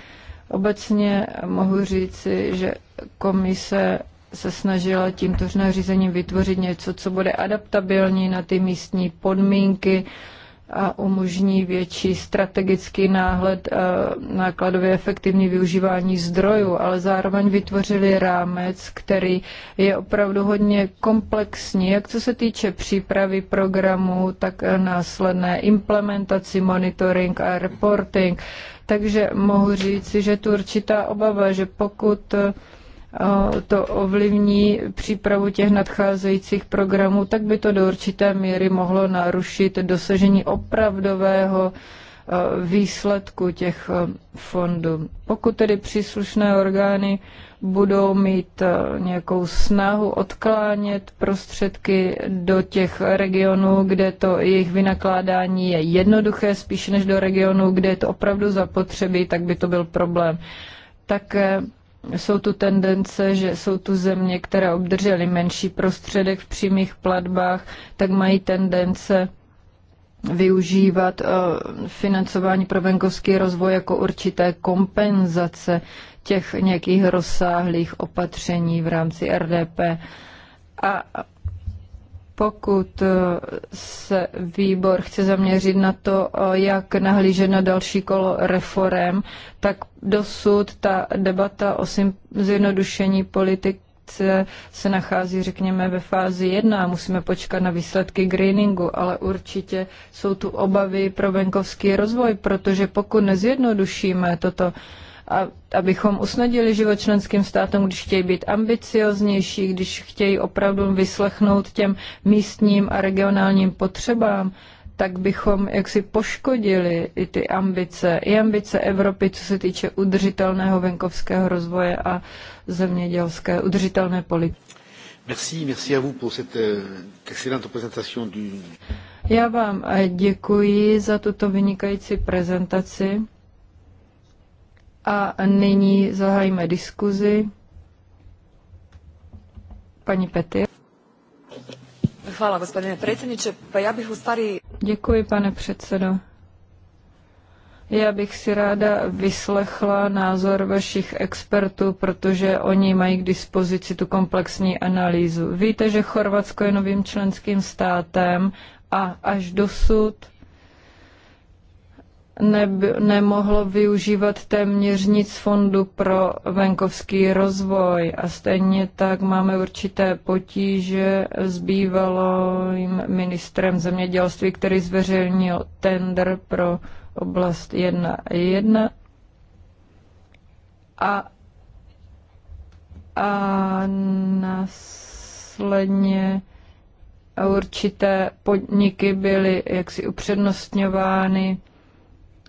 Obecně mohu říci, že komise se snažila tímto nařízením vytvořit něco, co bude adaptabilní na ty místní podmínky, a umožní větší strategický náhled eh, nákladově efektivní využívání zdrojů, ale zároveň vytvořili rámec, který je opravdu hodně komplexní, jak co se týče přípravy programu, tak eh, následné implementaci, monitoring a reporting. Takže mohu říci, že tu určitá obava, že pokud eh, to ovlivní přípravu těch nadcházejících programů, tak by to do určité míry mohlo narušit dosažení opravdového e, výsledku těch e, fondů. Pokud tedy příslušné orgány budou mít e, nějakou snahu odklánět prostředky do těch regionů, kde to jejich vynakládání je jednoduché, spíše než do regionů, kde je to opravdu zapotřebí, tak by to byl problém. Také jsou tu tendence, že jsou tu země, které obdržely menší prostředek v přímých platbách, tak mají tendence využívat eh, financování pro venkovský rozvoj jako určité kompenzace těch nějakých rozsáhlých opatření v rámci RDP. A pokud eh, se výbor chce zaměřit na to, eh, jak nahlížet na další kolo reform, tak dosud ta debata o zjednodušení politik se nachází, řekněme, ve fázi 1 a musíme počkat na výsledky greeningu, ale určitě jsou tu obavy pro venkovský rozvoj, protože pokud nezjednodušíme toto a abychom usnadili život členským státům, když chtějí být ambicioznější, když chtějí opravdu vyslechnout těm místním a regionálním potřebám, tak bychom jaksi poškodili i ty ambice, i ambice Evropy, co se týče udržitelného venkovského rozvoje a zemědělské udržitelné politiky. Merci, merci à vous pour cette euh, excellente présentation du... Já vám eh, děkuji za tuto vynikající prezentaci. A nyní zahájíme diskuzi. Paní Petě. Hvala, gospodine predsjedniče. Pa bih u stvari... Děkuji, pane předsedo. Já bych si ráda vyslechla názor vašich expertů, protože oni mají k dispozici tu komplexní analýzu. Víte, že Chorvatsko je novým členským státem a až dosud neby, nemohlo využívat téměř nic fondu pro venkovský rozvoj a stejně tak máme určité potíže s bývalým ministrem zemědělství, který zveřejnil tender pro oblast 1.1 a, a následně určité podniky byly jaksi upřednostňovány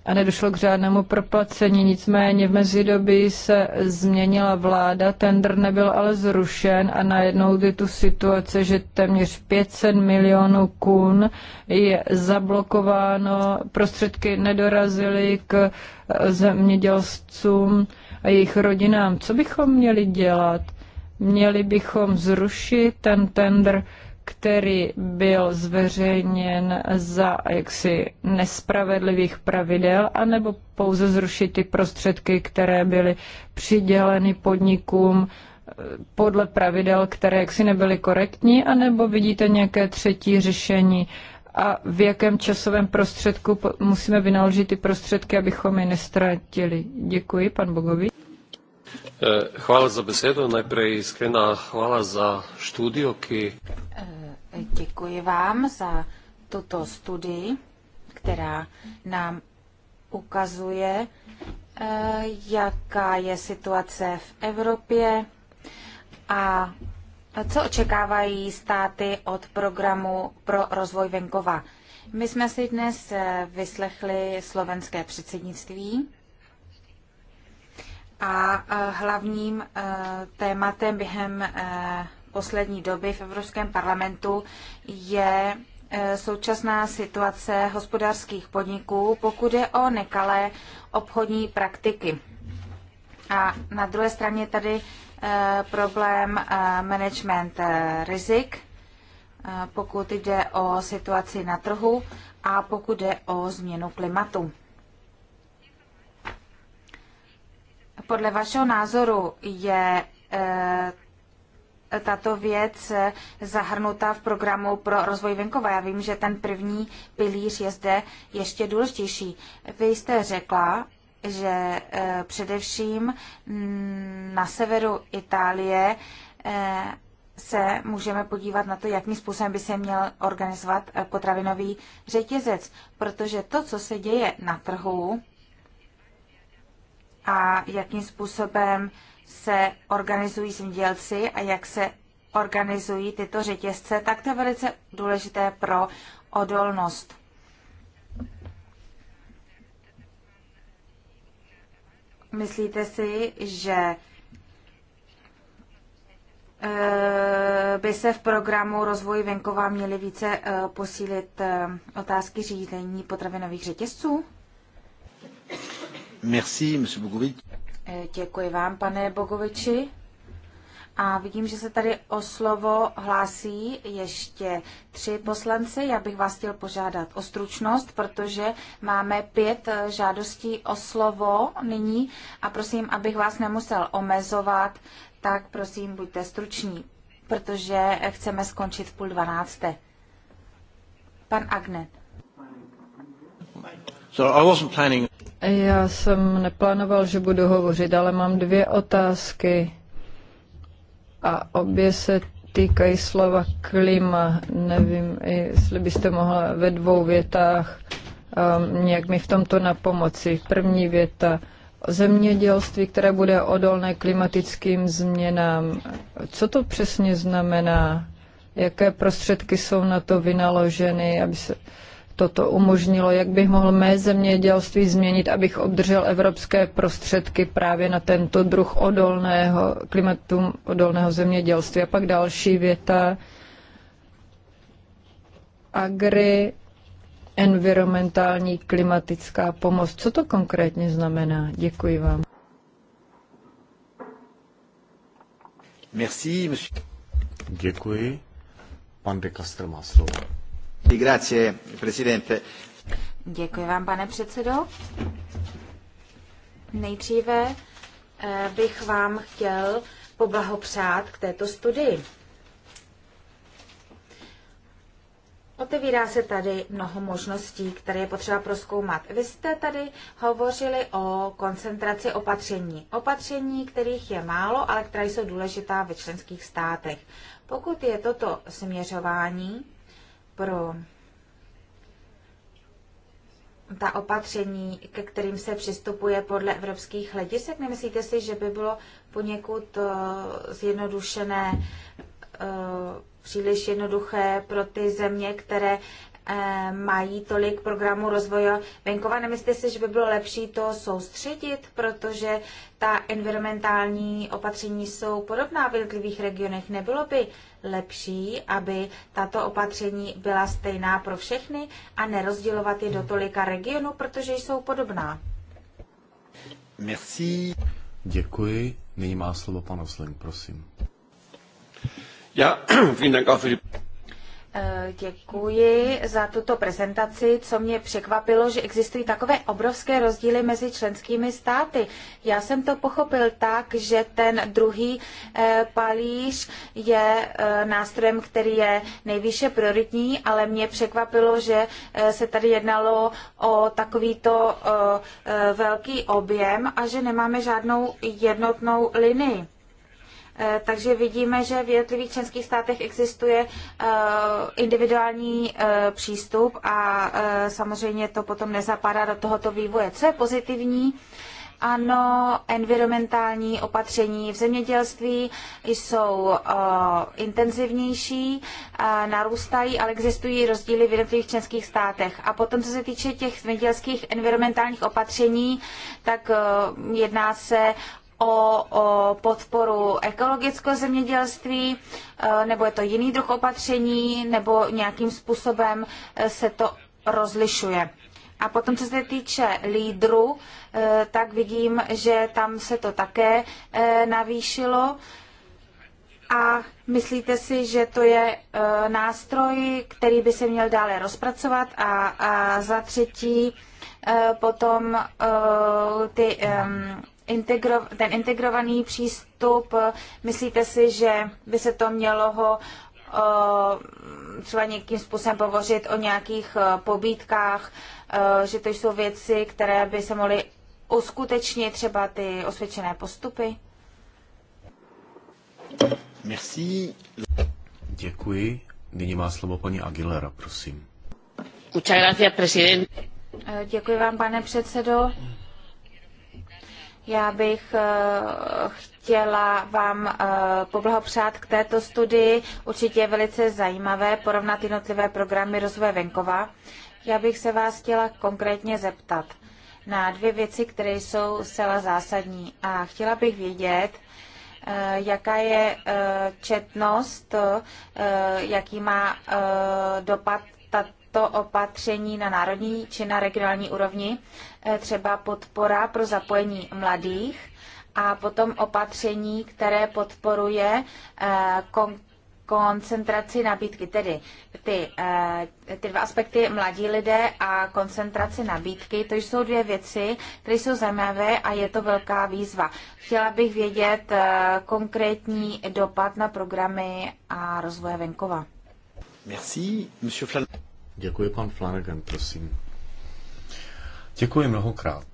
a nedošlo k žádnému proplacení. Nicméně v mezidobí se změnila vláda, tender nebyl ale zrušen a najednou je tu situace, že téměř 500 milionů kun je zablokováno, prostředky nedorazily k eh, zemědělcům a jejich rodinám. Co bychom měli dělat? Měli bychom zrušit ten tender, který byl zveřejněn za jaksi nespravedlivých pravidel, anebo pouze zrušit ty prostředky, které byly přiděleny podnikům eh, podle pravidel, které jaksi nebyly korektní, anebo vidíte nějaké třetí řešení a v jakém časovém prostředku musíme vynaložit ty prostředky, abychom je nestratili. Děkuji, pan Bogovi. Eh, hvala za besedo. Najprej iskrena hvala za študijo, ki... Eh, Děkuji vám za tuto studii, která nám ukazuje, eh, jaká je situace v Evropě a co očekávají státy od programu pro rozvoj venkova. My jsme si dnes eh, vyslechli slovenské předsednictví a eh, hlavním tématem během poslední doby v Evropském parlamentu je e, současná situace hospodářských podniků, pokud je o nekalé obchodní praktiky. A na druhé straně tady e, problém e, management rizik, pokud jde o situaci na trhu a pokud jde o změnu klimatu. Podle vašeho názoru je tato věc zahrnuta v programu pro rozvoj venkova. Já vím, že ten první pilíř je zde ještě důležitější. Vy jste řekla, že eh, především mm, na severu Itálie eh, se můžeme podívat na to, jakým způsobem by se měl organizovat eh, potravinový řetězec, protože to, co se děje na trhu a jakým způsobem se organizují zemědělci a jak se organizují tyto řetězce, tak to je velice důležité pro odolnost. Myslíte si, že eh, by se v programu rozvoji venkova měly více eh, posílit eh, otázky řízení potravinových řetězců? Merci, monsieur Bogovič. E, děkuji vám, pane Bogoviči. A vidím, že se tady o slovo hlásí ještě tři poslanci. Já bych vás chtěl požádat o stručnost, protože máme pět e, žádostí o slovo nyní a prosím, abych vás nemusel omezovat, tak prosím, buďte struční, protože chceme skončit v půl dvanácté. Pan Agne. So I wasn't planning. Já jsem neplánoval, že budu hovořit, ale mám dvě otázky a obě se týkají slova klima. Nevím, jestli byste mohla ve dvou větách um, nějak mi v tomto napomoci. První věta zemědělství, které bude odolné klimatickým změnám. Co to přesně znamená? Jaké prostředky jsou na to vynaloženy, aby se toto umožnilo, jak bych mohl mé zemědělství změnit, abych obdržel evropské prostředky právě na tento druh odolného klimatu, odolného zemědělství. A pak další věta. Agri environmentální klimatická pomoc. Co to konkrétně znamená? Děkuji vám. Merci, Děkuji. Pan de Castro má slovo. Děkuji vám, pane předsedo. Nejdříve eh, bych vám chtěl poblahopřát k této studii. Otevírá se tady mnoho možností, které je potřeba proskoumat. Vy jste tady hovořili o koncentraci opatření. Opatření, kterých je málo, ale která jsou důležitá ve členských státech. Pokud je toto směřování, pro ta opatření, ke kterým se přistupuje podle evropských hledisek? Nemyslíte si, že by bylo poněkud eh, zjednodušené, eh, příliš jednoduché pro ty země, které Eh, mají tolik programů rozvoje venkova. Nemyslíte si, že by bylo lepší to soustředit, protože ta environmentální opatření jsou podobná v jednotlivých regionech. Nebylo by lepší, aby tato opatření byla stejná pro všechny a nerozdělovat je do tolika regionů, protože jsou podobná? Merci. Děkuji. Nyní má slovo pan Osling, prosím. Ja, <clears throat> vielen Dank auch für die Děkuji za tuto prezentaci. Co mě překvapilo, že existují takové obrovské rozdíly mezi členskými státy. Já jsem to pochopil tak, že ten druhý eh, palíř je eh, nástrojem, který je nejvýše prioritní, ale mě překvapilo, že eh, se tady jednalo o takovýto velký objem a že nemáme žádnou jednotnou linii. Eh, takže vidíme, že v jednotlivých členských státech existuje eh, individuální eh, přístup a samozřejmě to potom nezapadá do tohoto vývoje. Co je pozitivní? Ano, environmentální opatření v zemědělství jsou uh, intenzivnější, uh, narůstají, ale existují rozdíly v jednotlivých českých státech. A potom, co se týče těch zemědělských environmentálních opatření, tak uh, jedná se o, o podporu ekologického zemědělství, e, nebo je to jiný druh opatření, nebo nějakým způsobem e, se to rozlišuje. A potom, co se týče lídru, e, tak vidím, že tam se to také navýšilo. A myslíte si, že to je nástroj, který by se měl dále rozpracovat? A, a za třetí, potom ty integro, ten integrovaný přístup, eh, myslíte si, že by se to mělo ho eh, třeba nějakým způsobem povořit o nějakých eh, pobídkách, že to jsou věci, které by se mohly uskutečnit třeba ty osvědčené postupy? Merci. Děkuji. Nyní má slovo paní Aguilera, prosím. Muchas gracias, Děkuji vám, pane předsedo. Já bych eh, chtěla vám eh, poblahopřát k této studii. Určitě je velice zajímavé porovnat jednotlivé programy rozvoje venkova. Já bych se vás chtěla konkrétně zeptat na dvě věci, které jsou zcela zásadní. A chtěla bych vědět, eh, jaká je četnost, jaký má dopad tato opatření na národní či na regionální úrovni, eh, třeba podpora pro zapojení mladých a potom opatření, které podporuje eh, kon koncentraci nabídky, tedy ty, eh, ty dva aspekty mladí lidé a koncentraci nabídky, to jsou dvě věci, které jsou zajímavé a je to velká výzva. Chtěla bych vědět konkrétní dopad na programy a rozvoje venkova. Merci, monsieur Flan. Děkuji, pan Flanagan, prosím. Děkuji mnohokrát.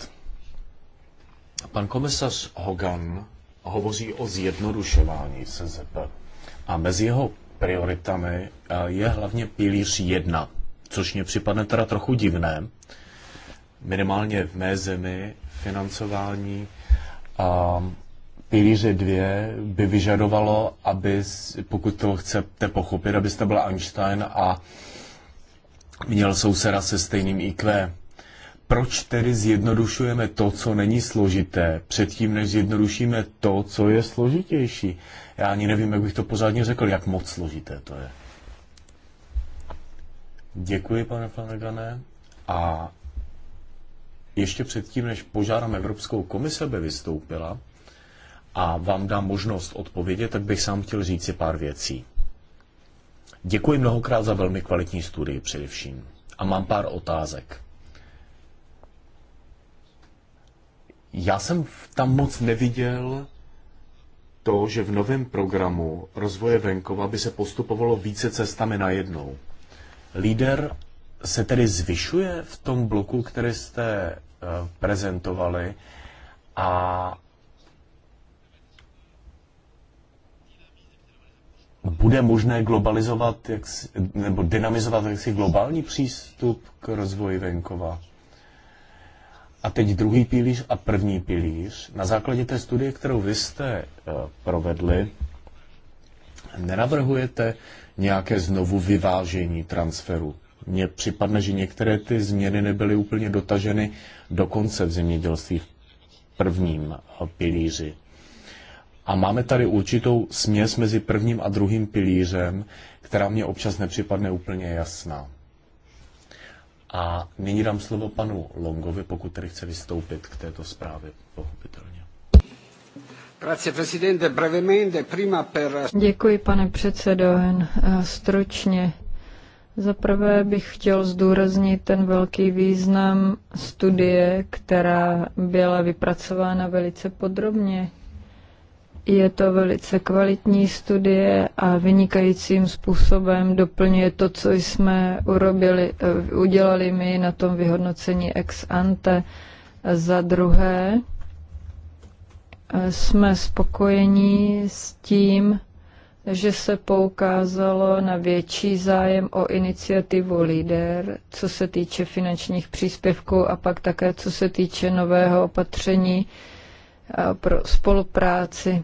Pan komisař Hogan hovoří o zjednodušování SZP a mezi jeho prioritami eh, je hlavně pilíř 1, což mě připadne teda trochu divné. Minimálně v mé zemi financování a pilíře 2 by vyžadovalo, aby, pokud to chcete pochopit, abyste byla Einstein a měl sousera se stejným IQ. Proč tedy zjednodušujeme to, co není složité, předtím, než zjednodušíme to, co je složitější? Já ani nevím, jak bych to pořádně řekl, jak moc složité to je. Děkuji, pane Flanagané. A ještě předtím, než požádám Evropskou komisi, aby vystoupila a vám dám možnost odpovědět, tak bych sám chtěl říct si pár věcí. Děkuji mnohokrát za velmi kvalitní studii především. A mám pár otázek. Já jsem tam moc neviděl to, že v novém programu rozvoje venkova by se postupovalo více cestami najednou. Líder se tedy zvyšuje v tom bloku, který jste eh, prezentovali a bude možné globalizovat jak, nebo dynamizovat jaksi globální přístup k rozvoji venkova. A teď druhý pilíř a první pilíř. Na základě té studie, kterou vy jste eh, provedli, nenavrhujete nějaké znovu vyvážení transferu. Mně připadne, že některé ty změny nebyly úplně dotaženy do konce v zemědělství v prvním pilíři. A máme tady určitou směs mezi prvním a druhým pilířem, která mě občas nepřipadne úplně jasná. A nyní dám slovo panu Longovi, pokud tedy chce vystoupit k této zprávě, pochopitelně. Děkuji, pane předsedo, jen eh, stručně. Zaprvé bych chtěl zdůraznit ten velký význam studie, která byla vypracována velice podrobně je to velice kvalitní studie a vynikajícím způsobem doplňuje to, co jsme urobili, eh, udělali my na tom vyhodnocení ex ante. Za druhé, eh, jsme spokojení s tím, že se poukázalo na větší zájem o iniciativu LIDER, co se týče finančních příspěvků a pak také co se týče nového opatření Eh, pro spolupráci.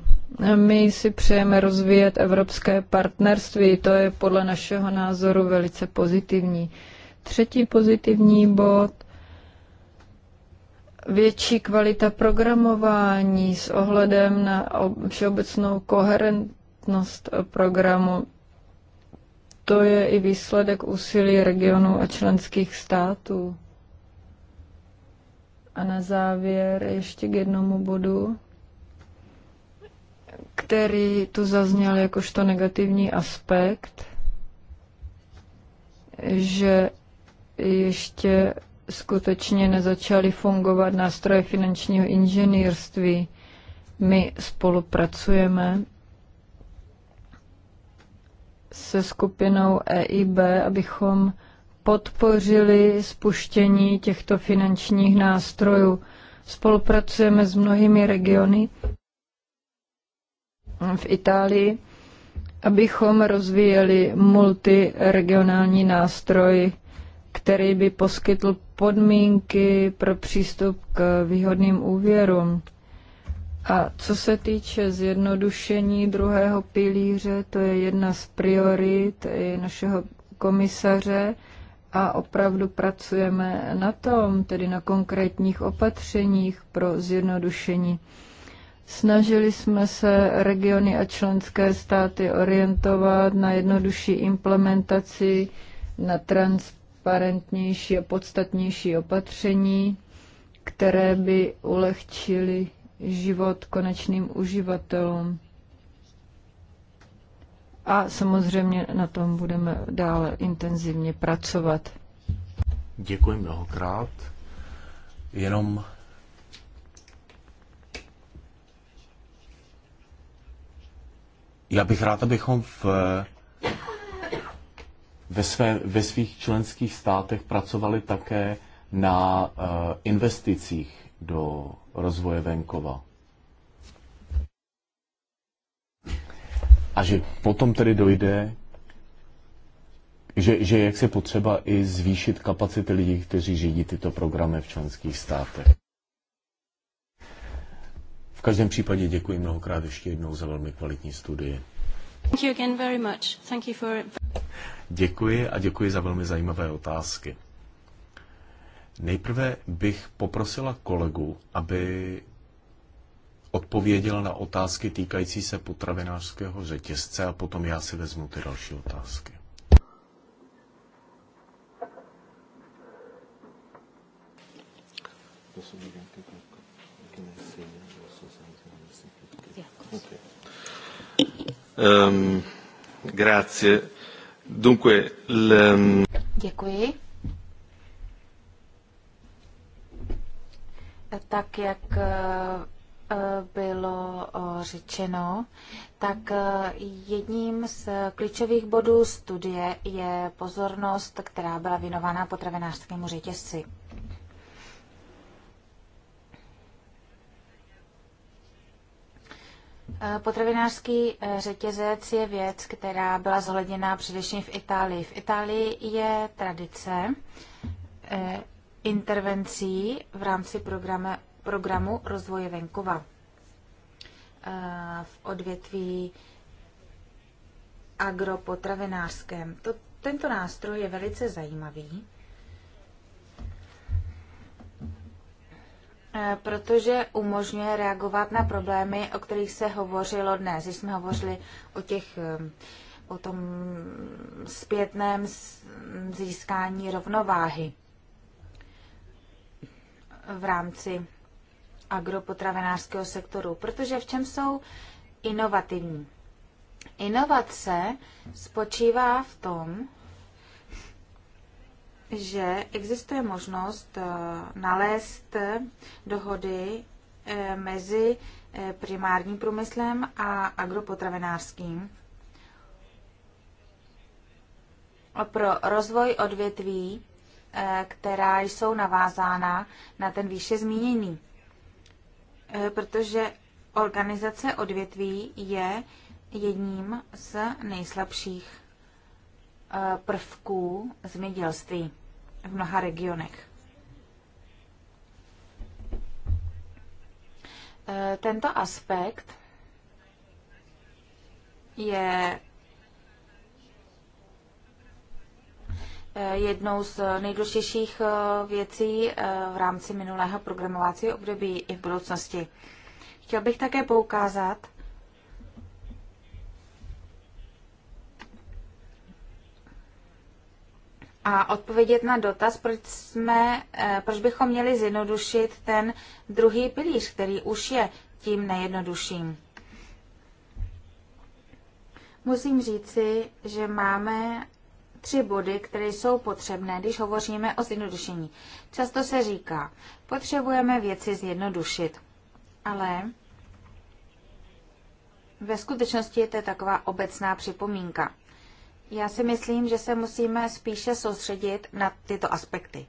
My si přejeme rozvíjet evropské partnerství, to je podle našeho názoru velice pozitivní. Třetí pozitivní bod větší kvalita programování s ohledem na všeobecnou koherentnost programu. To je i výsledek úsilí regionů a členských států. A na závěr ještě k jednomu bodu, který tu zazněl jakožto negativní aspekt, že ještě skutečně nezačaly fungovat nástroje finančního inženýrství. My spolupracujeme se skupinou EIB, abychom podpořili spuštění těchto finančních nástrojů. Spolupracujeme s mnohými regiony v Itálii, abychom rozvíjeli multiregionální nástroj, který by poskytl podmínky pro přístup k výhodným úvěrům. A co se týče zjednodušení druhého pilíře, to je jedna z priorit i našeho komisaře a opravdu pracujeme na tom, tedy na konkrétních opatřeních pro zjednodušení. Snažili jsme se regiony a členské státy orientovat na jednodušší implementaci, na transparentnější a podstatnější opatření, které by ulehčily život konečným uživatelům a samozřejmě na tom budeme dále intenzivně pracovat. Děkuji mnohokrát. Jenom já bych rád, abychom v, ve, své, ve svých členských státech pracovali také na eh, investicích do rozvoje venkova. a že potom tedy dojde, že, že jak se potřeba i zvýšit kapacity lidí, kteří řídí tyto programy v členských státech. V každém případě děkuji mnohokrát ještě jednou za velmi kvalitní studii. For... Děkuji a děkuji za velmi zajímavé otázky. Nejprve bych poprosila kolegu, aby odpověděl na otázky týkající se potravinářského řetězce a potom já si vezmu ty další otázky. Um, grazie. Dunque, l... Děkuji. Tak jak eh, bylo eh, řečeno, tak eh, jedním z klíčových bodů studie je pozornost, která byla věnována potravinářskému řetězci. Eh, potravinářský řetězec je věc, která byla zohledněna především v Itálii. V Itálii je tradice intervencí v rámci programu programu rozvoje venkova e, v odvětví agropotravinářském. To, tento nástroj je velice zajímavý, e, protože umožňuje reagovat na problémy, o kterých se hovořilo dnes. Když jsme hovořili o těch e, o tom zpětném získání rovnováhy v rámci agropotravinářského sektoru, protože v čem jsou inovativní? Inovace spočívá v tom, že existuje možnost eh, nalézt dohody eh, mezi eh, primárním průmyslem a agropotravinářským pro rozvoj odvětví, která jsou navázána na ten výše zmíněný. Eh, protože organizace odvětví je jedním z nejslabších eh, prvků zemědělství v mnoha regionech. Eh, tento aspekt je Eh, jednou z eh, nejdůležitějších eh, věcí v rámci minulého programovacího období i v budoucnosti. Chtěl bych také poukázat a odpovědět na dotaz, proč, jsme, proč bychom měli zjednodušit ten druhý pilíř, který už je tím nejjednodušším. Musím říci, že máme tři body, které jsou potřebné, když hovoříme o zjednodušení. Často se říká, potřebujeme věci zjednodušit, ale ve skutečnosti to taková obecná připomínka. Já si myslím, že se musíme spíše soustředit na tyto aspekty.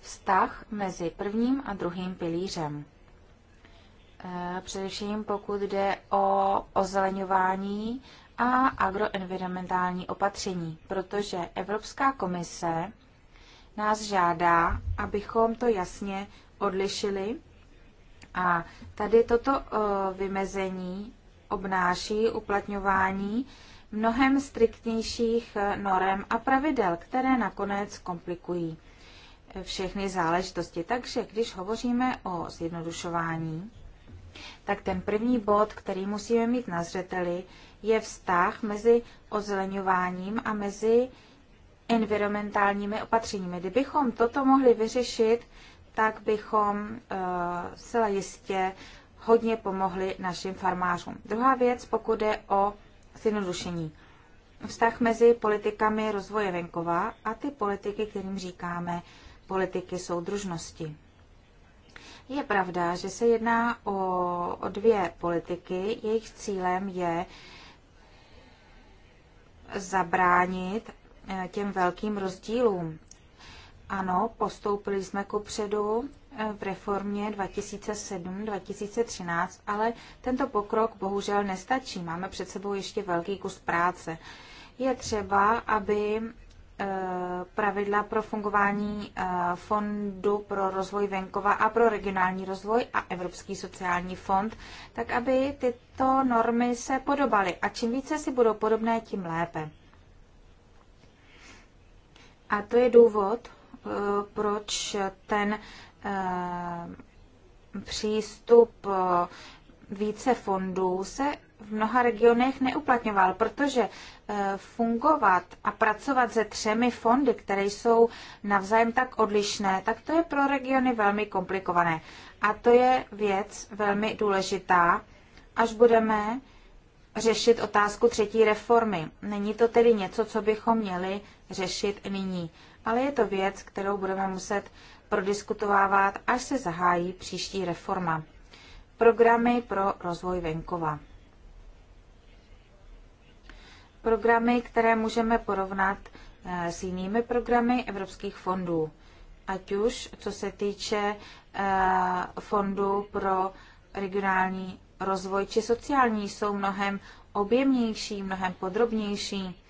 Vztah mezi prvním a druhým pilířem. Eh, především pokud jde o ozeleňování a agroenvironmentální opatření, protože Evropská komise nás žádá, abychom to jasně odlišili. A tady toto eh, vymezení obnáší uplatňování mnohem striktnějších eh, norem a pravidel, které nakonec komplikují všechny záležitosti. Takže když hovoříme o zjednodušování, tak ten první bod, který musíme mít na zřeteli, je vztah mezi ozeleňováním a mezi environmentálními opatřeními. Kdybychom toto mohli vyřešit, tak bychom eh, zcela jistě hodně pomohli našim farmářům. Druhá věc, pokud je o zjednodušení. Vztah mezi politikami rozvoje venkova a ty politiky, kterým říkáme politiky soudružnosti. Je pravda, že se jedná o, o dvě politiky. Jejich cílem je zabránit eh, těm velkým rozdílům. Ano, postoupili jsme ku předu eh, v reformě 2007-2013, ale tento pokrok bohužel nestačí. Máme před sebou ještě velký kus práce. Je třeba, aby Eh, pravidla pro fungování eh, Fondu pro rozvoj venkova a pro regionální rozvoj a Evropský sociální fond, tak aby tyto normy se podobaly. A čím více si budou podobné, tím lépe. A to je důvod, eh, proč ten přístup více fondů se v mnoha regionech neuplatňoval, protože eh, fungovat a pracovat se třemi fondy, které jsou navzájem tak odlišné, tak to je pro regiony velmi komplikované. A to je věc velmi důležitá, až budeme řešit otázku třetí reformy. Není to tedy něco, co bychom měli řešit nyní, ale je to věc, kterou budeme muset prodiskutovávat, až se zahájí příští reforma. Programy pro rozvoj venkova programy, které můžeme porovnat eh, s jinými programy evropských fondů. Ať už co se týče eh, fondu pro regionální rozvoj či sociální, jsou mnohem objemnější, mnohem podrobnější.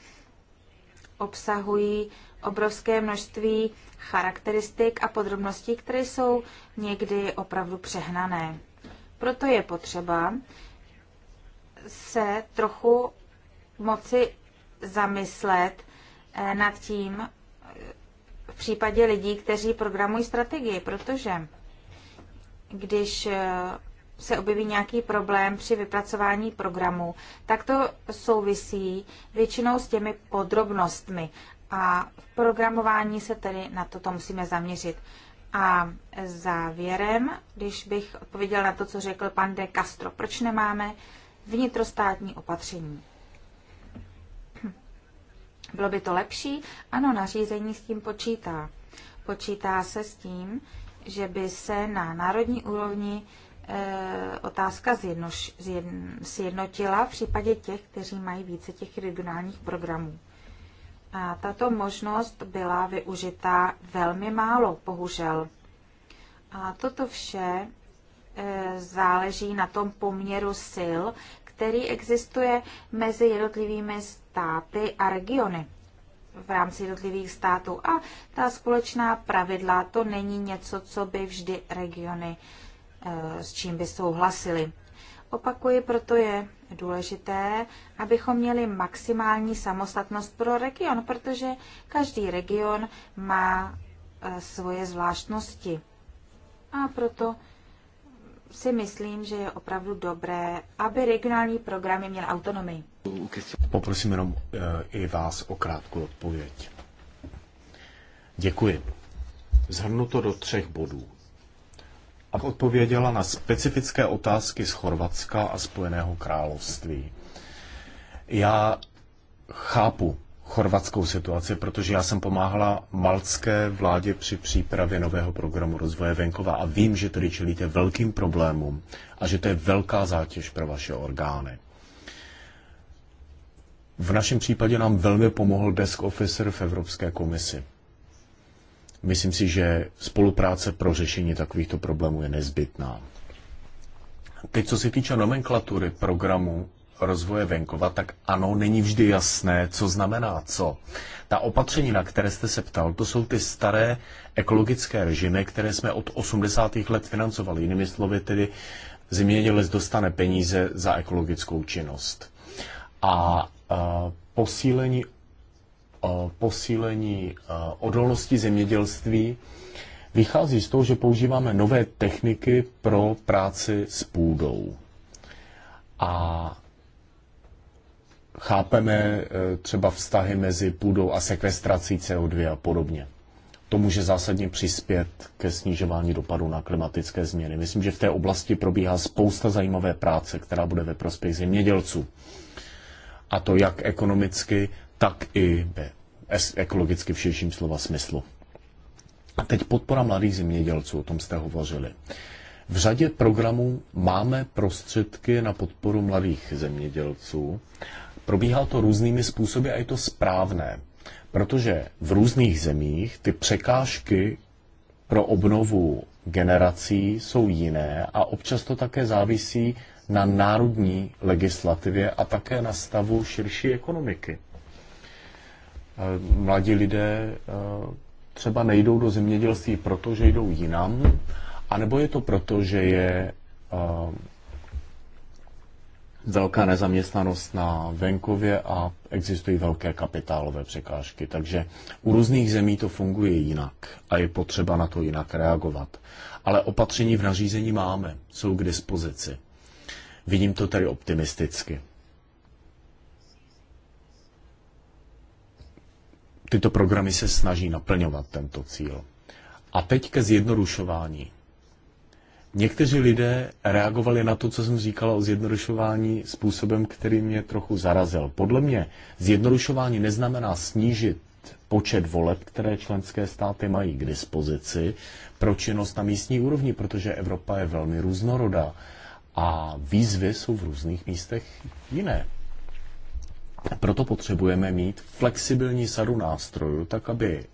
Obsahují obrovské množství charakteristik a podrobností, které jsou někdy opravdu přehnané. Proto je potřeba se trochu moci zamyslet eh, nad tím eh, v případě lidí, kteří programují strategii, protože když eh, se objeví nějaký problém při vypracování programu, tak to souvisí většinou s těmi podrobnostmi. A v programování se tedy na toto musíme zaměřit. A závěrem, když bych odpověděl na to, co řekl pan de Castro, proč nemáme vnitrostátní opatření? Bylo by to lepší? Ano, nařízení s tím počítá. Počítá se s tím, že by se na národní úrovni e, otázka zjednoš, zjedn, sjednotila v případě těch, kteří mají více těch regionálních programů. A tato možnost byla využita velmi málo, bohužel. A toto vše e, záleží na tom poměru sil, který existuje mezi jednotlivými státy a regiony v rámci jednotlivých států. A ta společná pravidla, to není něco, co by vždy regiony eh, s čím by souhlasili. Opakuji, proto je důležité, abychom měli maximální samostatnost pro region, protože každý region má eh, svoje zvláštnosti. A proto si myslím, že je opravdu dobré, aby regionální programy měly autonomii. Poprosím jenom eh, i vás o krátkou odpověď. Děkuji. Zhrnu to do třech bodů. A odpověděla na specifické otázky z Chorvatska a Spojeného království. Já chápu chorvatskou situaci, protože já jsem pomáhala malcké vládě při přípravě nového programu rozvoje venkova a vím, že tady čelíte velkým problémům a že to je velká zátěž pro vaše orgány. V našem případě nám velmi pomohl desk officer v Evropské komisi. Myslím si, že spolupráce pro řešení takovýchto problémů je nezbytná. Teď, co se týče nomenklatury programu, rozvoje venkova, tak ano, není vždy jasné, co znamená co. Ta opatření, na které jste se ptal, to jsou ty staré ekologické režimy, které jsme od 80. let financovali. Jinými slovy tedy zemědělec dostane peníze za ekologickou činnost. A, a posílení, a, posílení a, odolnosti zemědělství vychází z toho, že používáme nové techniky pro práci s půdou. A chápeme eh, třeba vztahy mezi půdou a sekvestrací CO2 a podobně. To může zásadně přispět ke snižování dopadu na klimatické změny. Myslím, že v té oblasti probíhá spousta zajímavé práce, která bude ve prospěch zemědělců. A to jak ekonomicky, tak i ekologicky v širším slova smyslu. A teď podpora mladých zemědělců, o tom jste hovořili. V řadě programů máme prostředky na podporu mladých zemědělců Probíhá to různými způsoby a je to správné, protože v různých zemích ty překážky pro obnovu generací jsou jiné a občas to také závisí na národní legislativě a také na stavu širší ekonomiky. Eh, mladí lidé eh, třeba nejdou do zemědělství proto, že jdou jinam, anebo je to proto, že je eh, velká nezaměstnanost na venkově a existují velké kapitálové překážky. Takže u různých zemí to funguje jinak a je potřeba na to jinak reagovat. Ale opatření v nařízení máme, jsou k dispozici. Vidím to tady optimisticky. Tyto programy se snaží naplňovat tento cíl. A teď ke zjednodušování. Někteří lidé reagovali na to, co jsem říkala o zjednodušování způsobem, který mě trochu zarazil. Podle mě zjednodušování neznamená snížit počet voleb, které členské státy mají k dispozici pro činnost na místní úrovni, protože Evropa je velmi různorodá a výzvy jsou v různých místech jiné. Proto potřebujeme mít flexibilní sadu nástrojů, tak aby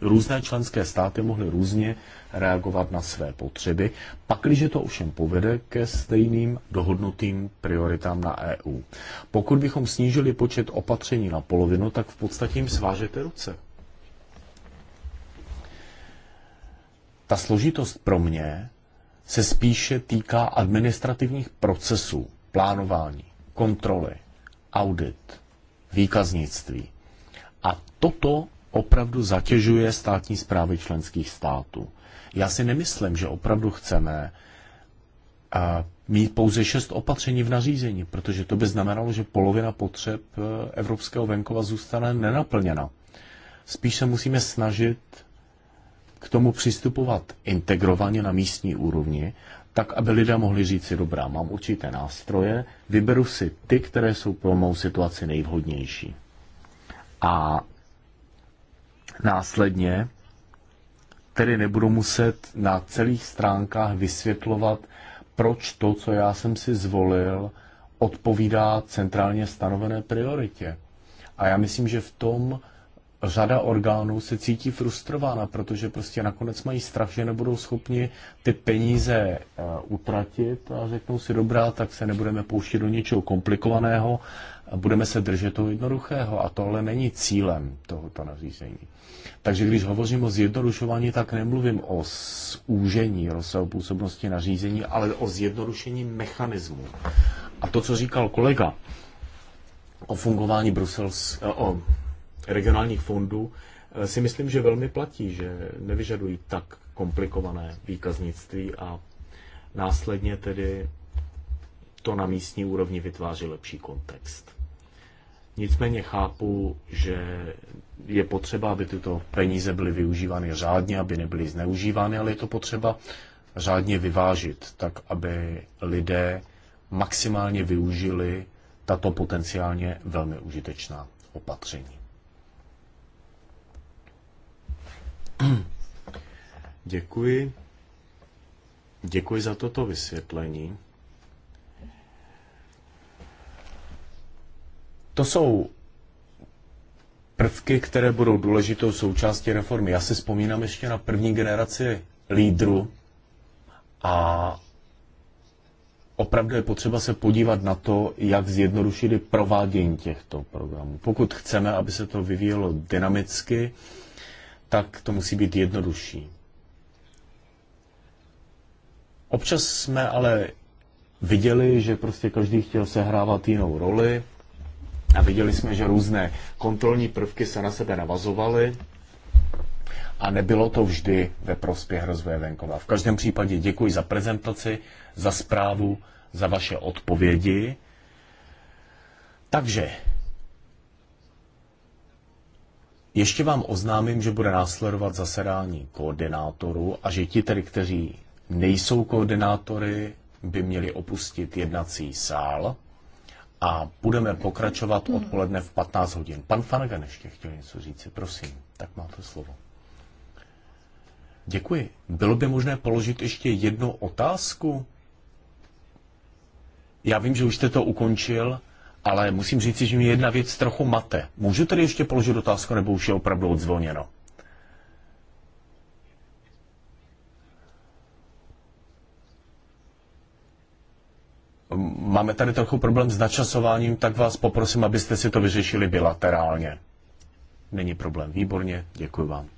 různé členské státy mohly různě reagovat na své potřeby, pakliže to ovšem povede ke stejným dohodnutým prioritám na EU. Pokud bychom snížili počet opatření na polovinu, tak v podstatě jim svážete ruce. Ta složitost pro mě se spíše týká administrativních procesů, plánování, kontroly, audit, výkaznictví. A toto opravdu zatěžuje státní zprávy členských států. Já si nemyslím, že opravdu chceme eh, mít pouze šest opatření v nařízení, protože to by znamenalo, že polovina potřeb eh, evropského venkova zůstane nenaplněna. Spíš se musíme snažit k tomu přistupovat integrovaně na místní úrovni, tak, aby lidé mohli říct si, dobrá, mám určité nástroje, vyberu si ty, které jsou pro mou situaci nejvhodnější. A Následně tedy nebudu muset na celých stránkách vysvětlovat, proč to, co já jsem si zvolil, odpovídá centrálně stanovené prioritě. A já myslím, že v tom řada orgánů se cítí frustrována, protože prostě nakonec mají strach, že nebudou schopni ty peníze eh, utratit a řeknou si dobrá, tak se nebudeme pouštět do něčeho komplikovaného budeme se držet toho jednoduchého a tohle není cílem tohoto nařízení. Takže když hovořím o zjednodušování, tak nemluvím o zúžení rozsahu působnosti nařízení, ale o zjednodušení mechanismu. A to, co říkal kolega o fungování Brusels, eh, o regionálních fondů, eh, si myslím, že velmi platí, že nevyžadují tak komplikované výkaznictví a následně tedy to na místní úrovni vytváří lepší kontext. Nicméně chápu, že je potřeba, aby tyto peníze byly využívány řádně, aby nebyly zneužívány, ale je to potřeba řádně vyvážit, tak aby lidé maximálně využili tato potenciálně velmi užitečná opatření. Děkuji. Děkuji za toto vysvětlení. To jsou prvky, které budou důležitou součástí reformy. Já si vzpomínám ještě na první generaci lídru a opravdu je potřeba se podívat na to, jak zjednodušit provádění těchto programů. Pokud chceme, aby se to vyvíjelo dynamicky, tak to musí být jednodušší. Občas jsme ale viděli, že prostě každý chtěl sehrávat jinou roli, a viděli jsme, že různé kontrolní prvky se na sebe navazovaly a nebylo to vždy ve prospěch rozvoje venkova. V každém případě děkuji za prezentaci, za zprávu, za vaše odpovědi. Takže ještě vám oznámím, že bude následovat zasedání koordinátorů a že ti tedy, kteří nejsou koordinátory, by měli opustit jednací sál a budeme pokračovat odpoledne v 15 hodin. Pan Fanagan ještě chtěl něco říct, prosím, tak máte slovo. Děkuji. Bylo by možné položit ještě jednu otázku? Já vím, že už jste to ukončil, ale musím říct, že mi jedna věc trochu mate. Můžu tedy ještě položit otázku, nebo už je opravdu odzvoněno? máme tady trochu problém s načasováním, tak vás poprosím, abyste si to vyřešili bilaterálně. Není problém. Výborně, děkuji vám.